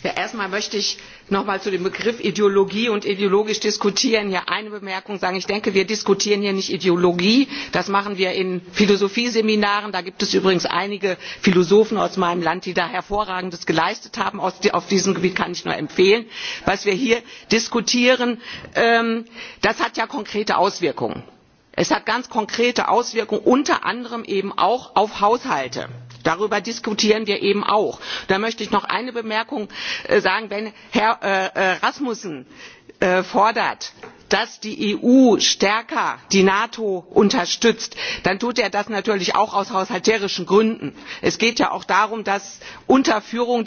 S6: Ja, erstmal möchte ich noch mal zu dem Begriff Ideologie und ideologisch diskutieren hier eine Bemerkung sagen. Ich denke, wir diskutieren hier nicht Ideologie. Das machen wir in Philosophieseminaren. Da gibt es übrigens einige Philosophen aus meinem Land, die da hervorragendes geleistet haben. Aus, auf diesem Gebiet kann ich nur empfehlen. Was wir hier diskutieren, ähm, das hat ja konkrete Auswirkungen. Es hat ganz konkrete Auswirkungen, unter anderem eben auch auf Haushalte darüber diskutieren wir eben auch. da möchte ich noch eine bemerkung äh, sagen wenn herr äh, äh, rasmussen fordert dass die eu stärker die nato unterstützt dann tut er das natürlich auch aus haushalterischen gründen. es geht ja auch darum dass unter führung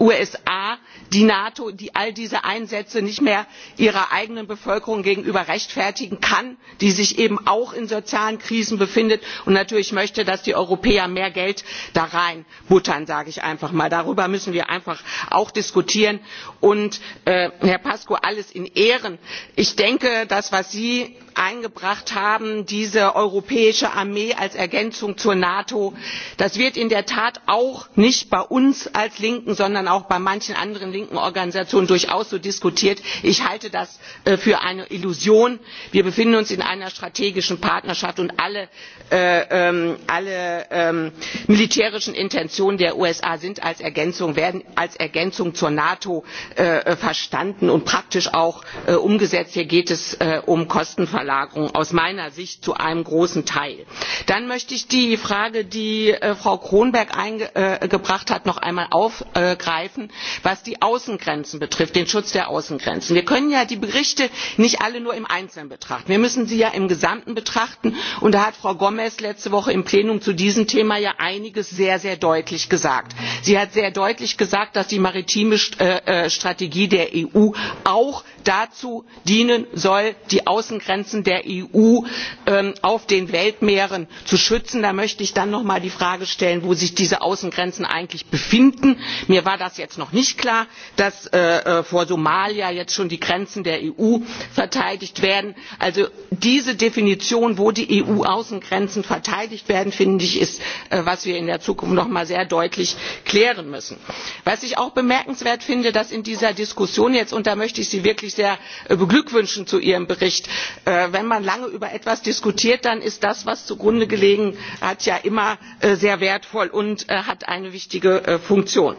S6: usa die nato die all diese einsätze nicht mehr ihrer eigenen bevölkerung gegenüber rechtfertigen kann die sich eben auch in sozialen krisen befindet und natürlich möchte dass die europäer mehr geld da reinbuttern sage ich einfach mal. darüber müssen wir einfach auch diskutieren. und äh, herr pacu alles in ehren ich denke das was sie eingebracht haben diese europäische armee als ergänzung zur nato das wird in der tat auch nicht bei uns als linken sondern auch bei manchen anderen linken organisationen durchaus so diskutiert. ich halte das äh, für eine illusion. wir befinden uns in einer strategischen partnerschaft und alle, äh, ähm, alle äh, militärischen intentionen der usa sind als ergänzung werden als ergänzung zur nato äh, verstanden und praktisch auch äh, umgesetzt. hier geht es äh, um kostenverlagerung aus meiner sicht zu einem großen teil. dann möchte ich die frage die frau kronberg eingebracht hat noch einmal aufgreifen ergreifen was die außengrenzen betrifft den schutz der außengrenzen. wir können ja die berichte nicht alle nur im einzelnen betrachten wir müssen sie ja im gesamten betrachten und da hat frau gomes letzte woche im plenum zu diesem thema ja einiges sehr sehr deutlich gesagt. sie hat sehr deutlich gesagt dass die maritime äh, äh, strategie der eu auch dazu dienen soll die außengrenzen der eu ähm, auf den weltmeeren zu schützen. da möchte ich dann noch einmal die frage stellen wo sich diese außengrenzen eigentlich befinden. mir war das jetzt noch nicht klar dass äh, äh, vor somalia jetzt schon die grenzen der eu verteidigt werden. also diese definition wo die eu außengrenzen verteidigt werden finde ich ist äh, was wir in der zukunft noch einmal sehr deutlich klären müssen. was ich auch bemerkenswert finde ist dass in dieser diskussion jetzt und da möchte ich sie wirklich sehr äh, beglückwünschen zu ihrem bericht. Äh, wenn man lange über etwas diskutiert dann ist das was zugrunde gelegen hat ja immer äh, sehr wertvoll und hat eine wichtige funktion.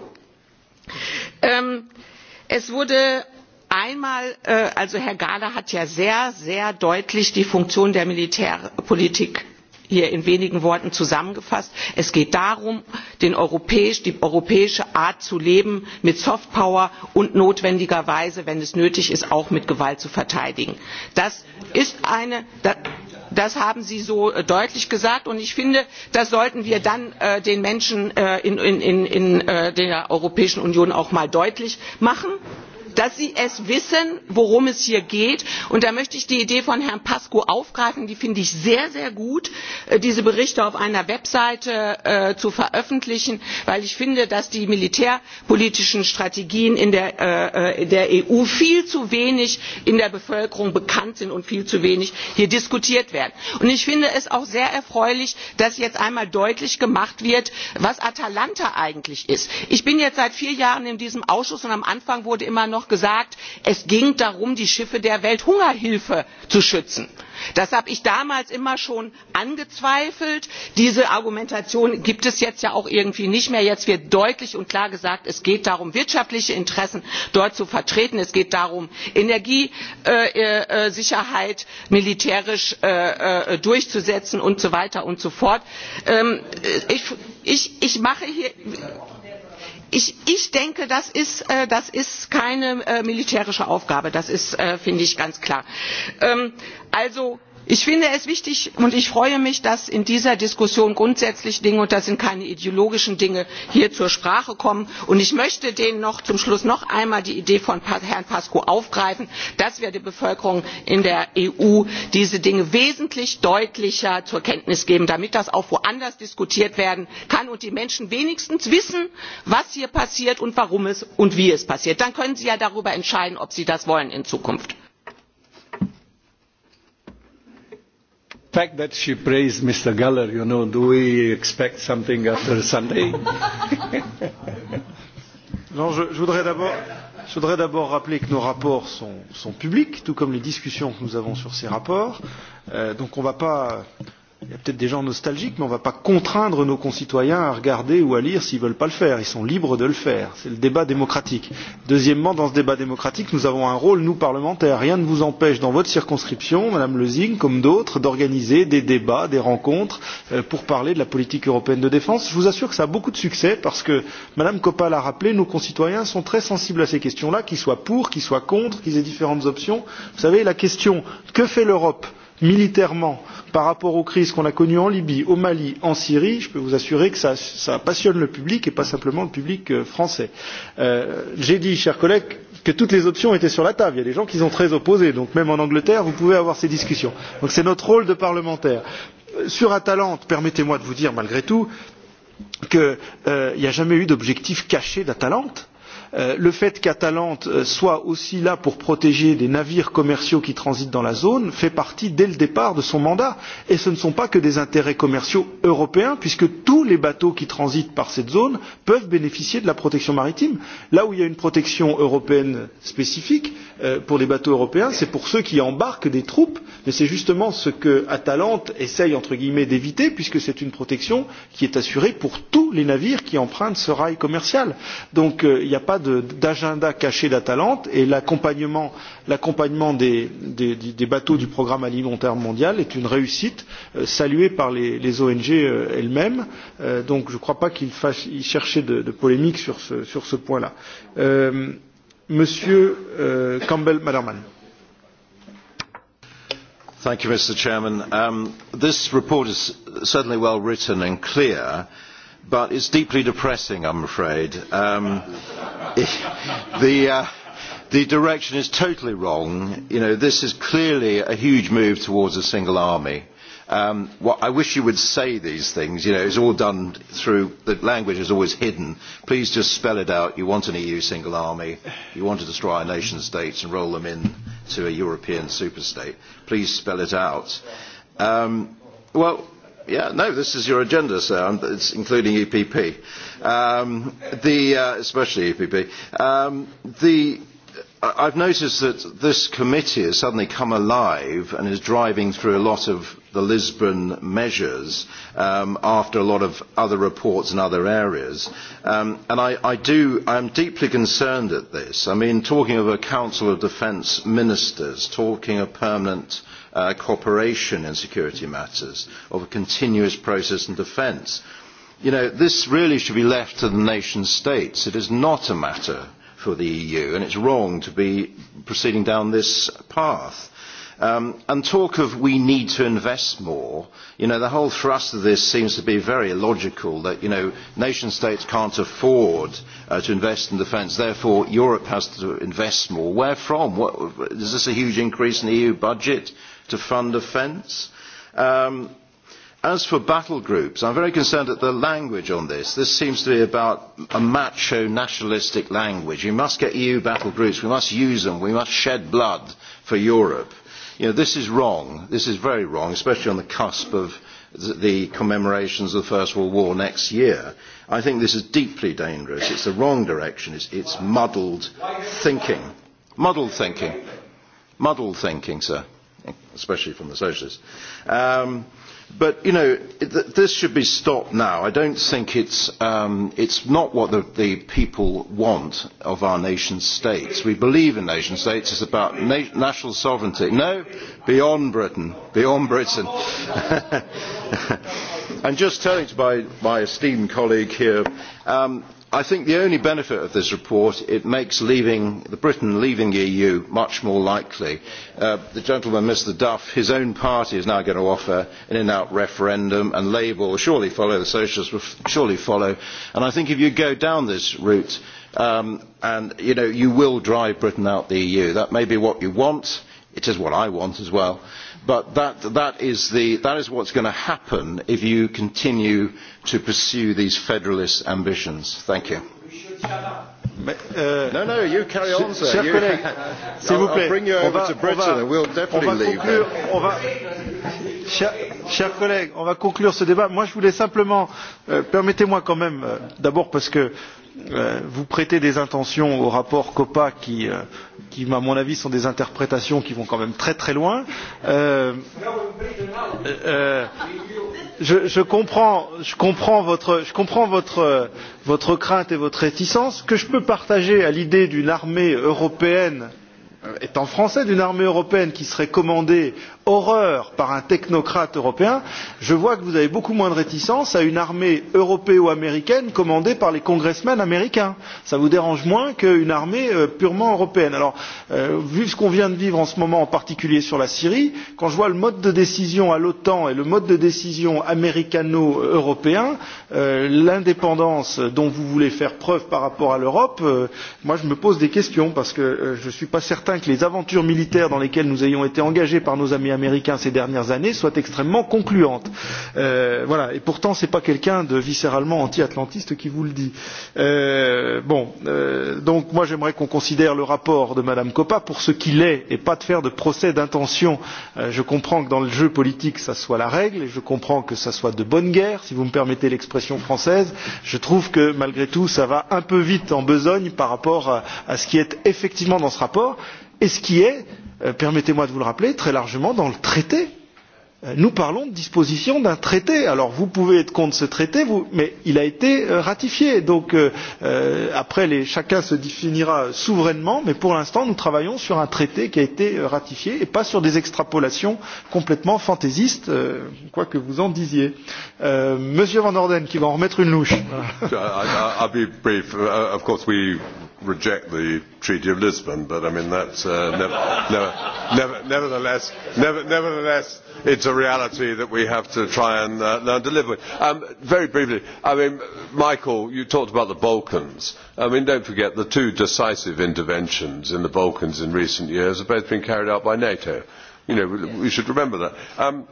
S6: Ähm, es wurde einmal also herr gahler hat ja sehr sehr deutlich die funktion der militärpolitik hier in wenigen worten zusammengefasst es geht darum europäisch, die europäische art zu leben mit soft power und notwendigerweise wenn es nötig ist auch mit gewalt zu verteidigen. das ist eine das, das haben sie so äh, deutlich gesagt und ich finde das sollten wir dann äh, den menschen äh, in, in, in, in äh, der europäischen union auch mal deutlich machen dass sie es wissen worum es hier geht und da möchte ich die idee von herrn pacu aufgreifen die finde ich sehr sehr gut äh, diese berichte auf einer webseite äh, zu veröffentlichen weil ich finde dass die militärpolitischen strategien der äh, eu e viel zu wenig in der bevölkerung bekannt sind und viel zu wenig hier diskutiert werden. und ich finde es auch sehr erfreulich dass jetzt einmal deutlich gemacht wird was atalanta eigentlich ist. ich bin jetzt seit vier jahren in diesem ausschuss und am anfang wurde immer noch gesagt es ging darum die schiffe der welthungerhilfe zu schützen. das habe ich damals immer schon angezweifelt. diese argumentation gibt es jetzt ja auch irgendwie nicht mehr. jetzt wird deutlich und klar gesagt es geht darum wirtschaftliche interessen dort zu vertreten es geht darum energiesicherheit äh, äh, äh, militärisch durchzusetzen und so weiter und so fort. Ähm, ich, ich, ich mache hier Ich, ich denke das ist, äh, das ist keine äh, militärische aufgabe das ist äh, finde ich ganz klar. Ähm, also ich finde es wichtig und ich freue mich dass in dieser diskussion grundsätzlich dinge und das sind keine ideologischen dinge hier zur sprache kommen und ich möchte zum schluss noch einmal die idee von herrn pacu aufgreifen dass wir der bevölkerung in der eu diese dinge wesentlich deutlicher zur kenntnis geben damit das auch woanders diskutiert werden kann und die menschen wenigstens wissen was hier passiert und warum und wie es passiert. dann können sie ja darüber entscheiden ob sie das wollen in zukunft. fact
S10: that she praised Mr. Geller, you know, do we expect something after Sunday?
S1: non, je, je voudrais d'abord. Je voudrais d'abord rappeler que nos rapports sont, sont publics, tout comme les discussions que nous avons sur ces rapports. Euh, donc on ne va pas euh, Il y a peut-être des gens nostalgiques, mais on ne va pas contraindre nos concitoyens à regarder ou à lire s'ils ne veulent pas le faire. Ils sont libres de le faire. C'est le débat démocratique. Deuxièmement, dans ce débat démocratique, nous avons un rôle, nous, parlementaires. Rien ne vous empêche, dans votre circonscription, Madame Lezing, comme d'autres, d'organiser des débats, des rencontres euh, pour parler de la politique européenne de défense. Je vous assure que ça a beaucoup de succès parce que, Madame Coppa l'a rappelé, nos concitoyens sont très sensibles à ces questions-là, qu'ils soient pour, qu'ils soient contre, qu'ils aient différentes options. Vous savez, la question que fait l'Europe militairement par rapport aux crises qu'on a connues en libye au mali en syrie je peux vous assurer que cela passionne le public et pas simplement le public euh, français. Euh, j'ai dit chers collègues que toutes les options étaient sur la table. il y a des gens qui sont très opposés donc même en angleterre vous pouvez avoir ces discussions. c'est notre rôle de parlementaires. Euh, sur atalante permettez moi de vous dire malgré tout qu'il n'y euh, a jamais eu d'objectif caché d'atalante Euh, le fait qu'atalante euh, soit aussi là pour protéger des navires commerciaux qui transitent dans la zone fait partie dès le départ de son mandat et ce ne sont pas que des intérêts commerciaux européens puisque tous les bateaux qui transitent par cette zone peuvent bénéficier de la protection maritime. là où il y a une protection européenne spécifique euh, pour les bateaux européens c'est pour ceux qui embarquent des troupes mais c'est justement ce que atalante essaie entre guillemets d'éviter puisque c'est une protection qui est assurée pour tous les navires qui empruntent ce rail commercial. donc il n'y a pas d'agenda caché d'atalante et l'accompagnement des, des, des bateaux du programme alimentaire mondial est une réussite euh, saluée par les, les ong euh, elles mêmes euh, donc je ne crois pas qu'il faille y chercher de, de polémique sur ce, sur ce point là. Euh, monsieur euh, campbell bannerman
S12: mr president um, this report is certainly well written and clear and but it's deeply depressing, I'm afraid. Um, the, uh, the direction is totally wrong. You know, this is clearly a huge move towards a single army. Um, well, I wish you would say these things. You know, it's all done through the language is always hidden. Please just spell it out. You want an EU single army. You want to destroy our nation states and roll them into a European superstate. Please spell it out. Um, well, yeah, no, this is your agenda, sir. I'm, it's including EPP, um, the, uh, especially EPP. Um, the, I've noticed that this committee has suddenly come alive and is driving through a lot of the Lisbon measures um, after a lot of other reports in other areas. Um, and I, I do, I'm deeply concerned at this. I mean, talking of a Council of Defence Ministers, talking of permanent uh, cooperation in security matters, of a continuous process in defence. You know, this really should be left to the nation states. It is not a matter for the EU, and it's wrong to be proceeding down this path. Um, and talk of we need to invest more, you know, the whole thrust of this seems to be very illogical that, you know, nation states can't afford uh, to invest in defence, therefore Europe has to invest more. Where from? What, is this a huge increase in the EU budget? to fund offence. Um, as for battle groups, I'm very concerned at the language on this. This seems to be about a macho nationalistic language. You must get EU battle groups. We must use them. We must shed blood for Europe. You know, this is wrong. This is very wrong, especially on the cusp of the commemorations of the First World War next year. I think this is deeply dangerous. It's the wrong direction. It's, it's muddled thinking. Muddled thinking. Muddled thinking, sir especially from the socialists. Um, but you know th- this should be stopped now. I don't think it's um, it's not what the, the people want of our nation states. We believe in nation states. It's about na- national sovereignty. No, beyond Britain, beyond Britain. I'm just turning to my, my esteemed colleague here. Um, I think the only benefit of this report, it makes leaving, the Britain leaving the EU much more likely. Uh, the gentleman, Mr Duff, his own party is now going to offer an in-out referendum and Labour will surely follow, the Socialists will surely follow. And I think if you go down this route, um, and you know, you will drive Britain out the EU. That may be what you want, it is what I want as well but that, that, is the, that is what's going to happen if you continue to pursue these federalist ambitions. Thank you.
S1: Mais, euh, non, non, you carry on, sir. Chers you, collègues, s'il vous plaît, I'll bring you on over va, to Britain on va, and we'll definitely on va leave. Conclure, then. on va, chers, chers collègues, on va conclure ce débat. Moi, je voulais simplement, euh, permettez-moi quand même, euh, d'abord parce que Euh, vous prêtez des intentions au rapport Coppa qui, euh, qui, à mon avis, sont des interprétations qui vont quand même très très loin. Euh, euh, je, je comprends, je comprends, votre, je comprends votre, votre crainte et votre réticence que je peux partager à l'idée d'une armée européenne étant euh, français d'une armée européenne qui serait commandée horreur par un technocrate européen je vois que vous avez beaucoup moins de réticence à une armée européo américaine commandée par les congressmen américains cela vous dérange moins qu'une armée euh, purement européenne. alors euh, vu ce qu'on vient de vivre en ce moment en particulier sur la syrie quand je vois le mode de décision à l'otan et le mode de décision américano européen euh, l'indépendance dont vous voulez faire preuve par rapport à l'europe moi je me pose des questions parce que je ne suis pas certain que les aventures militaires dans lesquelles nous ayons été engagés par nos amis américain ces dernières années soit extrêmement concluante. Euh, voilà. Et pourtant, ce n'est pas quelqu'un de viscéralement anti-atlantiste qui vous le dit. Euh, bon, euh, donc moi j'aimerais qu'on considère le rapport de Madame Coppa pour ce qu'il est et pas de faire de procès d'intention. Euh, je comprends que dans le jeu politique, ça soit la règle et je comprends que ça soit de bonne guerre, si vous me permettez l'expression française. Je trouve que malgré tout, ça va un peu vite en besogne par rapport à, à ce qui est effectivement dans ce rapport et ce qui est Euh, permettez moi de vous le rappeler très largement dans le traité euh, nous parlons de dispositions d'un traité. alors vous pouvez être contre ce traité vous, mais il a été euh, ratifié donc euh, après les, chacun se définira souverainement mais pour l'instant nous travaillons sur un traité qui a été ratifié et pas sur des extrapolations complètement fantaisistes euh, quoi que vous en disiez. Euh, monsieur van orden qui va en remettre une louche.
S8: I'll be brief. Uh, of course we reject the Treaty of Lisbon, but I mean that's uh, never, never, never, nevertheless, never, nevertheless, it's a reality that we have to try and uh, learn to live with. Um, very briefly, I mean, Michael, you talked about the Balkans. I mean, don't forget the two decisive interventions in the Balkans in recent years have both been carried out by NATO. You know, we, we should remember that. Um,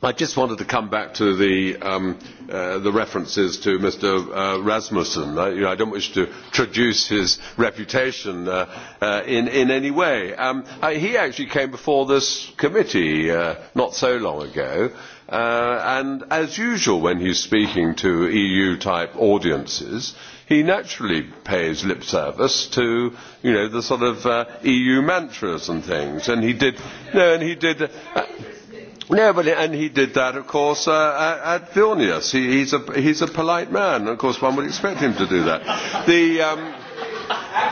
S8: I just wanted to come back to the, um, uh, the references to Mr. Uh, Rasmussen. I, you know, I don't wish to traduce his reputation uh, uh, in, in any way. Um, I, he actually came before this committee uh, not so long ago. Uh, and as usual, when he's speaking to EU-type audiences, he naturally pays lip service to you know the sort of uh, EU mantras and things. And he did, no, and he did. Uh, No, but and he did that, of course, uh, at Vilnius. He, he's a he's a polite man. Of course, one would expect him to do that. The um,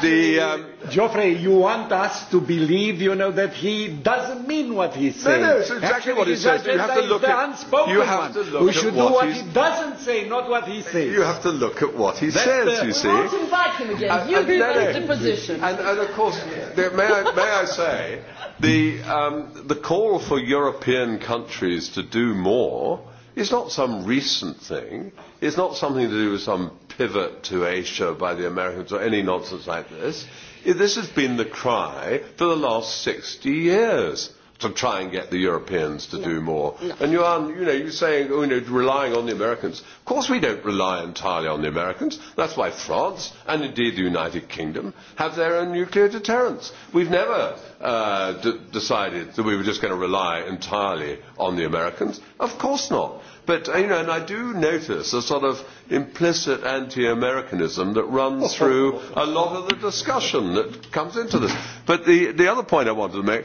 S8: the um, Geoffrey,
S10: you want us to believe, you know, that he doesn't mean what he says. No, no, it's exactly Actually, what he says. You have to look at unspoken you have one. To look we should at do what, what he doesn't say, not what he says. You have to look at what he That's says. The, you see. Let's invite him again. And, you and, no, no. the position. And, and of course,
S8: the, may I may I say, the um, the call for European countries to do more is not some recent thing. It's not something to do with some pivot to Asia by the Americans or any nonsense like this. This has been the cry for the last 60 years to try and get the Europeans to no. do more. No. And you are, you know, you're saying, oh, you know, relying on the Americans. Of course we don't rely entirely on the Americans. That's why France, and indeed the United Kingdom, have their own nuclear deterrents. We've never uh, d- decided that we were just going to rely entirely on the Americans. Of course not. But, you know, and I do notice a sort of implicit anti-Americanism that runs through a lot of the discussion that comes into this. But the, the other point I wanted to make,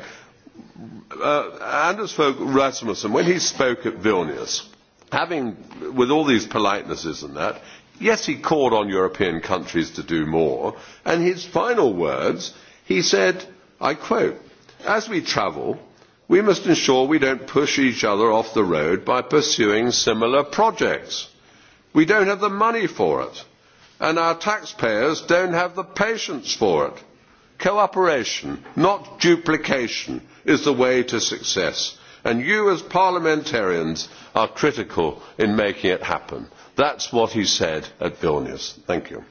S8: uh, Anders Fogh Rasmussen, when he spoke at Vilnius, having, with all these politenesses and that, yes, he called on European countries to do more, and his final words, he said, I quote, as we travel, we must ensure we do not push each other off the road by pursuing similar projects. we do not have the money for it and our taxpayers do not have the patience for it. cooperation not duplication is the way to success and you as parliamentarians are critical in making it happen. that is what he said at vilnius. thank you.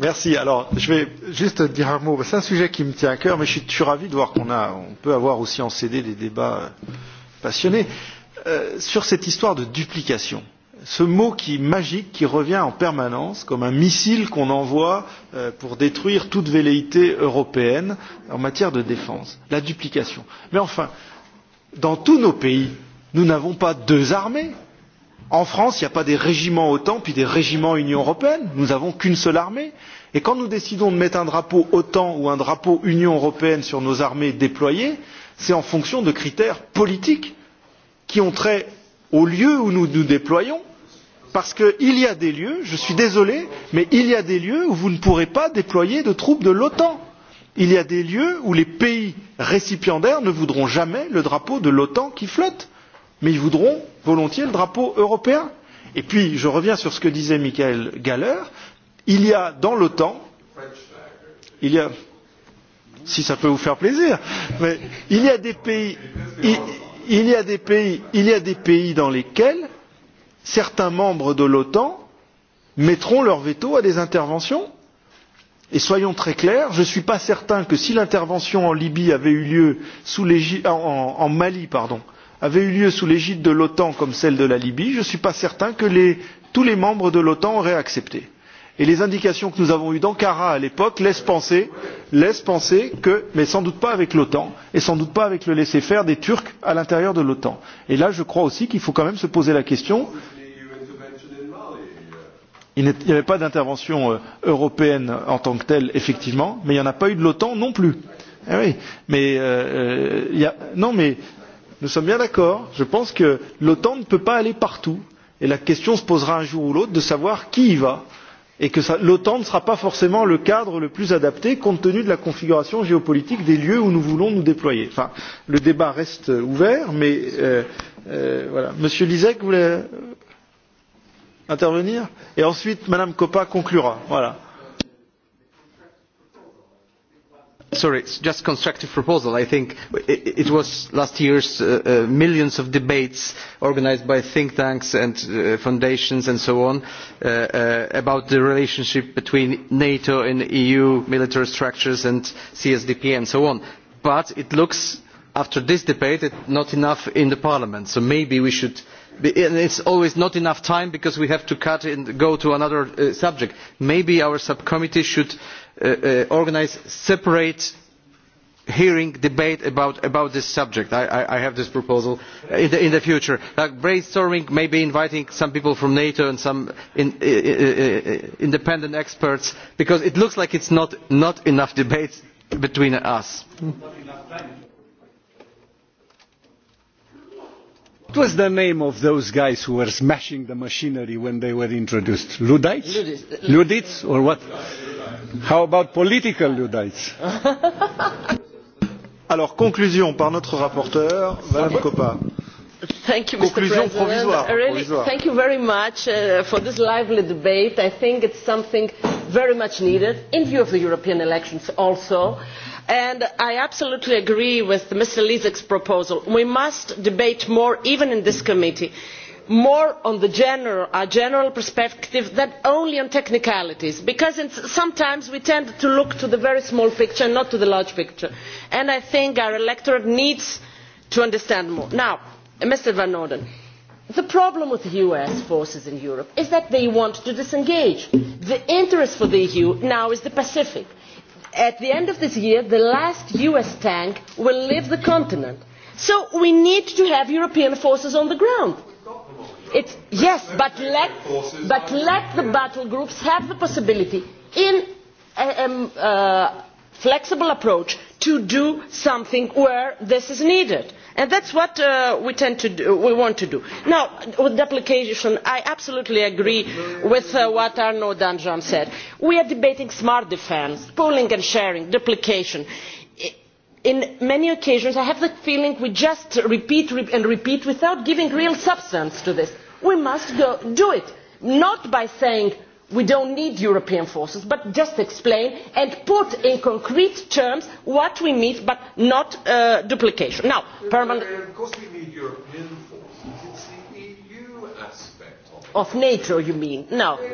S1: Merci. Alors, je vais juste dire un mot. C'est un sujet qui me tient à cœur, mais je suis, je suis ravi de voir qu'on a, on peut avoir aussi en CD des débats euh, passionnés euh, sur cette histoire de duplication. Ce mot qui magique qui revient en permanence comme un missile qu'on envoie euh, pour détruire toute velléité européenne en matière de défense, la duplication. Mais enfin, dans tous nos pays, nous n'avons pas deux armées en france il n'y a pas des régiments otan puis des régiments union européenne nous n'avons qu'une seule armée et quand nous décidons de mettre un drapeau otan ou un drapeau union européenne sur nos armées déployées c'est en fonction de critères politiques qui ont trait au lieu où nous nous déployons parce qu'il y a des lieux je suis désolé mais il y a des lieux où vous ne pourrez pas déployer de troupes de l'otan il y a des lieux où les pays récipiendaires ne voudront jamais le drapeau de l'otan qui flotte mais ils voudront volontiers le drapeau européen. et puis je reviens sur ce que disait michael gahler il y a dans l'otan il y a si ça peut vous faire plaisir mais il y a des pays il, il y a des pays il y a des pays dans lesquels certains membres de l'otan mettront leur veto à des interventions et soyons très clairs je ne suis pas certain que si l'intervention en libye avait eu lieu sous en, en mali pardon avait eu lieu sous l'égide de l'otan comme celle de la libye je ne suis pas certain que les, tous les membres de l'otan auraient accepté et les indications que nous avons eues d'ankara à l'époque laissent penser, laissent penser que mais sans doute pas avec l'otan et sans doute pas avec le laisser faire des turcs à l'intérieur de l'otan. et là je crois aussi qu'il faut quand même se poser la question il n'y avait pas d'intervention euh, européenne en tant que telle effectivement mais il n'y en a pas eu de l'otan non plus. Eh oui, mais, euh, euh y a, non mais nous sommes bien d'accord je pense que l'otan ne peut pas aller partout et la question se posera un jour ou l'autre de savoir qui y va et que l'otan ne sera pas forcément le cadre le plus adapté compte tenu de la configuration géopolitique des lieux où nous voulons nous déployer. enfin le débat reste ouvert mais euh, euh, voilà. monsieur lisek voulait intervenir et ensuite mme koppa conclura. voilà.
S3: Sorry, it's just constructive proposal. I think it, it was last year's uh, uh, millions of debates organized by think tanks and uh, foundations and so on uh, uh, about the relationship between NATO and EU military structures and CSDP and so on. But it looks, after this debate, it, not enough in the parliament. So maybe we should uh, it is always not enough time because we have to cut and go to another uh, subject. maybe our subcommittee should uh, uh, organise a separate hearing debate about, about this subject I, I, i have this proposal in the, in the future like brainstorming maybe inviting some people from nato and some in, uh, uh, uh independent experts because it looks like there is not, not enough debate between us.
S8: Not enough
S10: What was the name of those guys who were smashing the machinery when they were introduced? Luddites? Luddites, Luddites or what?
S1: How about political Luddites? Alors, conclusion par notre rapporteur, Madame Coppa.
S6: Thank you, Mr. Conclusion President.
S1: provisoire. Really, provisoire. Thank
S4: you very much uh, for this lively debate. I think it's something very much needed in view of the European elections also. Uh, and i absolutely agree with mr lisek's proposal we must debate more even in this committee more on the general perspective than only on technicalities because sometimes we tend to look to the very small picture and not to the large picture and i think our electorate needs to understand more. now mr van orden the problem with us forces in europe is that they want to disengage. the interest for the eu now is the pacific at the end of this year the last us tank will leave the continent so we need to have european forces on the ground. It's, yes but let, but let the battle groups have the possibility in a, a, a um, uh, flexible approach to do something where this is needed and that is what uh, we, do, we want to do. now with duplication i absolutely agree with uh, what arnaud danjean said. we are debating smart defence pooling and sharing duplication. on many occasions i have the feeling we just repeat and repeat without giving real substance to this. we must go, do it not by saying we do not need european forces but just explain and put in concrete terms what we mean but not uh, duplication. now permanent
S8: uh, of course we need european forces it's the eu aspect of, it. of nato you mean no
S4: e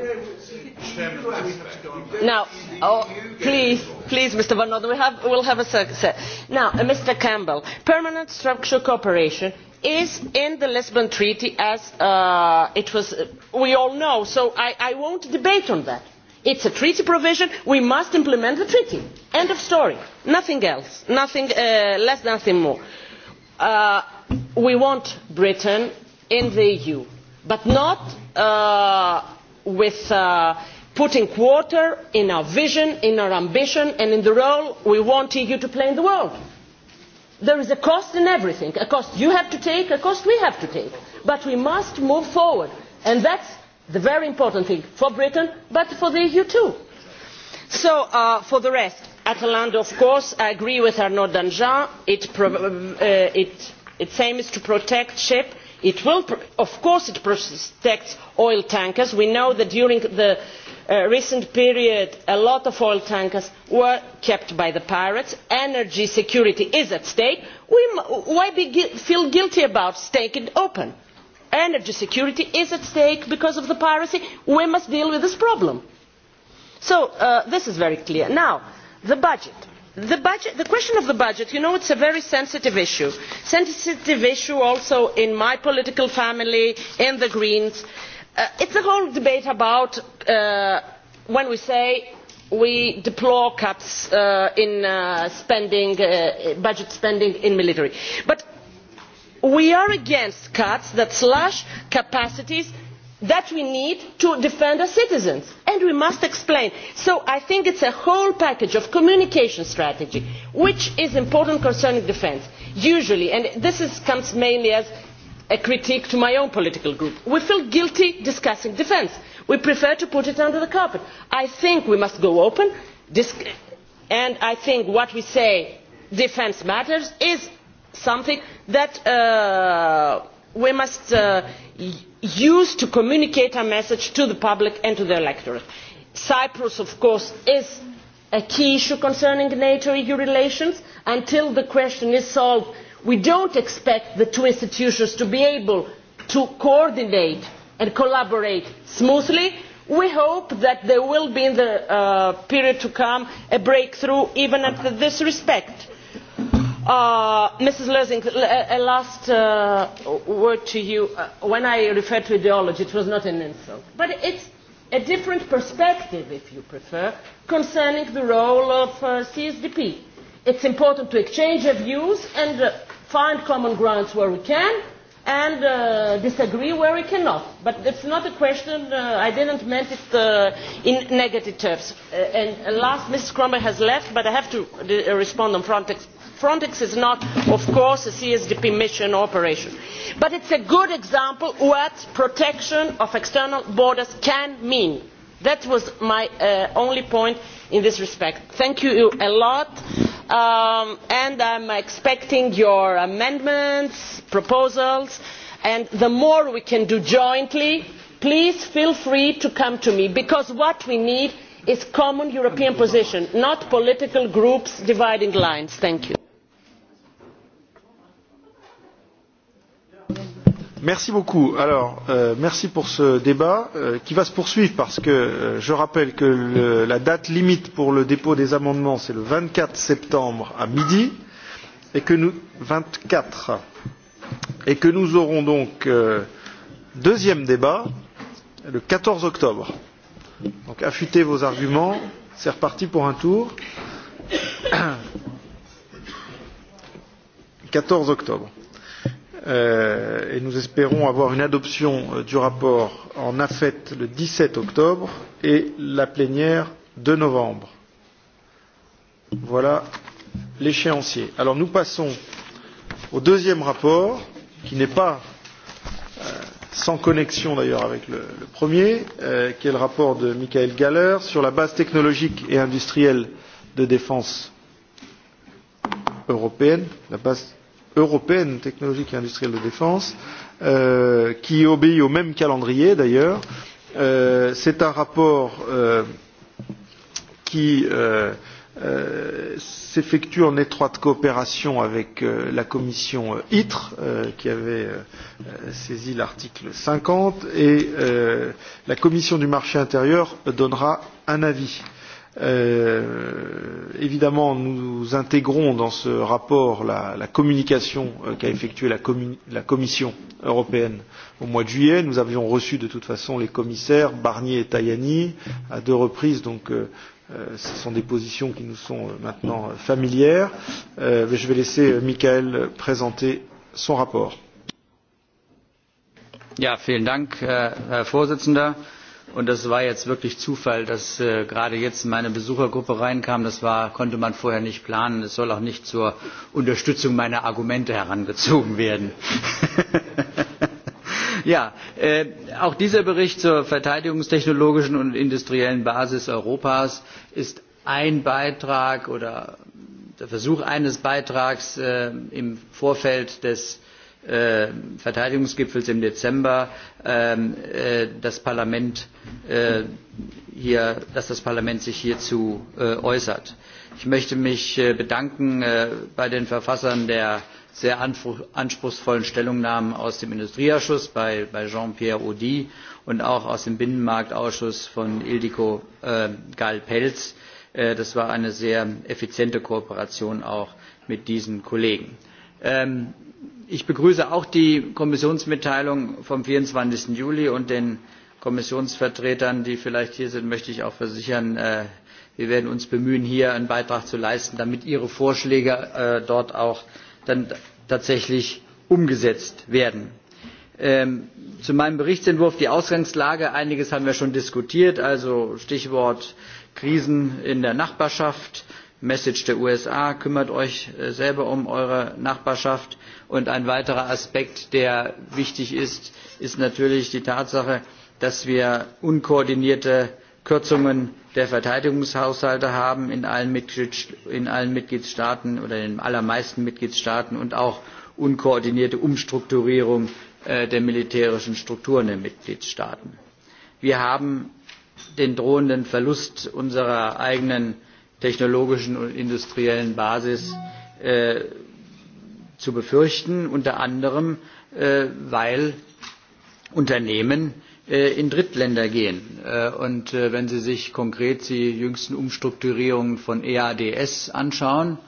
S4: now oh, e please please mr van orden we have, we'll have a sec. now uh, mr campbell permanent structural cooperation is in the lisbon treaty as uh, was, uh, we all know so i, I will not debate on that. it is a treaty provision we must implement the treaty end of story nothing else nothing uh, less nothing more. Uh, we want britain in the eu but not uh, with uh, putting quarter in our vision in our ambition and in the role we want the eu to play in the world there is a cost in everything a cost you have to take a cost we have to take but we must move forward and that is the very important thing for britain but for the eu too. so uh, for the rest atalanta of course i agree with arnaud danjean it, uh, it, its aim is to protect ships it will of course it protects oil tankers we know that during the Uh, recent period a lot of oil tankers were kept by the pirates energy security is at stake why feel guilty about staying open? energy security is at stake because of the piracy we must deal with this problem. so uh, this is very clear. now the budget. The, budget, the question of the budget you know it is a very sensitive issue sensitive issue also in my political family in the greens etc Uh, it is a whole debate about uh, when we say we deplore cuts uh, in uh, spending, uh, budget spending in military but we are against cuts that slash capacities that we need to defend our citizens and we must explain. so i think it is a whole package of communication strategy which is important concerning defence usually and this is, comes mainly as a critique to my own political group. we feel guilty discussing defence. we prefer to put it under the carpet. i think we must go open and i think what we say defence matters is something that uh, we must uh, use to communicate our message to the public and to the electorate. cyprus of course is a key issue concerning nato eu relations. until the question is solved we do not expect the two institutions to be able to coordinate and collaborate smoothly. we hope that there will be in the uh, period to come a breakthrough even in this respect. Uh, ms lsing a last uh, word to you. when i referred to ideology it was not an insult but it is a different perspective if you prefer concerning the role of csdp. it is important to exchange views find common grounds where we can, and uh, disagree where we cannot. But it's not a question, uh, I didn't mean it uh, in negative terms. Uh, and uh, last, Mrs. Cromwell has left, but I have to uh, respond on Frontex. Frontex is not, of course, a CSDP mission or operation. But it's a good example what protection of external borders can mean that was my uh, only point in this respect. thank you a lot um, and i am expecting your amendments and proposals and the more we can do jointly please feel free to come to me because what we need is a common european position not political groups' dividing lines. thank you.
S1: merci beaucoup. Alors, euh, merci pour ce débat euh, qui va se poursuivre parce que euh, je rappelle que le, la date limite pour le dépôt des amendements c'est le vingt quatre septembre à midi et que nous vingt quatre et que nous aurons donc euh, deuxième débat le quatorze octobre. Donc affûtez vos arguments, c'est reparti pour un tour. 14 octobre euh, et nous espérons avoir une adoption euh, du rapport en AFET le 17 octobre et la plénière de novembre. Voilà l'échéancier. Alors nous passons au deuxième rapport, qui n'est pas euh, sans connexion d'ailleurs avec le, le premier, euh, qui est le rapport de Michael Galler sur la base technologique et industrielle de défense européenne, la base européenne technologique et industrielle de défense, euh, qui obéit au même calendrier d'ailleurs. Euh, C'est un rapport euh, qui euh, euh, s'effectue en étroite coopération avec euh, la commission euh, ITRE, euh, qui avait euh, euh saisi l'article 50, et euh, la commission du marché intérieur donnera un avis. Euh, Euh, évidemment, nous intégrons dans ce rapport la, la communication euh, qu'a effectuée la, la Commission européenne au mois de juillet. Nous avions reçu de toute façon les commissaires Barnier et Tajani à deux reprises, donc euh, euh ce sont des positions qui nous sont euh, maintenant euh, familières. Euh, mais je vais laisser Michael présenter son rapport.
S11: Ja, vielen Dank, Herr Vorsitzender. Und das war jetzt wirklich Zufall, dass äh, gerade jetzt meine Besuchergruppe reinkam. Das war, konnte man vorher nicht planen. Es soll auch nicht zur Unterstützung meiner Argumente herangezogen werden. ja, äh, auch dieser Bericht zur verteidigungstechnologischen und industriellen Basis Europas ist ein Beitrag oder der Versuch eines Beitrags äh, im Vorfeld des äh, Verteidigungsgipfels im Dezember ähm, äh, das Parlament äh, hier, dass das Parlament sich hierzu äh, äußert. Ich möchte mich äh, bedanken äh, bei den Verfassern der sehr anspruchsvollen Stellungnahmen aus dem Industrieausschuss bei, bei Jean-Pierre Audi und auch aus dem Binnenmarktausschuss von Ildiko äh, Gall-Pelz. Äh, das war eine sehr effiziente Kooperation auch mit diesen Kollegen. Ähm, ich begrüße auch die kommissionsmitteilung vom. vierundzwanzig juli und den kommissionsvertretern die vielleicht hier sind möchte ich auch versichern äh, wir werden uns bemühen hier einen beitrag zu leisten damit ihre vorschläge äh, dort auch dann tatsächlich umgesetzt werden. Ähm, zu meinem berichtsentwurf die ausgangslage einiges haben wir schon diskutiert also stichwort krisen in der nachbarschaft message der usa kümmert euch äh, selber um eure nachbarschaft und ein weiterer aspekt der wichtig ist ist natürlich die tatsache dass wir unkoordinierte kürzungen der verteidigungshaushalte haben in allen mitgliedstaaten oder in den allermeisten mitgliedstaaten und auch unkoordinierte umstrukturierung äh, der militärischen strukturen der mitgliedstaaten. wir haben den drohenden verlust unserer eigenen technologischen und industriellen basis äh, zu befürchten, unter anderem, äh, weil Unternehmen äh, in Drittländer gehen. Äh, und äh, wenn Sie sich konkret die jüngsten Umstrukturierungen von EADS anschauen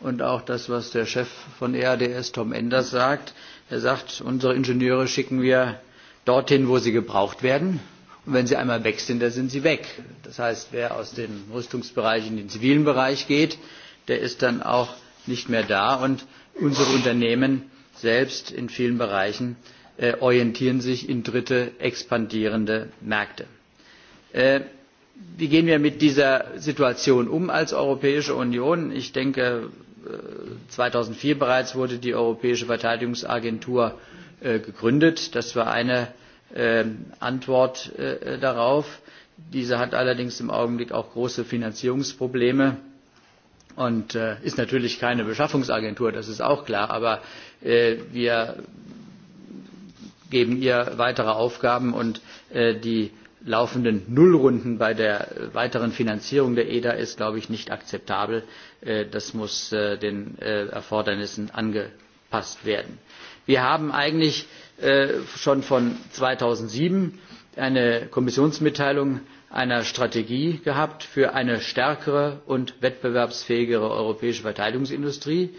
S11: und auch das, was der Chef von EADS, Tom Enders, sagt, er sagt, unsere Ingenieure schicken wir dorthin, wo sie gebraucht werden. Und wenn sie einmal weg sind, dann sind sie weg. Das heißt, wer aus dem Rüstungsbereich in den zivilen Bereich geht, der ist dann auch nicht mehr da. Und unsere Unternehmen selbst in vielen Bereichen äh, orientieren sich in dritte expandierende Märkte. Äh, wie gehen wir mit dieser Situation um als Europäische Union? Ich denke, 2004 äh, bereits wurde die Europäische Verteidigungsagentur äh, gegründet. Das war eine äh, Antwort äh, darauf. Diese hat allerdings im Augenblick auch große Finanzierungsprobleme und äh, ist natürlich keine Beschaffungsagentur, das ist auch klar, aber äh, wir geben ihr weitere Aufgaben und äh, die laufenden Nullrunden bei der weiteren Finanzierung der EDA ist, glaube ich, nicht akzeptabel. Äh, das muss äh, den äh, Erfordernissen angepasst werden. Wir haben eigentlich äh, schon von 2007 eine Kommissionsmitteilung einer strategie gehabt für eine stärkere und wettbewerbsfähigere europäische verteidigungsindustrie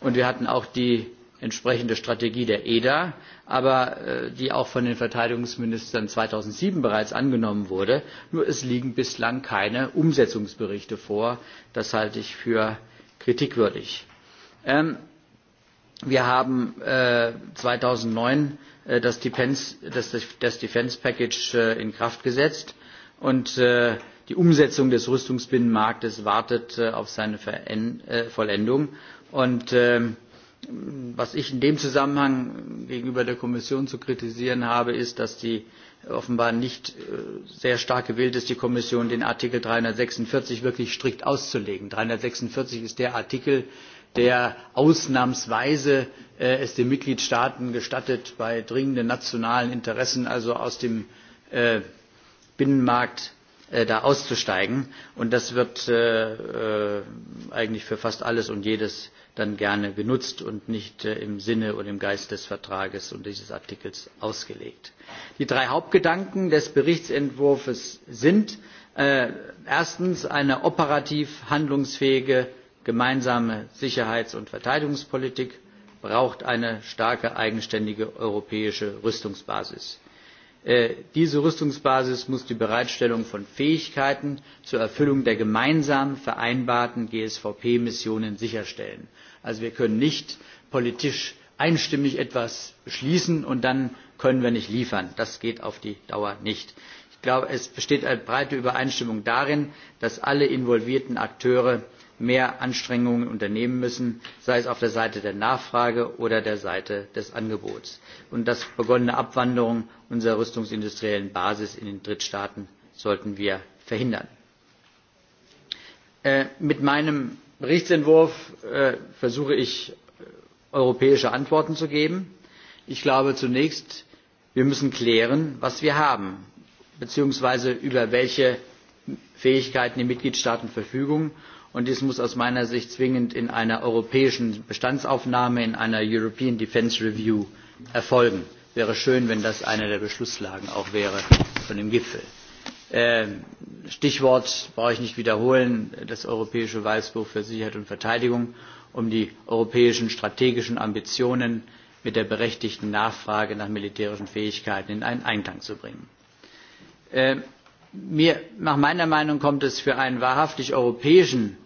S11: und wir hatten auch die entsprechende strategie der eda aber äh, die auch von den verteidigungsministern zweitausendsieben bereits angenommen wurde nur es liegen bislang keine umsetzungsberichte vor. das halte ich für kritikwürdig. Ähm, wir haben äh, zweitausendneun äh, das defence package in kraft gesetzt und äh, die Umsetzung des Rüstungsbinnenmarktes wartet äh, auf seine Veren äh, Vollendung. Und äh, was ich in dem Zusammenhang gegenüber der Kommission zu kritisieren habe, ist, dass die offenbar nicht äh, sehr stark gewillt ist, die Kommission den Artikel 346 wirklich strikt auszulegen. 346 ist der Artikel, der ausnahmsweise äh, es den Mitgliedstaaten gestattet, bei dringenden nationalen Interessen, also aus dem äh, Binnenmarkt äh, da auszusteigen. Und das wird äh, äh, eigentlich für fast alles und jedes dann gerne genutzt und nicht äh, im Sinne und im Geist des Vertrages und dieses Artikels ausgelegt. Die drei Hauptgedanken des Berichtsentwurfs sind äh, erstens eine operativ handlungsfähige gemeinsame Sicherheits- und Verteidigungspolitik braucht eine starke eigenständige europäische Rüstungsbasis Äh, diese rüstungsbasis muss die bereitstellung von fähigkeiten zur erfüllung der gemeinsam vereinbarten gsvp missionen sicherstellen. also wir können nicht politisch einstimmig etwas beschließen und dann können wir nicht liefern. das geht auf die dauer nicht. ich glaube es besteht eine breite übereinstimmung darin dass alle involvierten akteure mehr anstrengungen unternehmen müssen sei es auf der seite der nachfrage oder der seite des angebots und die begonnene abwanderung unserer rüstungsindustriellen basis in den drittstaaten sollten wir verhindern. Äh, mit meinem berichtsentwurf äh, versuche ich äh, europäische antworten zu geben. ich glaube zunächst wir müssen klären was wir haben beziehungsweise über welche fähigkeiten die mitgliedstaaten verfügen und dies muss aus meiner sicht zwingend in einer europäischen bestandsaufnahme in einer european defence review erfolgen. es wäre schön wenn das eine der beschlusslagen auch wäre von dem gipfel. Ähm, stichwort brauche ich nicht wiederholen das europäische weißbuch für sicherheit und verteidigung um die europäischen strategischen ambitionen mit der berechtigten nachfrage nach militärischen fähigkeiten in einen einklang zu bringen. Ähm, mir, nach meiner meinung kommt es für einen wahrhaftig europäischen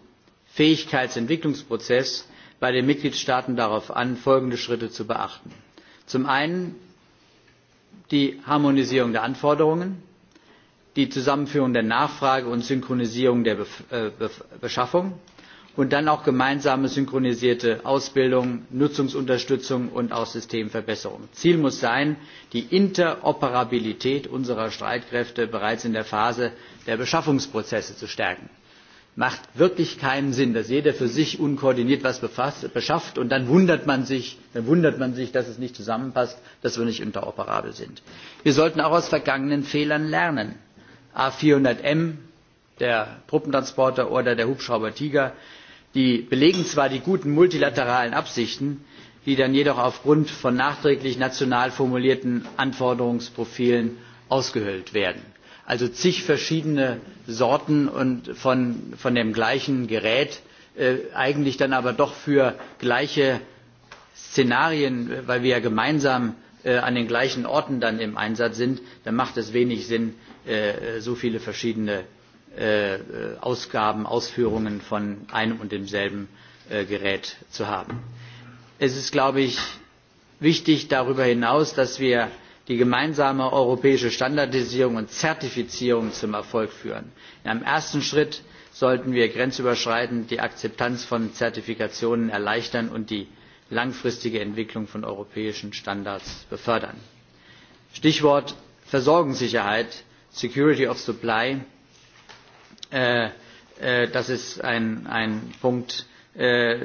S11: fähigkeitsentwicklungsprozess bei den mitgliedstaaten darauf an folgende schritte zu beachten zum einen die harmonisierung der anforderungen die zusammenführung der nachfrage und synchronisierung der äh, beschaffung und dann auch gemeinsame synchronisierte ausbildung nutzungsunterstützung und auch systemverbesserung. ziel muss sein die interoperabilität unserer streitkräfte bereits in der phase der beschaffungsprozesse zu stärken macht wirklich keinen Sinn, dass jeder für sich unkoordiniert was befasst, beschafft und dann wundert, man sich, dann wundert man sich, dass es nicht zusammenpasst, dass wir nicht interoperabel sind. Wir sollten auch aus vergangenen Fehlern lernen. A400M, der Truppentransporter oder der Hubschrauber Tiger, die belegen zwar die guten multilateralen Absichten, die dann jedoch aufgrund von nachträglich national formulierten Anforderungsprofilen ausgehöhlt werden also zig verschiedene sorten und von, von dem gleichen gerät äh, eigentlich dann aber doch für gleiche szenarien weil wir ja gemeinsam äh, an den gleichen orten dann im einsatz sind dann macht es wenig sinn äh, so viele verschiedene äh, ausgaben ausführungen von einem und demselben äh, gerät zu haben. es ist glaube ich wichtig darüber hinaus dass wir die gemeinsame europäische standardisierung und zertifizierung zum erfolg führen. in einem ersten schritt sollten wir grenzüberschreitend die akzeptanz von zertifikationen erleichtern und die langfristige entwicklung von europäischen standards befördern. stichwort versorgungssicherheit security of supply äh, äh, das ist ein, ein punkt äh,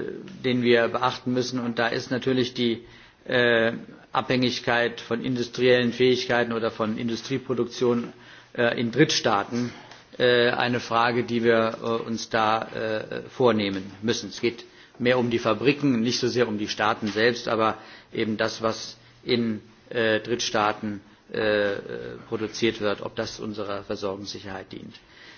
S11: den wir beachten müssen und da ist natürlich die äh, abhängigkeit von industriellen fähigkeiten oder von industrieproduktion äh, in drittstaaten äh, eine frage die wir äh, uns da vornehmen müssen. es geht mehr um die fabriken nicht so sehr um die staaten selbst aber eben das was in drittstaaten produziert wird ob das unserer versorgungssicherheit dient.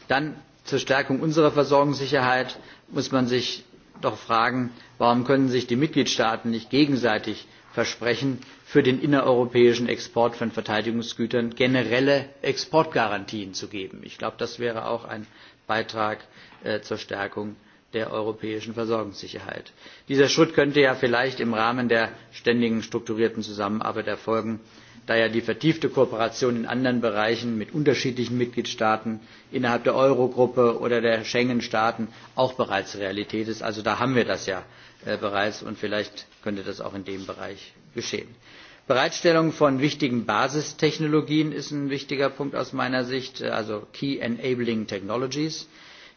S11: dann zur stärkung unserer versorgungssicherheit muss man sich doch fragen warum können sich die mitgliedstaaten nicht gegenseitig versprechen für den innereuropäischen export von verteidigungsgütern generelle exportgarantien zu geben. ich glaube das wäre auch ein beitrag äh, zur stärkung der europäischen versorgungssicherheit. dieser schritt könnte ja vielleicht im rahmen der ständigen strukturierten zusammenarbeit erfolgen da ja die vertiefte kooperation in anderen bereichen mit unterschiedlichen mitgliedstaaten innerhalb der eurogruppe oder der schengen staaten auch bereits realität ist. also da haben wir das ja äh, bereits und vielleicht könnte das auch in dem Bereich geschehen. Bereitstellung von wichtigen Basistechnologien ist ein wichtiger Punkt aus meiner Sicht, äh, also Key Enabling Technologies.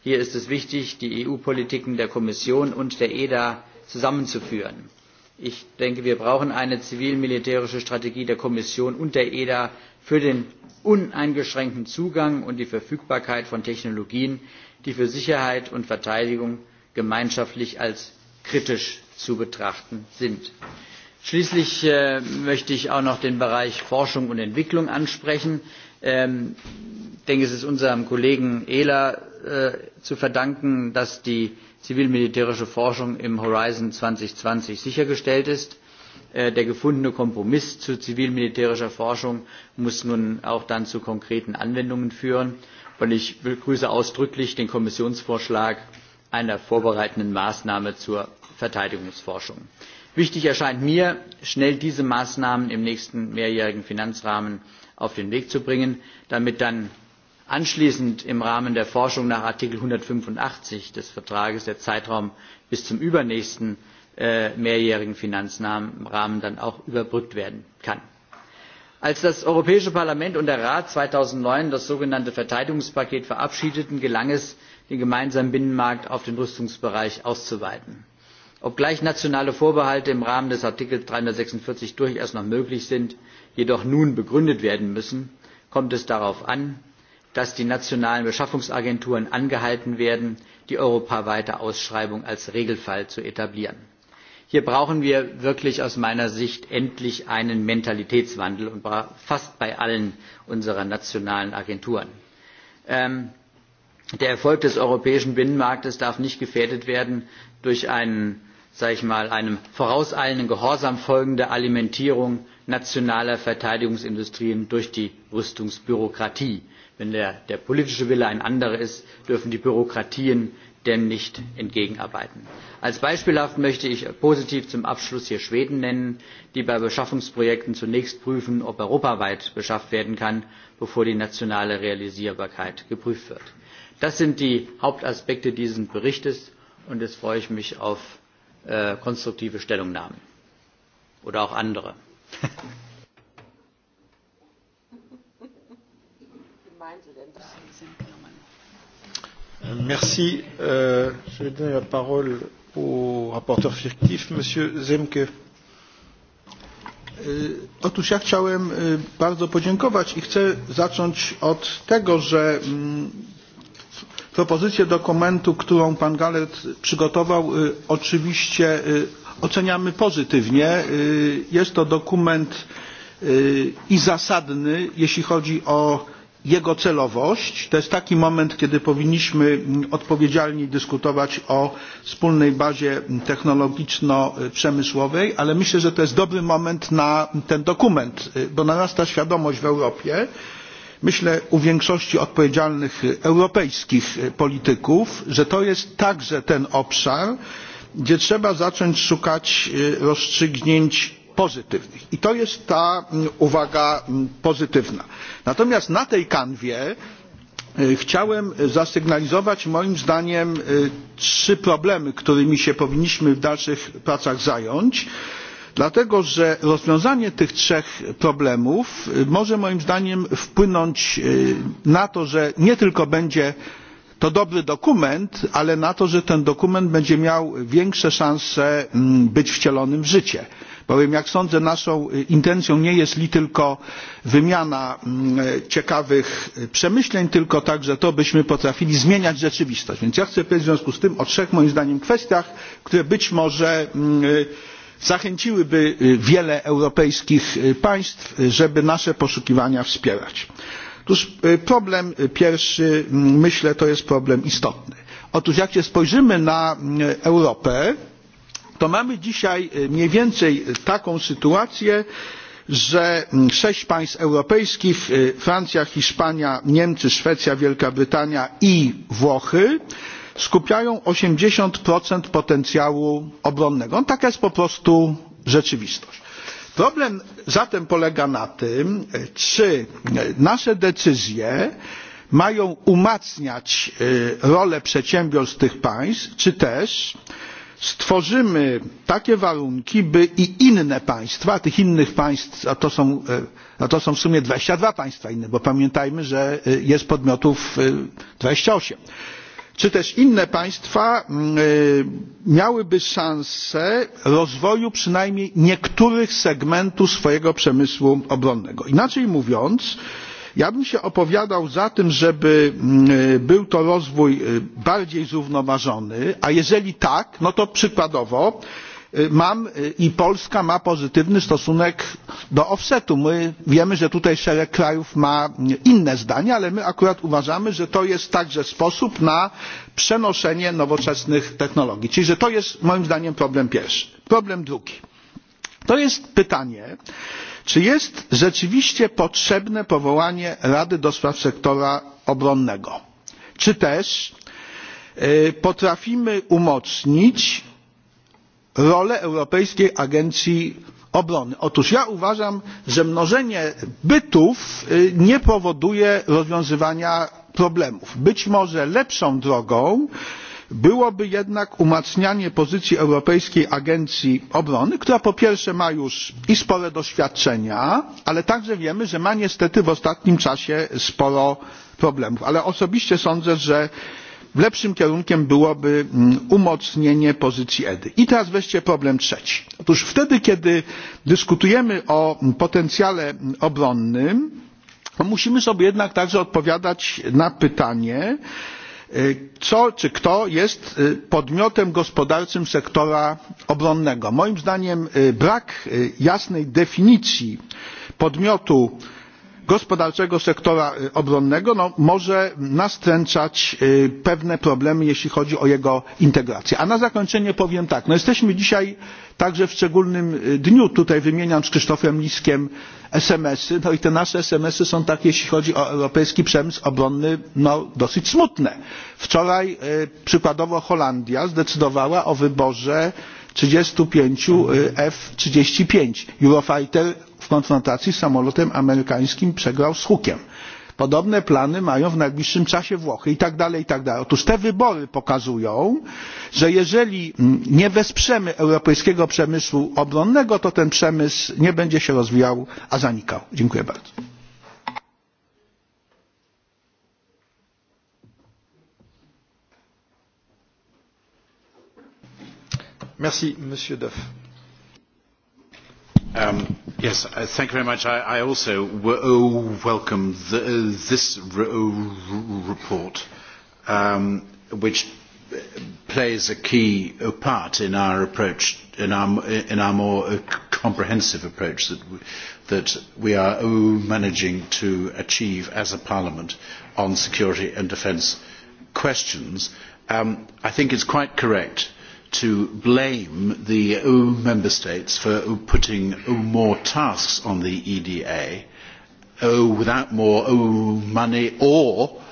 S11: Hier ist es wichtig, die EU-Politiken der Kommission und der EDA zusammenzuführen. Ich denke, wir brauchen eine zivil-militärische Strategie der Kommission und der EDA für den uneingeschränkten Zugang und die Verfügbarkeit von Technologien, die für Sicherheit und Verteidigung gemeinschaftlich als kritisch zu betrachten sind. Schließlich äh, möchte ich auch noch den Bereich Forschung und Entwicklung ansprechen. Ähm, ich denke, es ist unserem Kollegen Ehler äh, zu verdanken, dass die zivil-militärische Forschung im Horizon 2020 sichergestellt ist. Äh, der gefundene Kompromiss zu zivil-militärischer Forschung muss nun auch dann zu konkreten Anwendungen führen. Und ich begrüße ausdrücklich den Kommissionsvorschlag einer vorbereitenden Maßnahme zur verteidigungsforschung. wichtig erscheint mir schnell diese maßnahmen im nächsten mehrjährigen finanzrahmen auf den weg zu bringen damit dann anschließend im rahmen der forschung nach artikel einhundertfünfundachtzig des vertrags der zeitraum bis zum übernächsten äh, mehrjährigen finanzrahmen dann auch überbrückt werden kann. als das europäische parlament und der rat zweitausendneun das sogenannte verteidigungspaket verabschiedeten gelang es den gemeinsamen binnenmarkt auf den rüstungsbereich auszuweiten obgleich nationale vorbehalte im rahmen des artikels dreihundertsechsundvierzig durchaus noch möglich sind jedoch nun begründet werden müssen kommt es darauf an dass die nationalen beschaffungsagenturen angehalten werden die europaweite ausschreibung als regelfall zu etablieren. hier brauchen wir wirklich aus meiner sicht endlich einen mentalitätswandel und zwar fast bei allen unseren nationalen agenturen. Ähm, der erfolg des europäischen binnenmarktes darf nicht gefährdet werden durch einen sage ich mal einem vorauseilenden gehorsam folgende alimentierung nationaler verteidigungsindustrien durch die rüstungsbürokratie. wenn der, der politische wille ein anderer ist dürfen die bürokratien dem nicht entgegenarbeiten. als beispielhaft möchte ich positiv zum abschluss hier schweden nennen die bei beschaffungsprojekten zunächst prüfen ob europaweit beschafft werden kann bevor die nationale realisierbarkeit geprüft wird. das sind die hauptaspekte dieses berichts und jetzt freue ich mich auf äh, konstruktive Stellungnahmen oder auch andere. Äh, merci.
S1: Euh, je vais donner la parole au rapporteur fictif, Monsieur Zemke.
S13: Otóż ja chciałem bardzo podziękować i chcę zacząć od tego, że mm, Propozycję dokumentu, którą pan Galer przygotował, oczywiście oceniamy pozytywnie. Jest to dokument i zasadny, jeśli chodzi o jego celowość. To jest taki moment, kiedy powinniśmy odpowiedzialnie dyskutować o wspólnej bazie technologiczno-przemysłowej, ale myślę, że to jest dobry moment na ten dokument, bo narasta świadomość w Europie, myślę u większości odpowiedzialnych europejskich polityków że to jest także ten obszar gdzie trzeba zacząć szukać rozstrzygnięć pozytywnych i to jest ta mm, uwaga mm, pozytywna. natomiast na tej kanwie chciałem zasygnalizować moim zdaniem trzy problemy którymi się powinniśmy w dalszych pracach zająć. po dlatego że rozwiązanie tych trzech problemów może moim zdaniem wpłynąć na to że nie tylko będzie to dobry dokument ale na to że ten dokument będzie miał większe szanse mm, być wcielonym w życie bowiem jak sądzę naszą intencją nie jest li tylko wymiana mm, ciekawych przemyśleń tylko także to byśmy potrafili zmieniać rzeczywistość. więc ja chcę powiedzieć w związku z tym o trzech moim zdaniem kwestiach które być może mm, zachęciłyby wiele europejskich państw żeby nasze poszukiwania wspierać. otóż problem pierwszy mm, myślę to jest problem istotny. otóż jak się spojrzymy na mm, europę to mamy dzisiaj mniej więcej taką sytuację że mm, sześć państw europejskich francja hiszpania niemcy szwecja wielka brytania i włochy skupiają osiemdziesiąt potencjału obronnego. No, taka jest po prostu rzeczywistość. problem zatem polega na tym czy nasze decyzje mają umacniać rolę przedsiębiorstw tych państw czy też stworzymy takie warunki by i inne państwa tych innych państw a to są, a to są w sumie dwadzieścia dwa państwa inne bo pamiętajmy że jest podmiotów dwadzieścia osiem czy też inne państwa mm, e, miałyby szansę rozwoju przynajmniej niektórych segmentów swojego przemysłu obronnego. inaczej mówiąc ja bym się opowiadał za tym żeby mm, e, był to rozwój e, bardziej zrównoważony a jeżeli tak no to przykładowo mam i polska ma pozytywny stosunek do offsetu. my wiemy że tutaj szereg krajów ma inne zdanie ale my akurat uważamy że to jest także sposób na przenoszenie nowoczesnych technologii czyli że to jest moim zdaniem problem pierwszy. problem drugi to jest pytanie czy jest rzeczywiście potrzebne powołanie rady do spraw sektora obronnego czy też potrafimy umocnić rolę europejskiej agencji obrony. otóż ja uważam że mnożenie bytów nie powoduje rozwiązywania problemów. być może lepszą drogą byłoby jednak umacnianie pozycji europejskiej agencji obrony która po pierwsze ma już i spore doświadczenia ale także wiemy że ma niestety w ostatnim czasie sporo problemów. ale osobiście sądzę że lepszym kierunkiem byłoby mm, umocnienie pozycji edy. i teraz wreszcie problem trzeci otóż wtedy kiedy dyskutujemy o mm, potencjale mm, obronnym musimy sobie jednak także odpowiadać na pytanie co czy kto jest podmiotem gospodarczym sektora obronnego. moim zdaniem brak jasnej definicji podmiotu gospodarczego sektora obronnego no, może nastręczać pewne problemy jeśli chodzi o jego integrację. a na zakończenie powiem tak no jesteśmy dzisiaj także w szczególnym dniu tutaj wymieniam z krzysztofem liskiem smsy no i te nasze smsy są takie jeśli chodzi o europejski przemysł obronny no dosyć smutne. wczoraj przykładowo holandia zdecydowała o wyborze trzydzieści pięć f trzydzieści pięć eurofighter konfrontacji z samolotem amerykańskim przegrał z hukiem. Podobne plany mają w najbliższym czasie Włochy i tak dalej, i tak dalej. Otóż te wybory pokazują, że jeżeli mm, nie wesprzemy europejskiego przemysłu obronnego, to ten przemysł nie będzie się rozwijał, a zanikał. Dziękuję bardzo.
S1: Merci, Monsieur Duff.
S5: Um, yes, uh, thank you very much. I, I also w- oh, welcome the, uh, this re- oh, report, um, which uh, plays a key part in our approach, in our, in our more uh, comprehensive approach that we, that we are oh, managing to achieve as a parliament on security and defence questions. Um, I think it's quite correct uh, to blame the member states for putting more tasks on the EDA uh, without more uh, money or,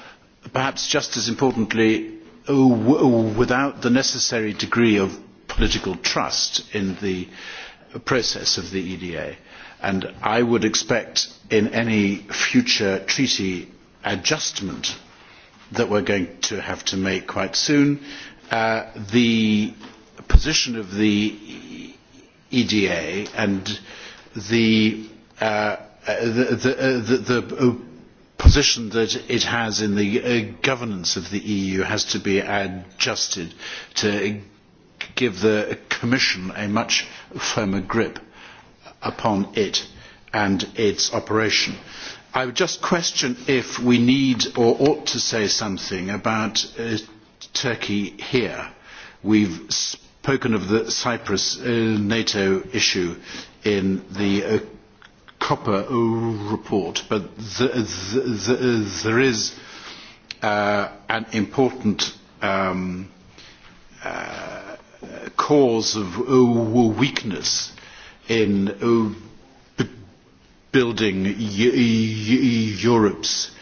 S5: perhaps just as importantly, uh, w- without the necessary degree of political trust in the process of the EDA. And I would expect in any future treaty adjustment that we're going to have to make quite soon, uh, the position of the EDA and uh, uh, the, uh, the, the, the, uh, the position that it has in the uh, governance of the EU has to be adjusted to give the Commission a much firmer grip upon it and its operation. I would just question if we need or ought to say something about uh, Turkey here. We've sp- spoken of the Cyprus uh, NATO issue in the uh, copper uh, report, but th th th there is uh, an important um, uh, cause of uh, weakness in uh, b building y y Europe's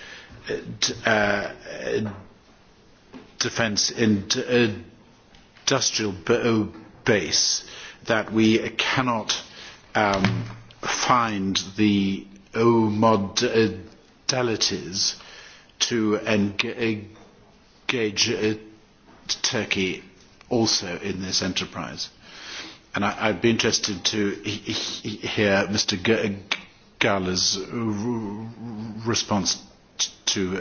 S5: uh, d uh, defence in uh, industrial base that we cannot um, find the uh, modalities to engage uh, Turkey also in this enterprise. And I, I'd be interested to hear Mr. G- Gala's response to uh,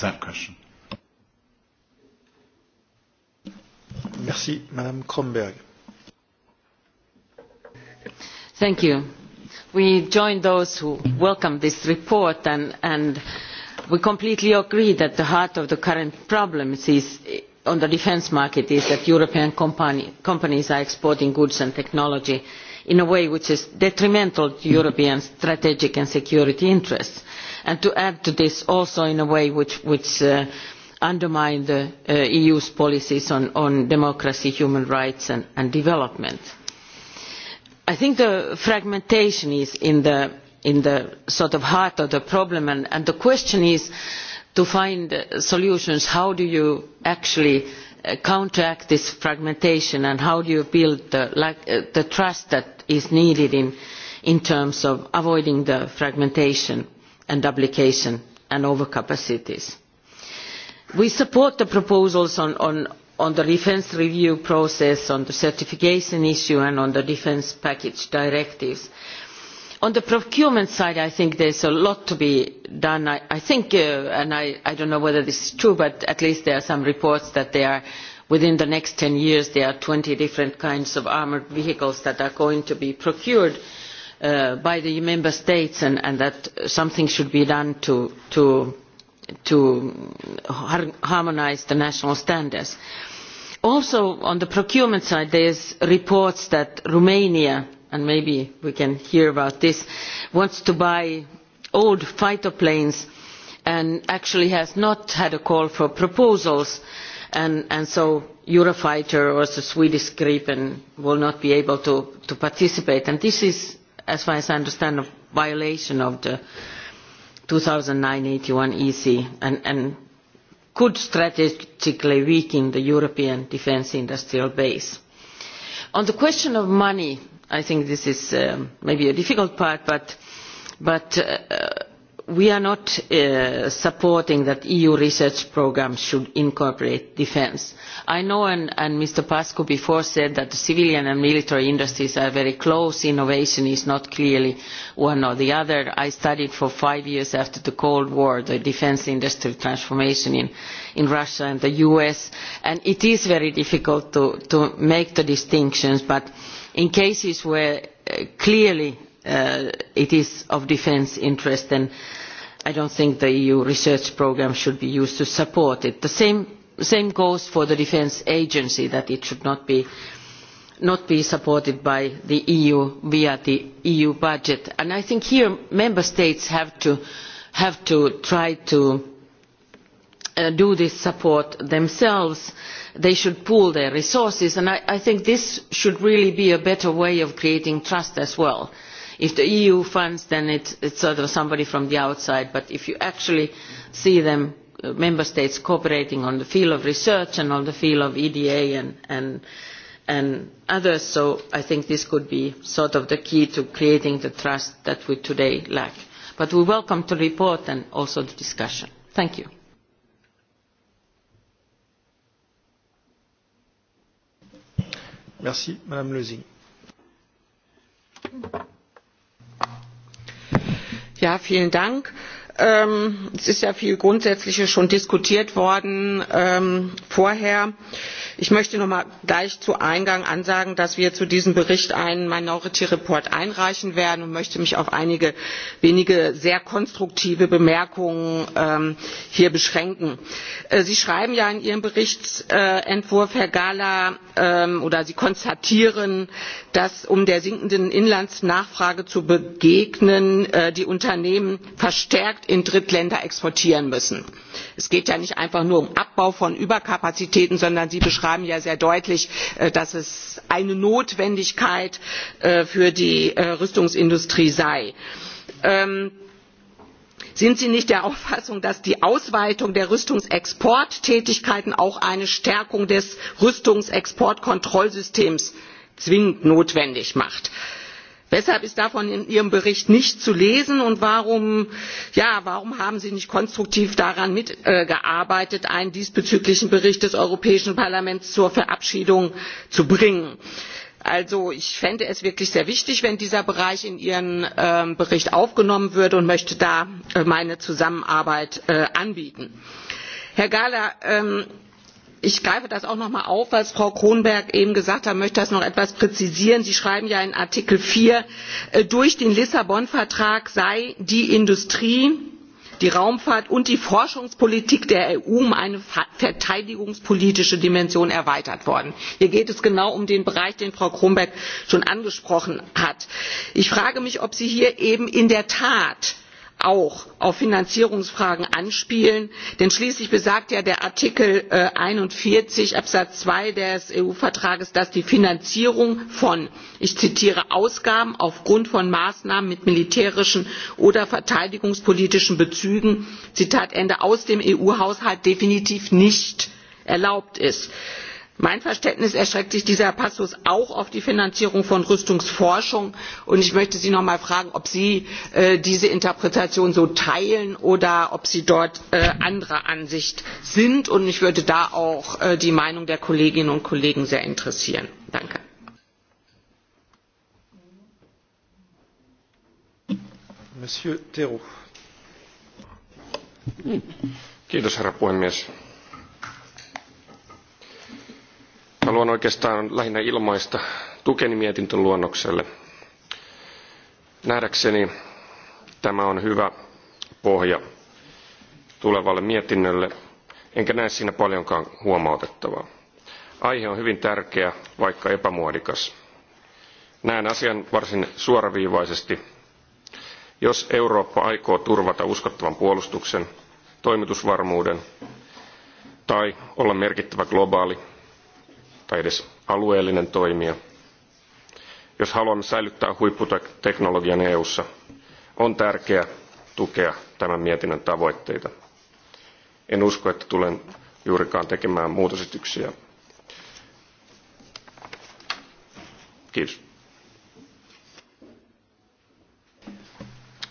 S5: that question.
S1: Merci, Madame Kronberg. Thank you.
S9: We join those who welcome this report and, and we completely agree that the heart of the current problems is, on the defence market is that European company, companies are exporting goods and technology in a way which is detrimental to European strategic and security interests. And to add to this also in a way which, which uh, undermine the uh, eu's policies on, on democracy human rights and, and development. i think the fragmentation is in the, in the sort of heart of the problem and, and the question is to find solutions how do you actually uh, counteract this fragmentation and how do you build the, like, uh, the trust that is needed in, in terms of avoiding the fragmentation and duplication and overcapacities? we support the proposals on, on, on the defence review process on the certification issue and on the defence package directives. on the procurement side i think there is a lot to be done. i, I think uh, and i, I do not know whether this is true but at least there are some reports that there are within the next ten years there are twenty different kinds of armoured vehicles that are going to be procured uh, by the member states and, and that something should be done to, to to harmonise the national standards. Also on the procurement side there are reports that Romania and maybe we can hear about this wants to buy old fighter planes and actually has not had a call for proposals and, and so Eurofighter or the Swedish Gripen will not be able to, to participate and this is as far as I understand a violation of the 2009-81 EC e and, and could strategically weaken the European defence industrial base. On the question of money, I think this is um, maybe a difficult part, but, but uh, we are not uh, supporting that eu research programmes should incorporate defence. i know and, and mr pacu before said that the civilian and military industries are very close innovation is not clearly one or the other. i studied for five years after the cold war the defence industry transformation in, in russia and the us and it is very difficult to, to make the distinctions but in cases where uh, clearly uh, it is of defence interest and I don't think the EU research programme should be used to support it. The same, same goes for the Defence Agency, that it should not be, not be supported by the EU via the EU budget. And I think here Member States have to, have to try to uh, do this support themselves. They should pool their resources, and I, I think this should really be a better way of creating trust as well. Uh, if the eu funds then it is sort of somebody from the outside but if you actually see them uh, member states cooperating on the field of research and on the field of eda and, and, and others so i think this could be sort of the key to creating the trust that we today lack. but we welcome the report and also the discussion. thank you.
S1: Merci, Madame Lezing.
S6: Ja, vielen Dank. Ähm, es ist ja viel Grundsätzliches schon diskutiert worden ähm, vorher. Äh, ich möchte noch mal gleich zu eingang ansagen dass wir zu diesem bericht einen minority report einreichen werden und möchte mich auf einige wenige sehr konstruktive bemerkungen ähm, hier beschränken. Äh, sie schreiben ja in ihrem berichtsentwurf herr gahler ähm, oder sie konstatieren dass um der sinkenden inlandsnachfrage zu begegnen äh, die unternehmen verstärkt in drittländer exportieren müssen es geht ja nicht einfach nur um abbau von überkapazitäten sondern sie beschreiben ja sehr deutlich äh, dass es eine notwendigkeit äh, für die äh, rüstungsindustrie sei. Ähm, sind sie nicht der auffassung dass die ausweitung der rüstungsexporttätigkeiten auch eine stärkung des rüstungsexportkontrollsystems zwingend notwendig macht? weshalb ist davon in ihrem bericht nichts zu lesen und warum, ja, warum haben sie nicht konstruktiv daran mitgearbeitet äh, einen diesbezüglichen bericht des europäischen parlaments zur verabschiedung zu bringen? also ich fände es wirklich sehr wichtig wenn dieser bereich in ihren äh, bericht aufgenommen würde und möchte da äh, meine zusammenarbeit äh, anbieten. herr gahler ähm, ich greife das auch noch mal auf was frau kronberg eben gesagt hat möchte das noch etwas präzisieren sie schreiben ja in artikel vier äh, durch den lissabon vertrag sei die industrie die raumfahrt und die forschungspolitik der eu um eine verteidigungspolitische dimension erweitert worden. hier geht es genau um den bereich den frau kronberg schon angesprochen hat. ich frage mich ob sie hier eben in der tat auch auf finanzierungsfragen anspielen denn schließlich besagt ja der artikel äh, einundvierzig absatz zwei des eu vertrags dass die finanzierung von ich zitiere ausgaben aufgrund von maßnahmen mit militärischen oder verteidigungspolitischen bezügen zitat ende aus dem eu haushalt definitiv nicht erlaubt ist mein verständnis erstreckt sich dieser passus auch auf die finanzierung von rüstungsforschung und ich möchte sie noch einmal fragen ob sie äh, diese interpretation so teilen oder ob sie dort äh, anderer ansicht sind und mich würde da auch äh, die meinung der kolleginnen und kollegen sehr interessieren. danke.
S7: arvoisa puhemies Haluan oikeastaan lähinnä ilmaista tukeni mietintöluonnokselle. Nähdäkseni tämä on hyvä pohja tulevalle mietinnölle, enkä näe siinä paljonkaan huomautettavaa. Aihe on hyvin tärkeä, vaikka epämuodikas. Näen asian varsin suoraviivaisesti. Jos Eurooppa aikoo turvata uskottavan puolustuksen, toimitusvarmuuden tai olla merkittävä globaali tai edes alueellinen toimija. Jos haluamme säilyttää huipputeknologian EU:ssa, on tärkeää tukea tämän mietinnön tavoitteita. En usko, että tulen juurikaan tekemään muutosesityksiä. Kiitos.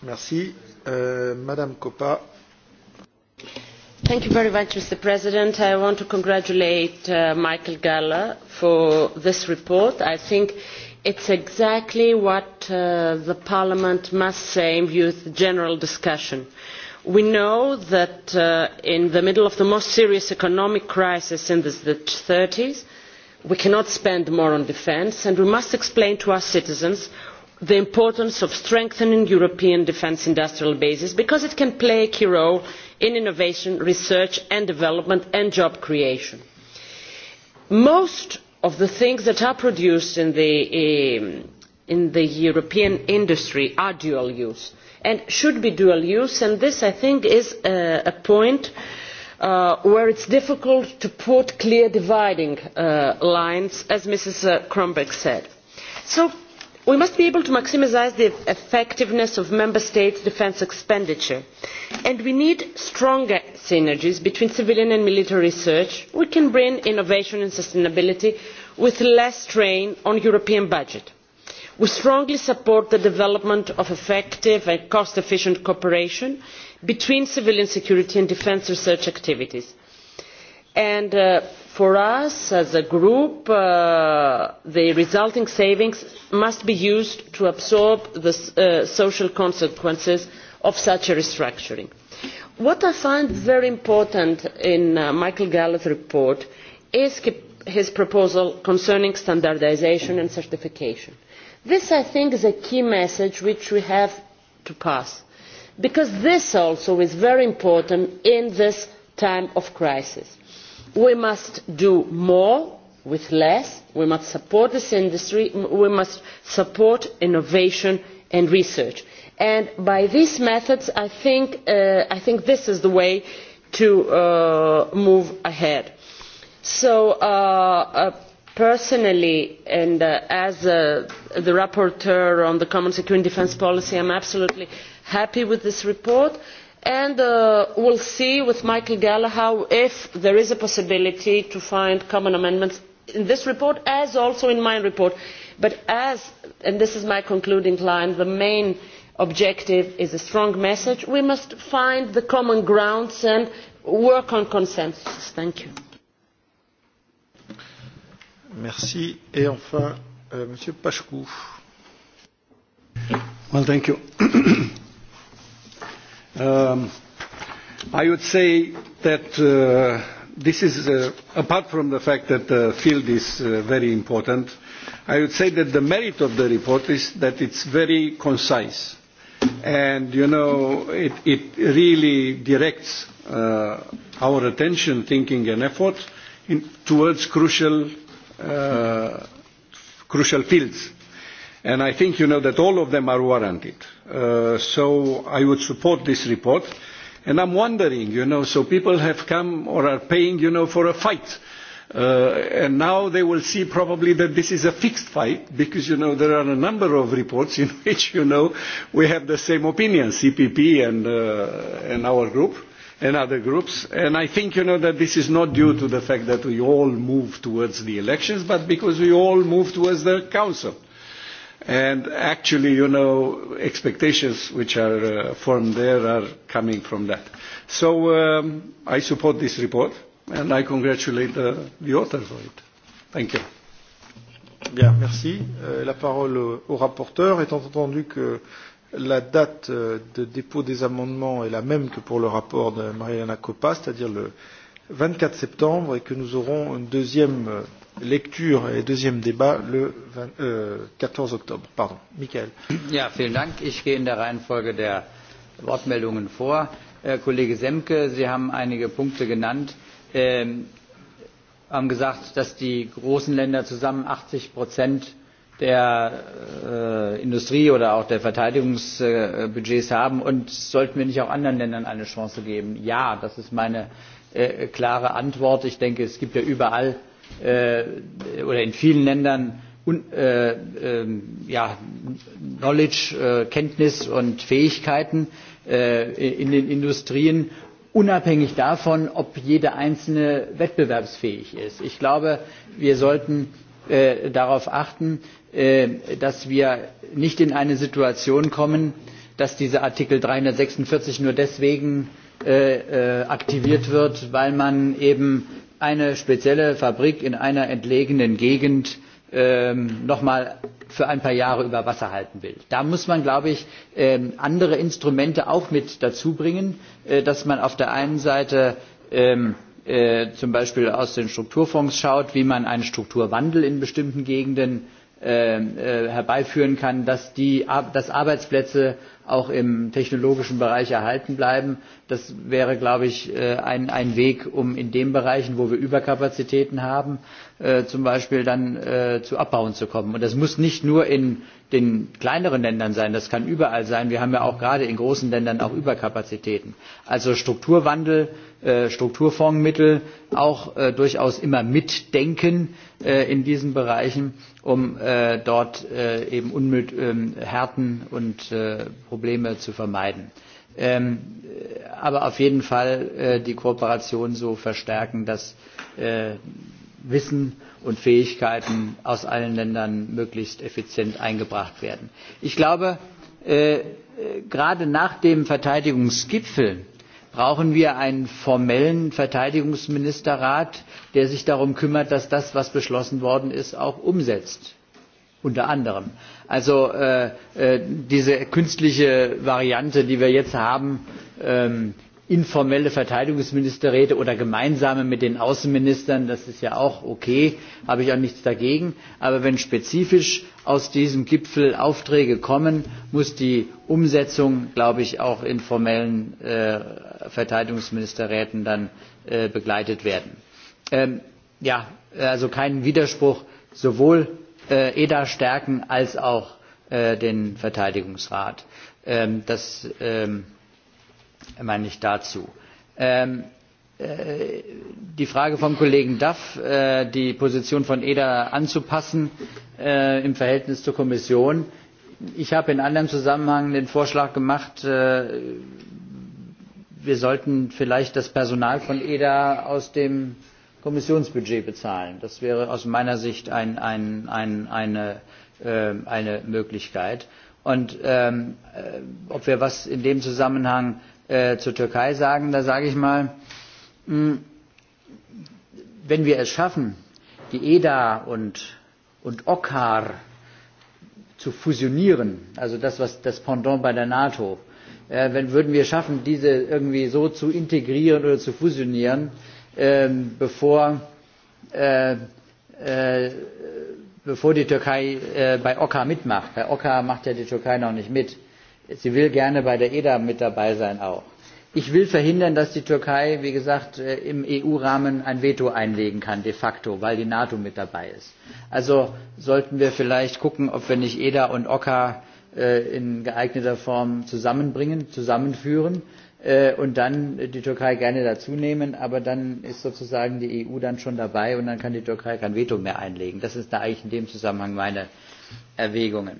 S1: Merci. Euh, Madame Coppa
S4: Much, mr president i want to congratulate uh, michael gahler for this report. i think it is exactly what uh, parliament must say in view of the general discussion. we know that uh, in the middle of the most serious economic crisis since the one thousand nine hundred and thirty s we cannot spend more on defence and we must explain to our citizens the importance of strengthening european defence industrial bases because it can play a key role in innovation research and development and job creation. most of the things that are produced in the, um, in the european industry are dual use and should be dual use and this i think is a, a point uh, where it is difficult to put clear dividing uh, lines as mrs uh, krombeck said. so we must be able to maximise the effectiveness of member states' defence expenditure and we need stronger synergies between civilian and military research. we can bring innovation and sustainability with less strain on the european budget. we strongly support the development of effective and cost efficient cooperation between civilian security and defence research activities and uh, for us as a group uh, the resulting savings must be used to absorb the uh, social consequences of such a restructuring. what i find very important in uh, michael gallagher's report is his proposal concerning standardisation and certification. this i think is a key message which we have to pass because this also is very important in this time of crisis we must do more with less we must support this industry we must support innovation and research and by these methods i think, uh, I think this is the way to uh, move ahead. so uh, uh personally and uh, as uh, the rapporteur on the common security and defence policy i am absolutely happy with this report and uh, we will see with michael gallagher if there is a possibility to find common amendments in this report as also in my report but as and this is my concluding line the main objective is a strong message we must find the common ground and work on consensus. thank you.
S1: Merci. Et enfin, euh, Monsieur Pachkou.
S10: Well, thank you. Um, I would say that uh, this is, uh, apart from the fact that the field is uh, very important, I would say that the merit of the report is that it's very concise. And, you know, it, it really directs uh, our attention, thinking and effort in, towards crucial, uh, crucial fields and I think you know that all of them are warranted. Uh, so I would support this report. And I'm wondering, you know, so people have come or are paying, you know, for a fight. Uh, and now they will see probably that this is a fixed fight because, you know, there are a number of reports in which, you know, we have the same opinion, CPP and, uh, and our group. Uh, and other groups. And I think you know that this is not due to the fact that we all move towards the elections, but because we all move towards the council. And actually, you know, expectations which are uh, formed there are coming from that. So um, I support this report and I congratulate uh, the author
S1: for it. Thank you. Bien, merci. Euh, la parole au, au rapporteur, étant entendu que la date euh, de dépôt des amendements est la même que pour le rapport de Mariana Coppa, c'est-à-dire le 24 septembre, et que nous aurons une deuxième euh, lecture et deuxième débat le 20, euh, 14 octobre. Pardon.
S11: Michael. Ja, vielen Dank. Ich gehe in der Reihenfolge der Wortmeldungen vor. Herr äh, Kollege Semke, Sie haben einige Punkte genannt. Ähm, haben gesagt, dass die großen Länder zusammen 80 Prozent der äh, Industrie oder auch der Verteidigungsbudgets äh, haben und sollten wir nicht auch anderen Ländern eine Chance geben? Ja, das ist meine äh, klare Antwort. Ich denke, es gibt ja überall äh, äh, oder in vielen Ländern un, äh, äh, ja, Knowledge, äh, Kenntnis und Fähigkeiten äh, in den Industrien unabhängig davon, ob jede einzelne wettbewerbsfähig ist. Ich glaube, wir sollten äh, darauf achten, äh, dass wir nicht in eine Situation kommen, dass dieser Artikel 346 nur deswegen äh, äh, aktiviert wird, weil man eben eine spezielle Fabrik in einer entlegenen Gegend ähm, noch mal für ein paar Jahre über Wasser halten will. Da muss man, glaube ich, ähm, andere Instrumente auch mit dazu bringen, äh, dass man auf der einen Seite ähm, äh, zum Beispiel aus den Strukturfonds schaut, wie man einen Strukturwandel in bestimmten Gegenden ähm, äh, herbeiführen kann, dass, die, dass Arbeitsplätze auch im technologischen Bereich erhalten bleiben. Das wäre, glaube ich, äh, ein, ein Weg, um in den Bereichen, wo wir Überkapazitäten haben, äh, zum Beispiel dann äh, zu Abbauen zu kommen. Und das muss nicht nur in den kleineren Ländern sein, das kann überall sein. Wir haben ja auch gerade in großen Ländern auch Überkapazitäten. Also Strukturwandel, äh, Strukturfondsmittel auch äh, durchaus immer mitdenken äh, in diesen Bereichen, um äh, dort äh, eben Unmüt, äh, Härten und äh, Probleme zu vermeiden. Ähm, äh, aber auf jeden Fall äh, die Kooperation so verstärken, dass äh, Wissen und Fähigkeiten aus allen Ländern möglichst effizient eingebracht werden. Ich glaube, äh, äh, gerade nach dem Verteidigungsgipfel brauchen wir einen formellen Verteidigungsministerrat, der sich darum kümmert, dass das, was beschlossen worden ist, auch umsetzt unter anderem. Also äh, äh, diese künstliche Variante, die wir jetzt haben, ähm, informelle verteidigungsministerräte oder gemeinsame mit den außenministern das ist ja auch okay habe ich auch nichts dagegen aber wenn spezifisch aus diesem gipfel aufträge kommen muss die umsetzung glaube ich auch in formellen äh, verteidigungsministerräten dann äh, begleitet werden. Ähm, ja also kein widerspruch sowohl äh, eda stärken als auch den verteidigungsrat ähm, das ähm, meine ich dazu. Ähm, äh, die Frage vom Kollegen Duff, äh, die Position von EDA anzupassen äh, im Verhältnis zur Kommission. Ich habe in anderem Zusammenhang den Vorschlag gemacht, äh, wir sollten vielleicht das Personal von EDA aus dem Kommissionsbudget bezahlen. Das wäre aus meiner Sicht ein, ein, ein, eine, äh, eine Möglichkeit. Und ähm, äh, ob wir was in dem Zusammenhang äh, zur Türkei sagen, da sage ich mal, mh, hm, wenn wir es schaffen, die EDA und, und OCCAR zu fusionieren, also das, was das Pendant bei der NATO, äh, wenn würden wir schaffen, diese irgendwie so zu integrieren oder zu fusionieren, äh, bevor, äh, äh, bevor die Türkei äh, bei OCCAR mitmacht. Bei OCCAR macht ja die Türkei noch nicht mit sie will gerne bei der eda mit dabei sein auch. ich will verhindern dass die türkei wie gesagt äh, im eu rahmen ein veto einlegen kann de facto weil die nato mit dabei ist. also sollten wir vielleicht gucken ob wir nicht eda und oca äh, in geeigneter form zusammenbringen zusammenführen äh, und dann die türkei gerne dazunehmen aber dann ist sozusagen die eu dann schon dabei und dann kann die türkei kein veto mehr einlegen. das ist da eigentlich in dem zusammenhang meine erwägungen.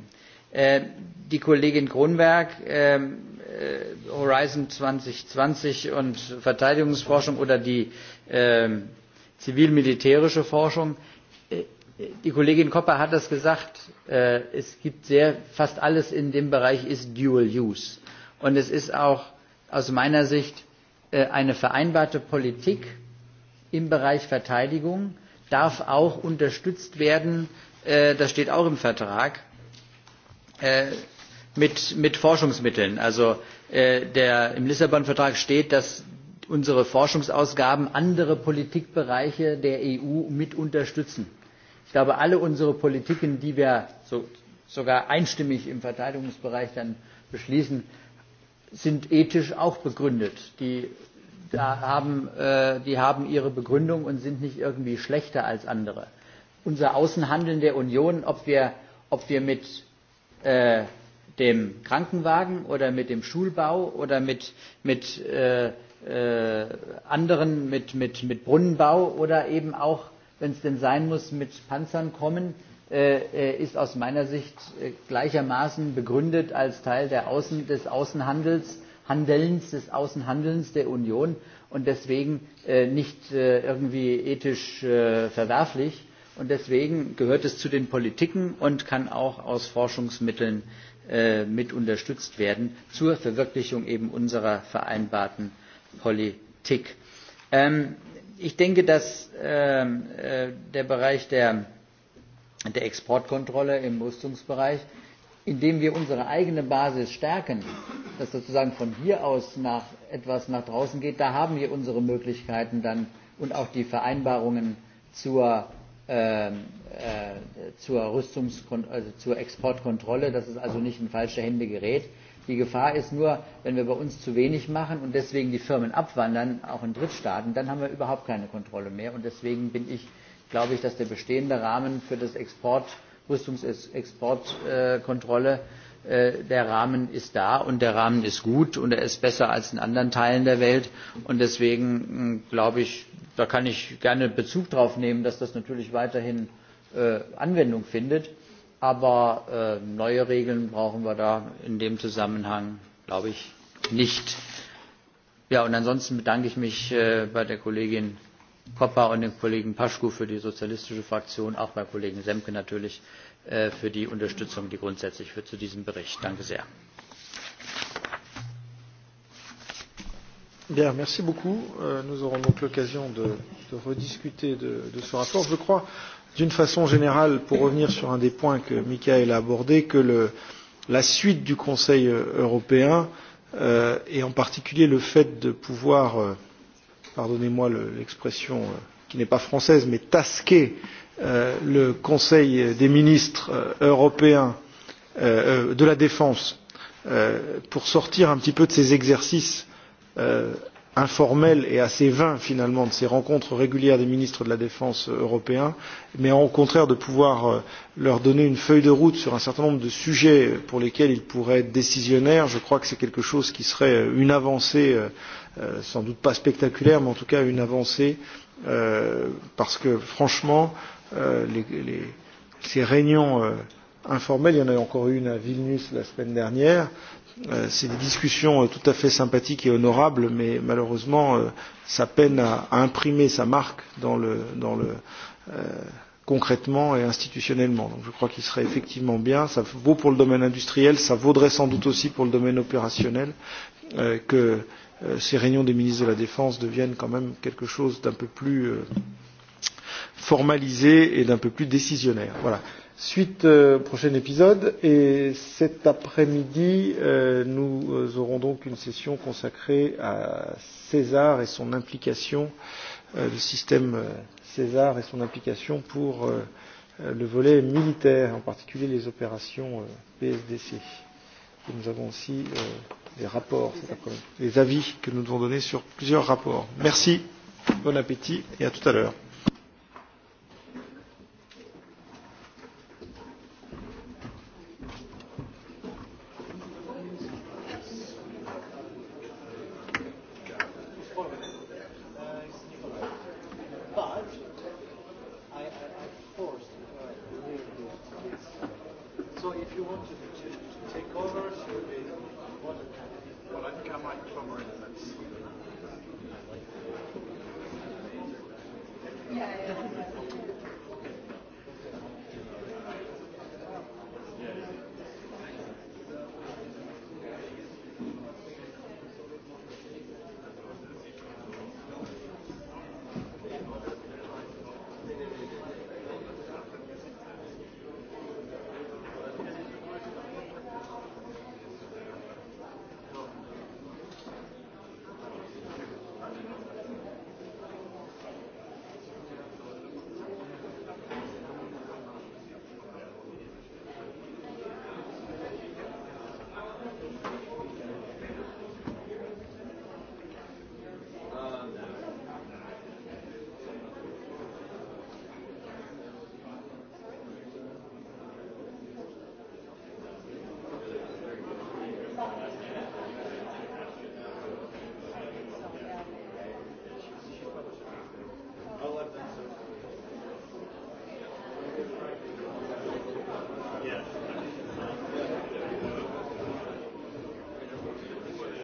S11: Äh, die kollegin kronberg ähm, äh, horizont zweitausendzwanzig und verteidigungsforschung oder die ähm, zivil militärische forschung äh, die kollegin koppa hat es gesagt es gibt sehr, fast alles in dem bereich ist dual use und es ist auch aus meiner sicht eine vereinbarte politik im bereich verteidigung darf auch unterstützt werden das steht auch im vertrag äh, mit, mit Forschungsmitteln. Also äh, der, im Lissabon-Vertrag steht, dass unsere Forschungsausgaben andere Politikbereiche der EU mit unterstützen. Ich glaube, alle unsere Politiken, die wir so, sogar einstimmig im Verteidigungsbereich dann beschließen, sind ethisch auch begründet. Die, da haben, äh, die haben ihre Begründung und sind nicht irgendwie schlechter als andere. Unser Außenhandeln der Union, ob wir, ob wir mit äh, dem Krankenwagen oder mit dem Schulbau oder mit, mit äh, äh, anderen, mit, mit, mit Brunnenbau oder eben auch, wenn es denn sein muss, mit Panzern kommen, äh, äh ist aus meiner Sicht äh, gleichermaßen begründet als Teil der Außen, des Außenhandels, Handelns, des Außenhandelns der Union und deswegen äh, nicht äh, irgendwie ethisch äh, verwerflich Und deswegen gehört es zu den Politiken und kann auch aus Forschungsmitteln äh, mit unterstützt werden zur Verwirklichung eben unserer vereinbarten Politik. Ähm, ich denke, dass ähm, äh, der Bereich der, der Exportkontrolle im Rüstungsbereich, indem wir unsere eigene Basis stärken, dass sozusagen von hier aus nach, etwas nach draußen geht, da haben wir unsere Möglichkeiten dann und auch die Vereinbarungen zur ähm, äh, zur, Rüstungskon also zur Exportkontrolle, dass es also nicht in falsche Hände gerät. Die Gefahr ist nur, wenn wir bei uns zu wenig machen und deswegen die Firmen abwandern, auch in Drittstaaten, dann haben wir überhaupt keine Kontrolle mehr. Und deswegen bin ich, glaube ich, dass der bestehende Rahmen für das Export, Rüstungsexportkontrolle, äh, äh, der Rahmen ist da und der Rahmen ist gut und er ist besser als in anderen Teilen der Welt. Und deswegen, hm, glaube ich, da kann ich gerne bezug darauf nehmen dass das natürlich weiterhin äh, anwendung findet aber äh, neue regeln brauchen wir da in dem zusammenhang glaube ich nicht. Ja, und ansonsten bedanke ich mich äh, bei der kollegin koppa und dem kollegen pacu für die sozialistische fraktion auch beim kollegen semke natürlich äh, für die unterstützung die grundsätzlich für zu diesem bericht. danke sehr!
S1: Bien, merci beaucoup. Euh, nous aurons donc l'occasion de, de rediscuter de, de ce rapport. Je crois, d'une façon générale, pour revenir sur un des points que Michael a abordé, que le, la suite du Conseil euh, européen, euh, et en particulier le fait de pouvoir, euh, pardonnez-moi l'expression euh, qui n'est pas française, mais tasquer euh, le Conseil des ministres euh, européens euh, euh, de la défense euh, pour sortir un petit peu de ces exercices euh, informel et assez vain finalement de ces rencontres régulières des ministres de la défense européens, mais au contraire de pouvoir euh, leur donner une feuille de route sur un certain nombre de sujets pour lesquels ils pourraient être décisionnaires, je crois que c'est quelque chose qui serait euh, une avancée, euh, sans doute pas spectaculaire, mais en tout cas une avancée, parce que franchement, les, les, ces réunions informelles, il y en a encore une à Vilnius la semaine dernière, Euh, c'est des discussions euh, tout à fait sympathiques et honorables, mais malheureusement, euh, ça peine à, à imprimer sa marque dans le, dans le, euh, concrètement et institutionnellement. Donc je crois qu'il serait effectivement bien, ça vaut pour le domaine industriel, ça vaudrait sans doute aussi pour le domaine opérationnel, euh, que euh, ces réunions des ministres de la Défense deviennent quand même quelque chose d'un peu plus euh, formalisé et d'un peu plus décisionnaire. Voilà suite euh, prochain épisode et cet après-midi euh, nous euh, aurons donc une session consacrée à César et son implication euh, le système euh, César et son implication pour euh, euh, le volet militaire en particulier les opérations euh, PSDC et nous avons aussi euh, les rapports cet après-midi les avis que nous devons donner sur plusieurs rapports merci bon appétit et à tout à l'heure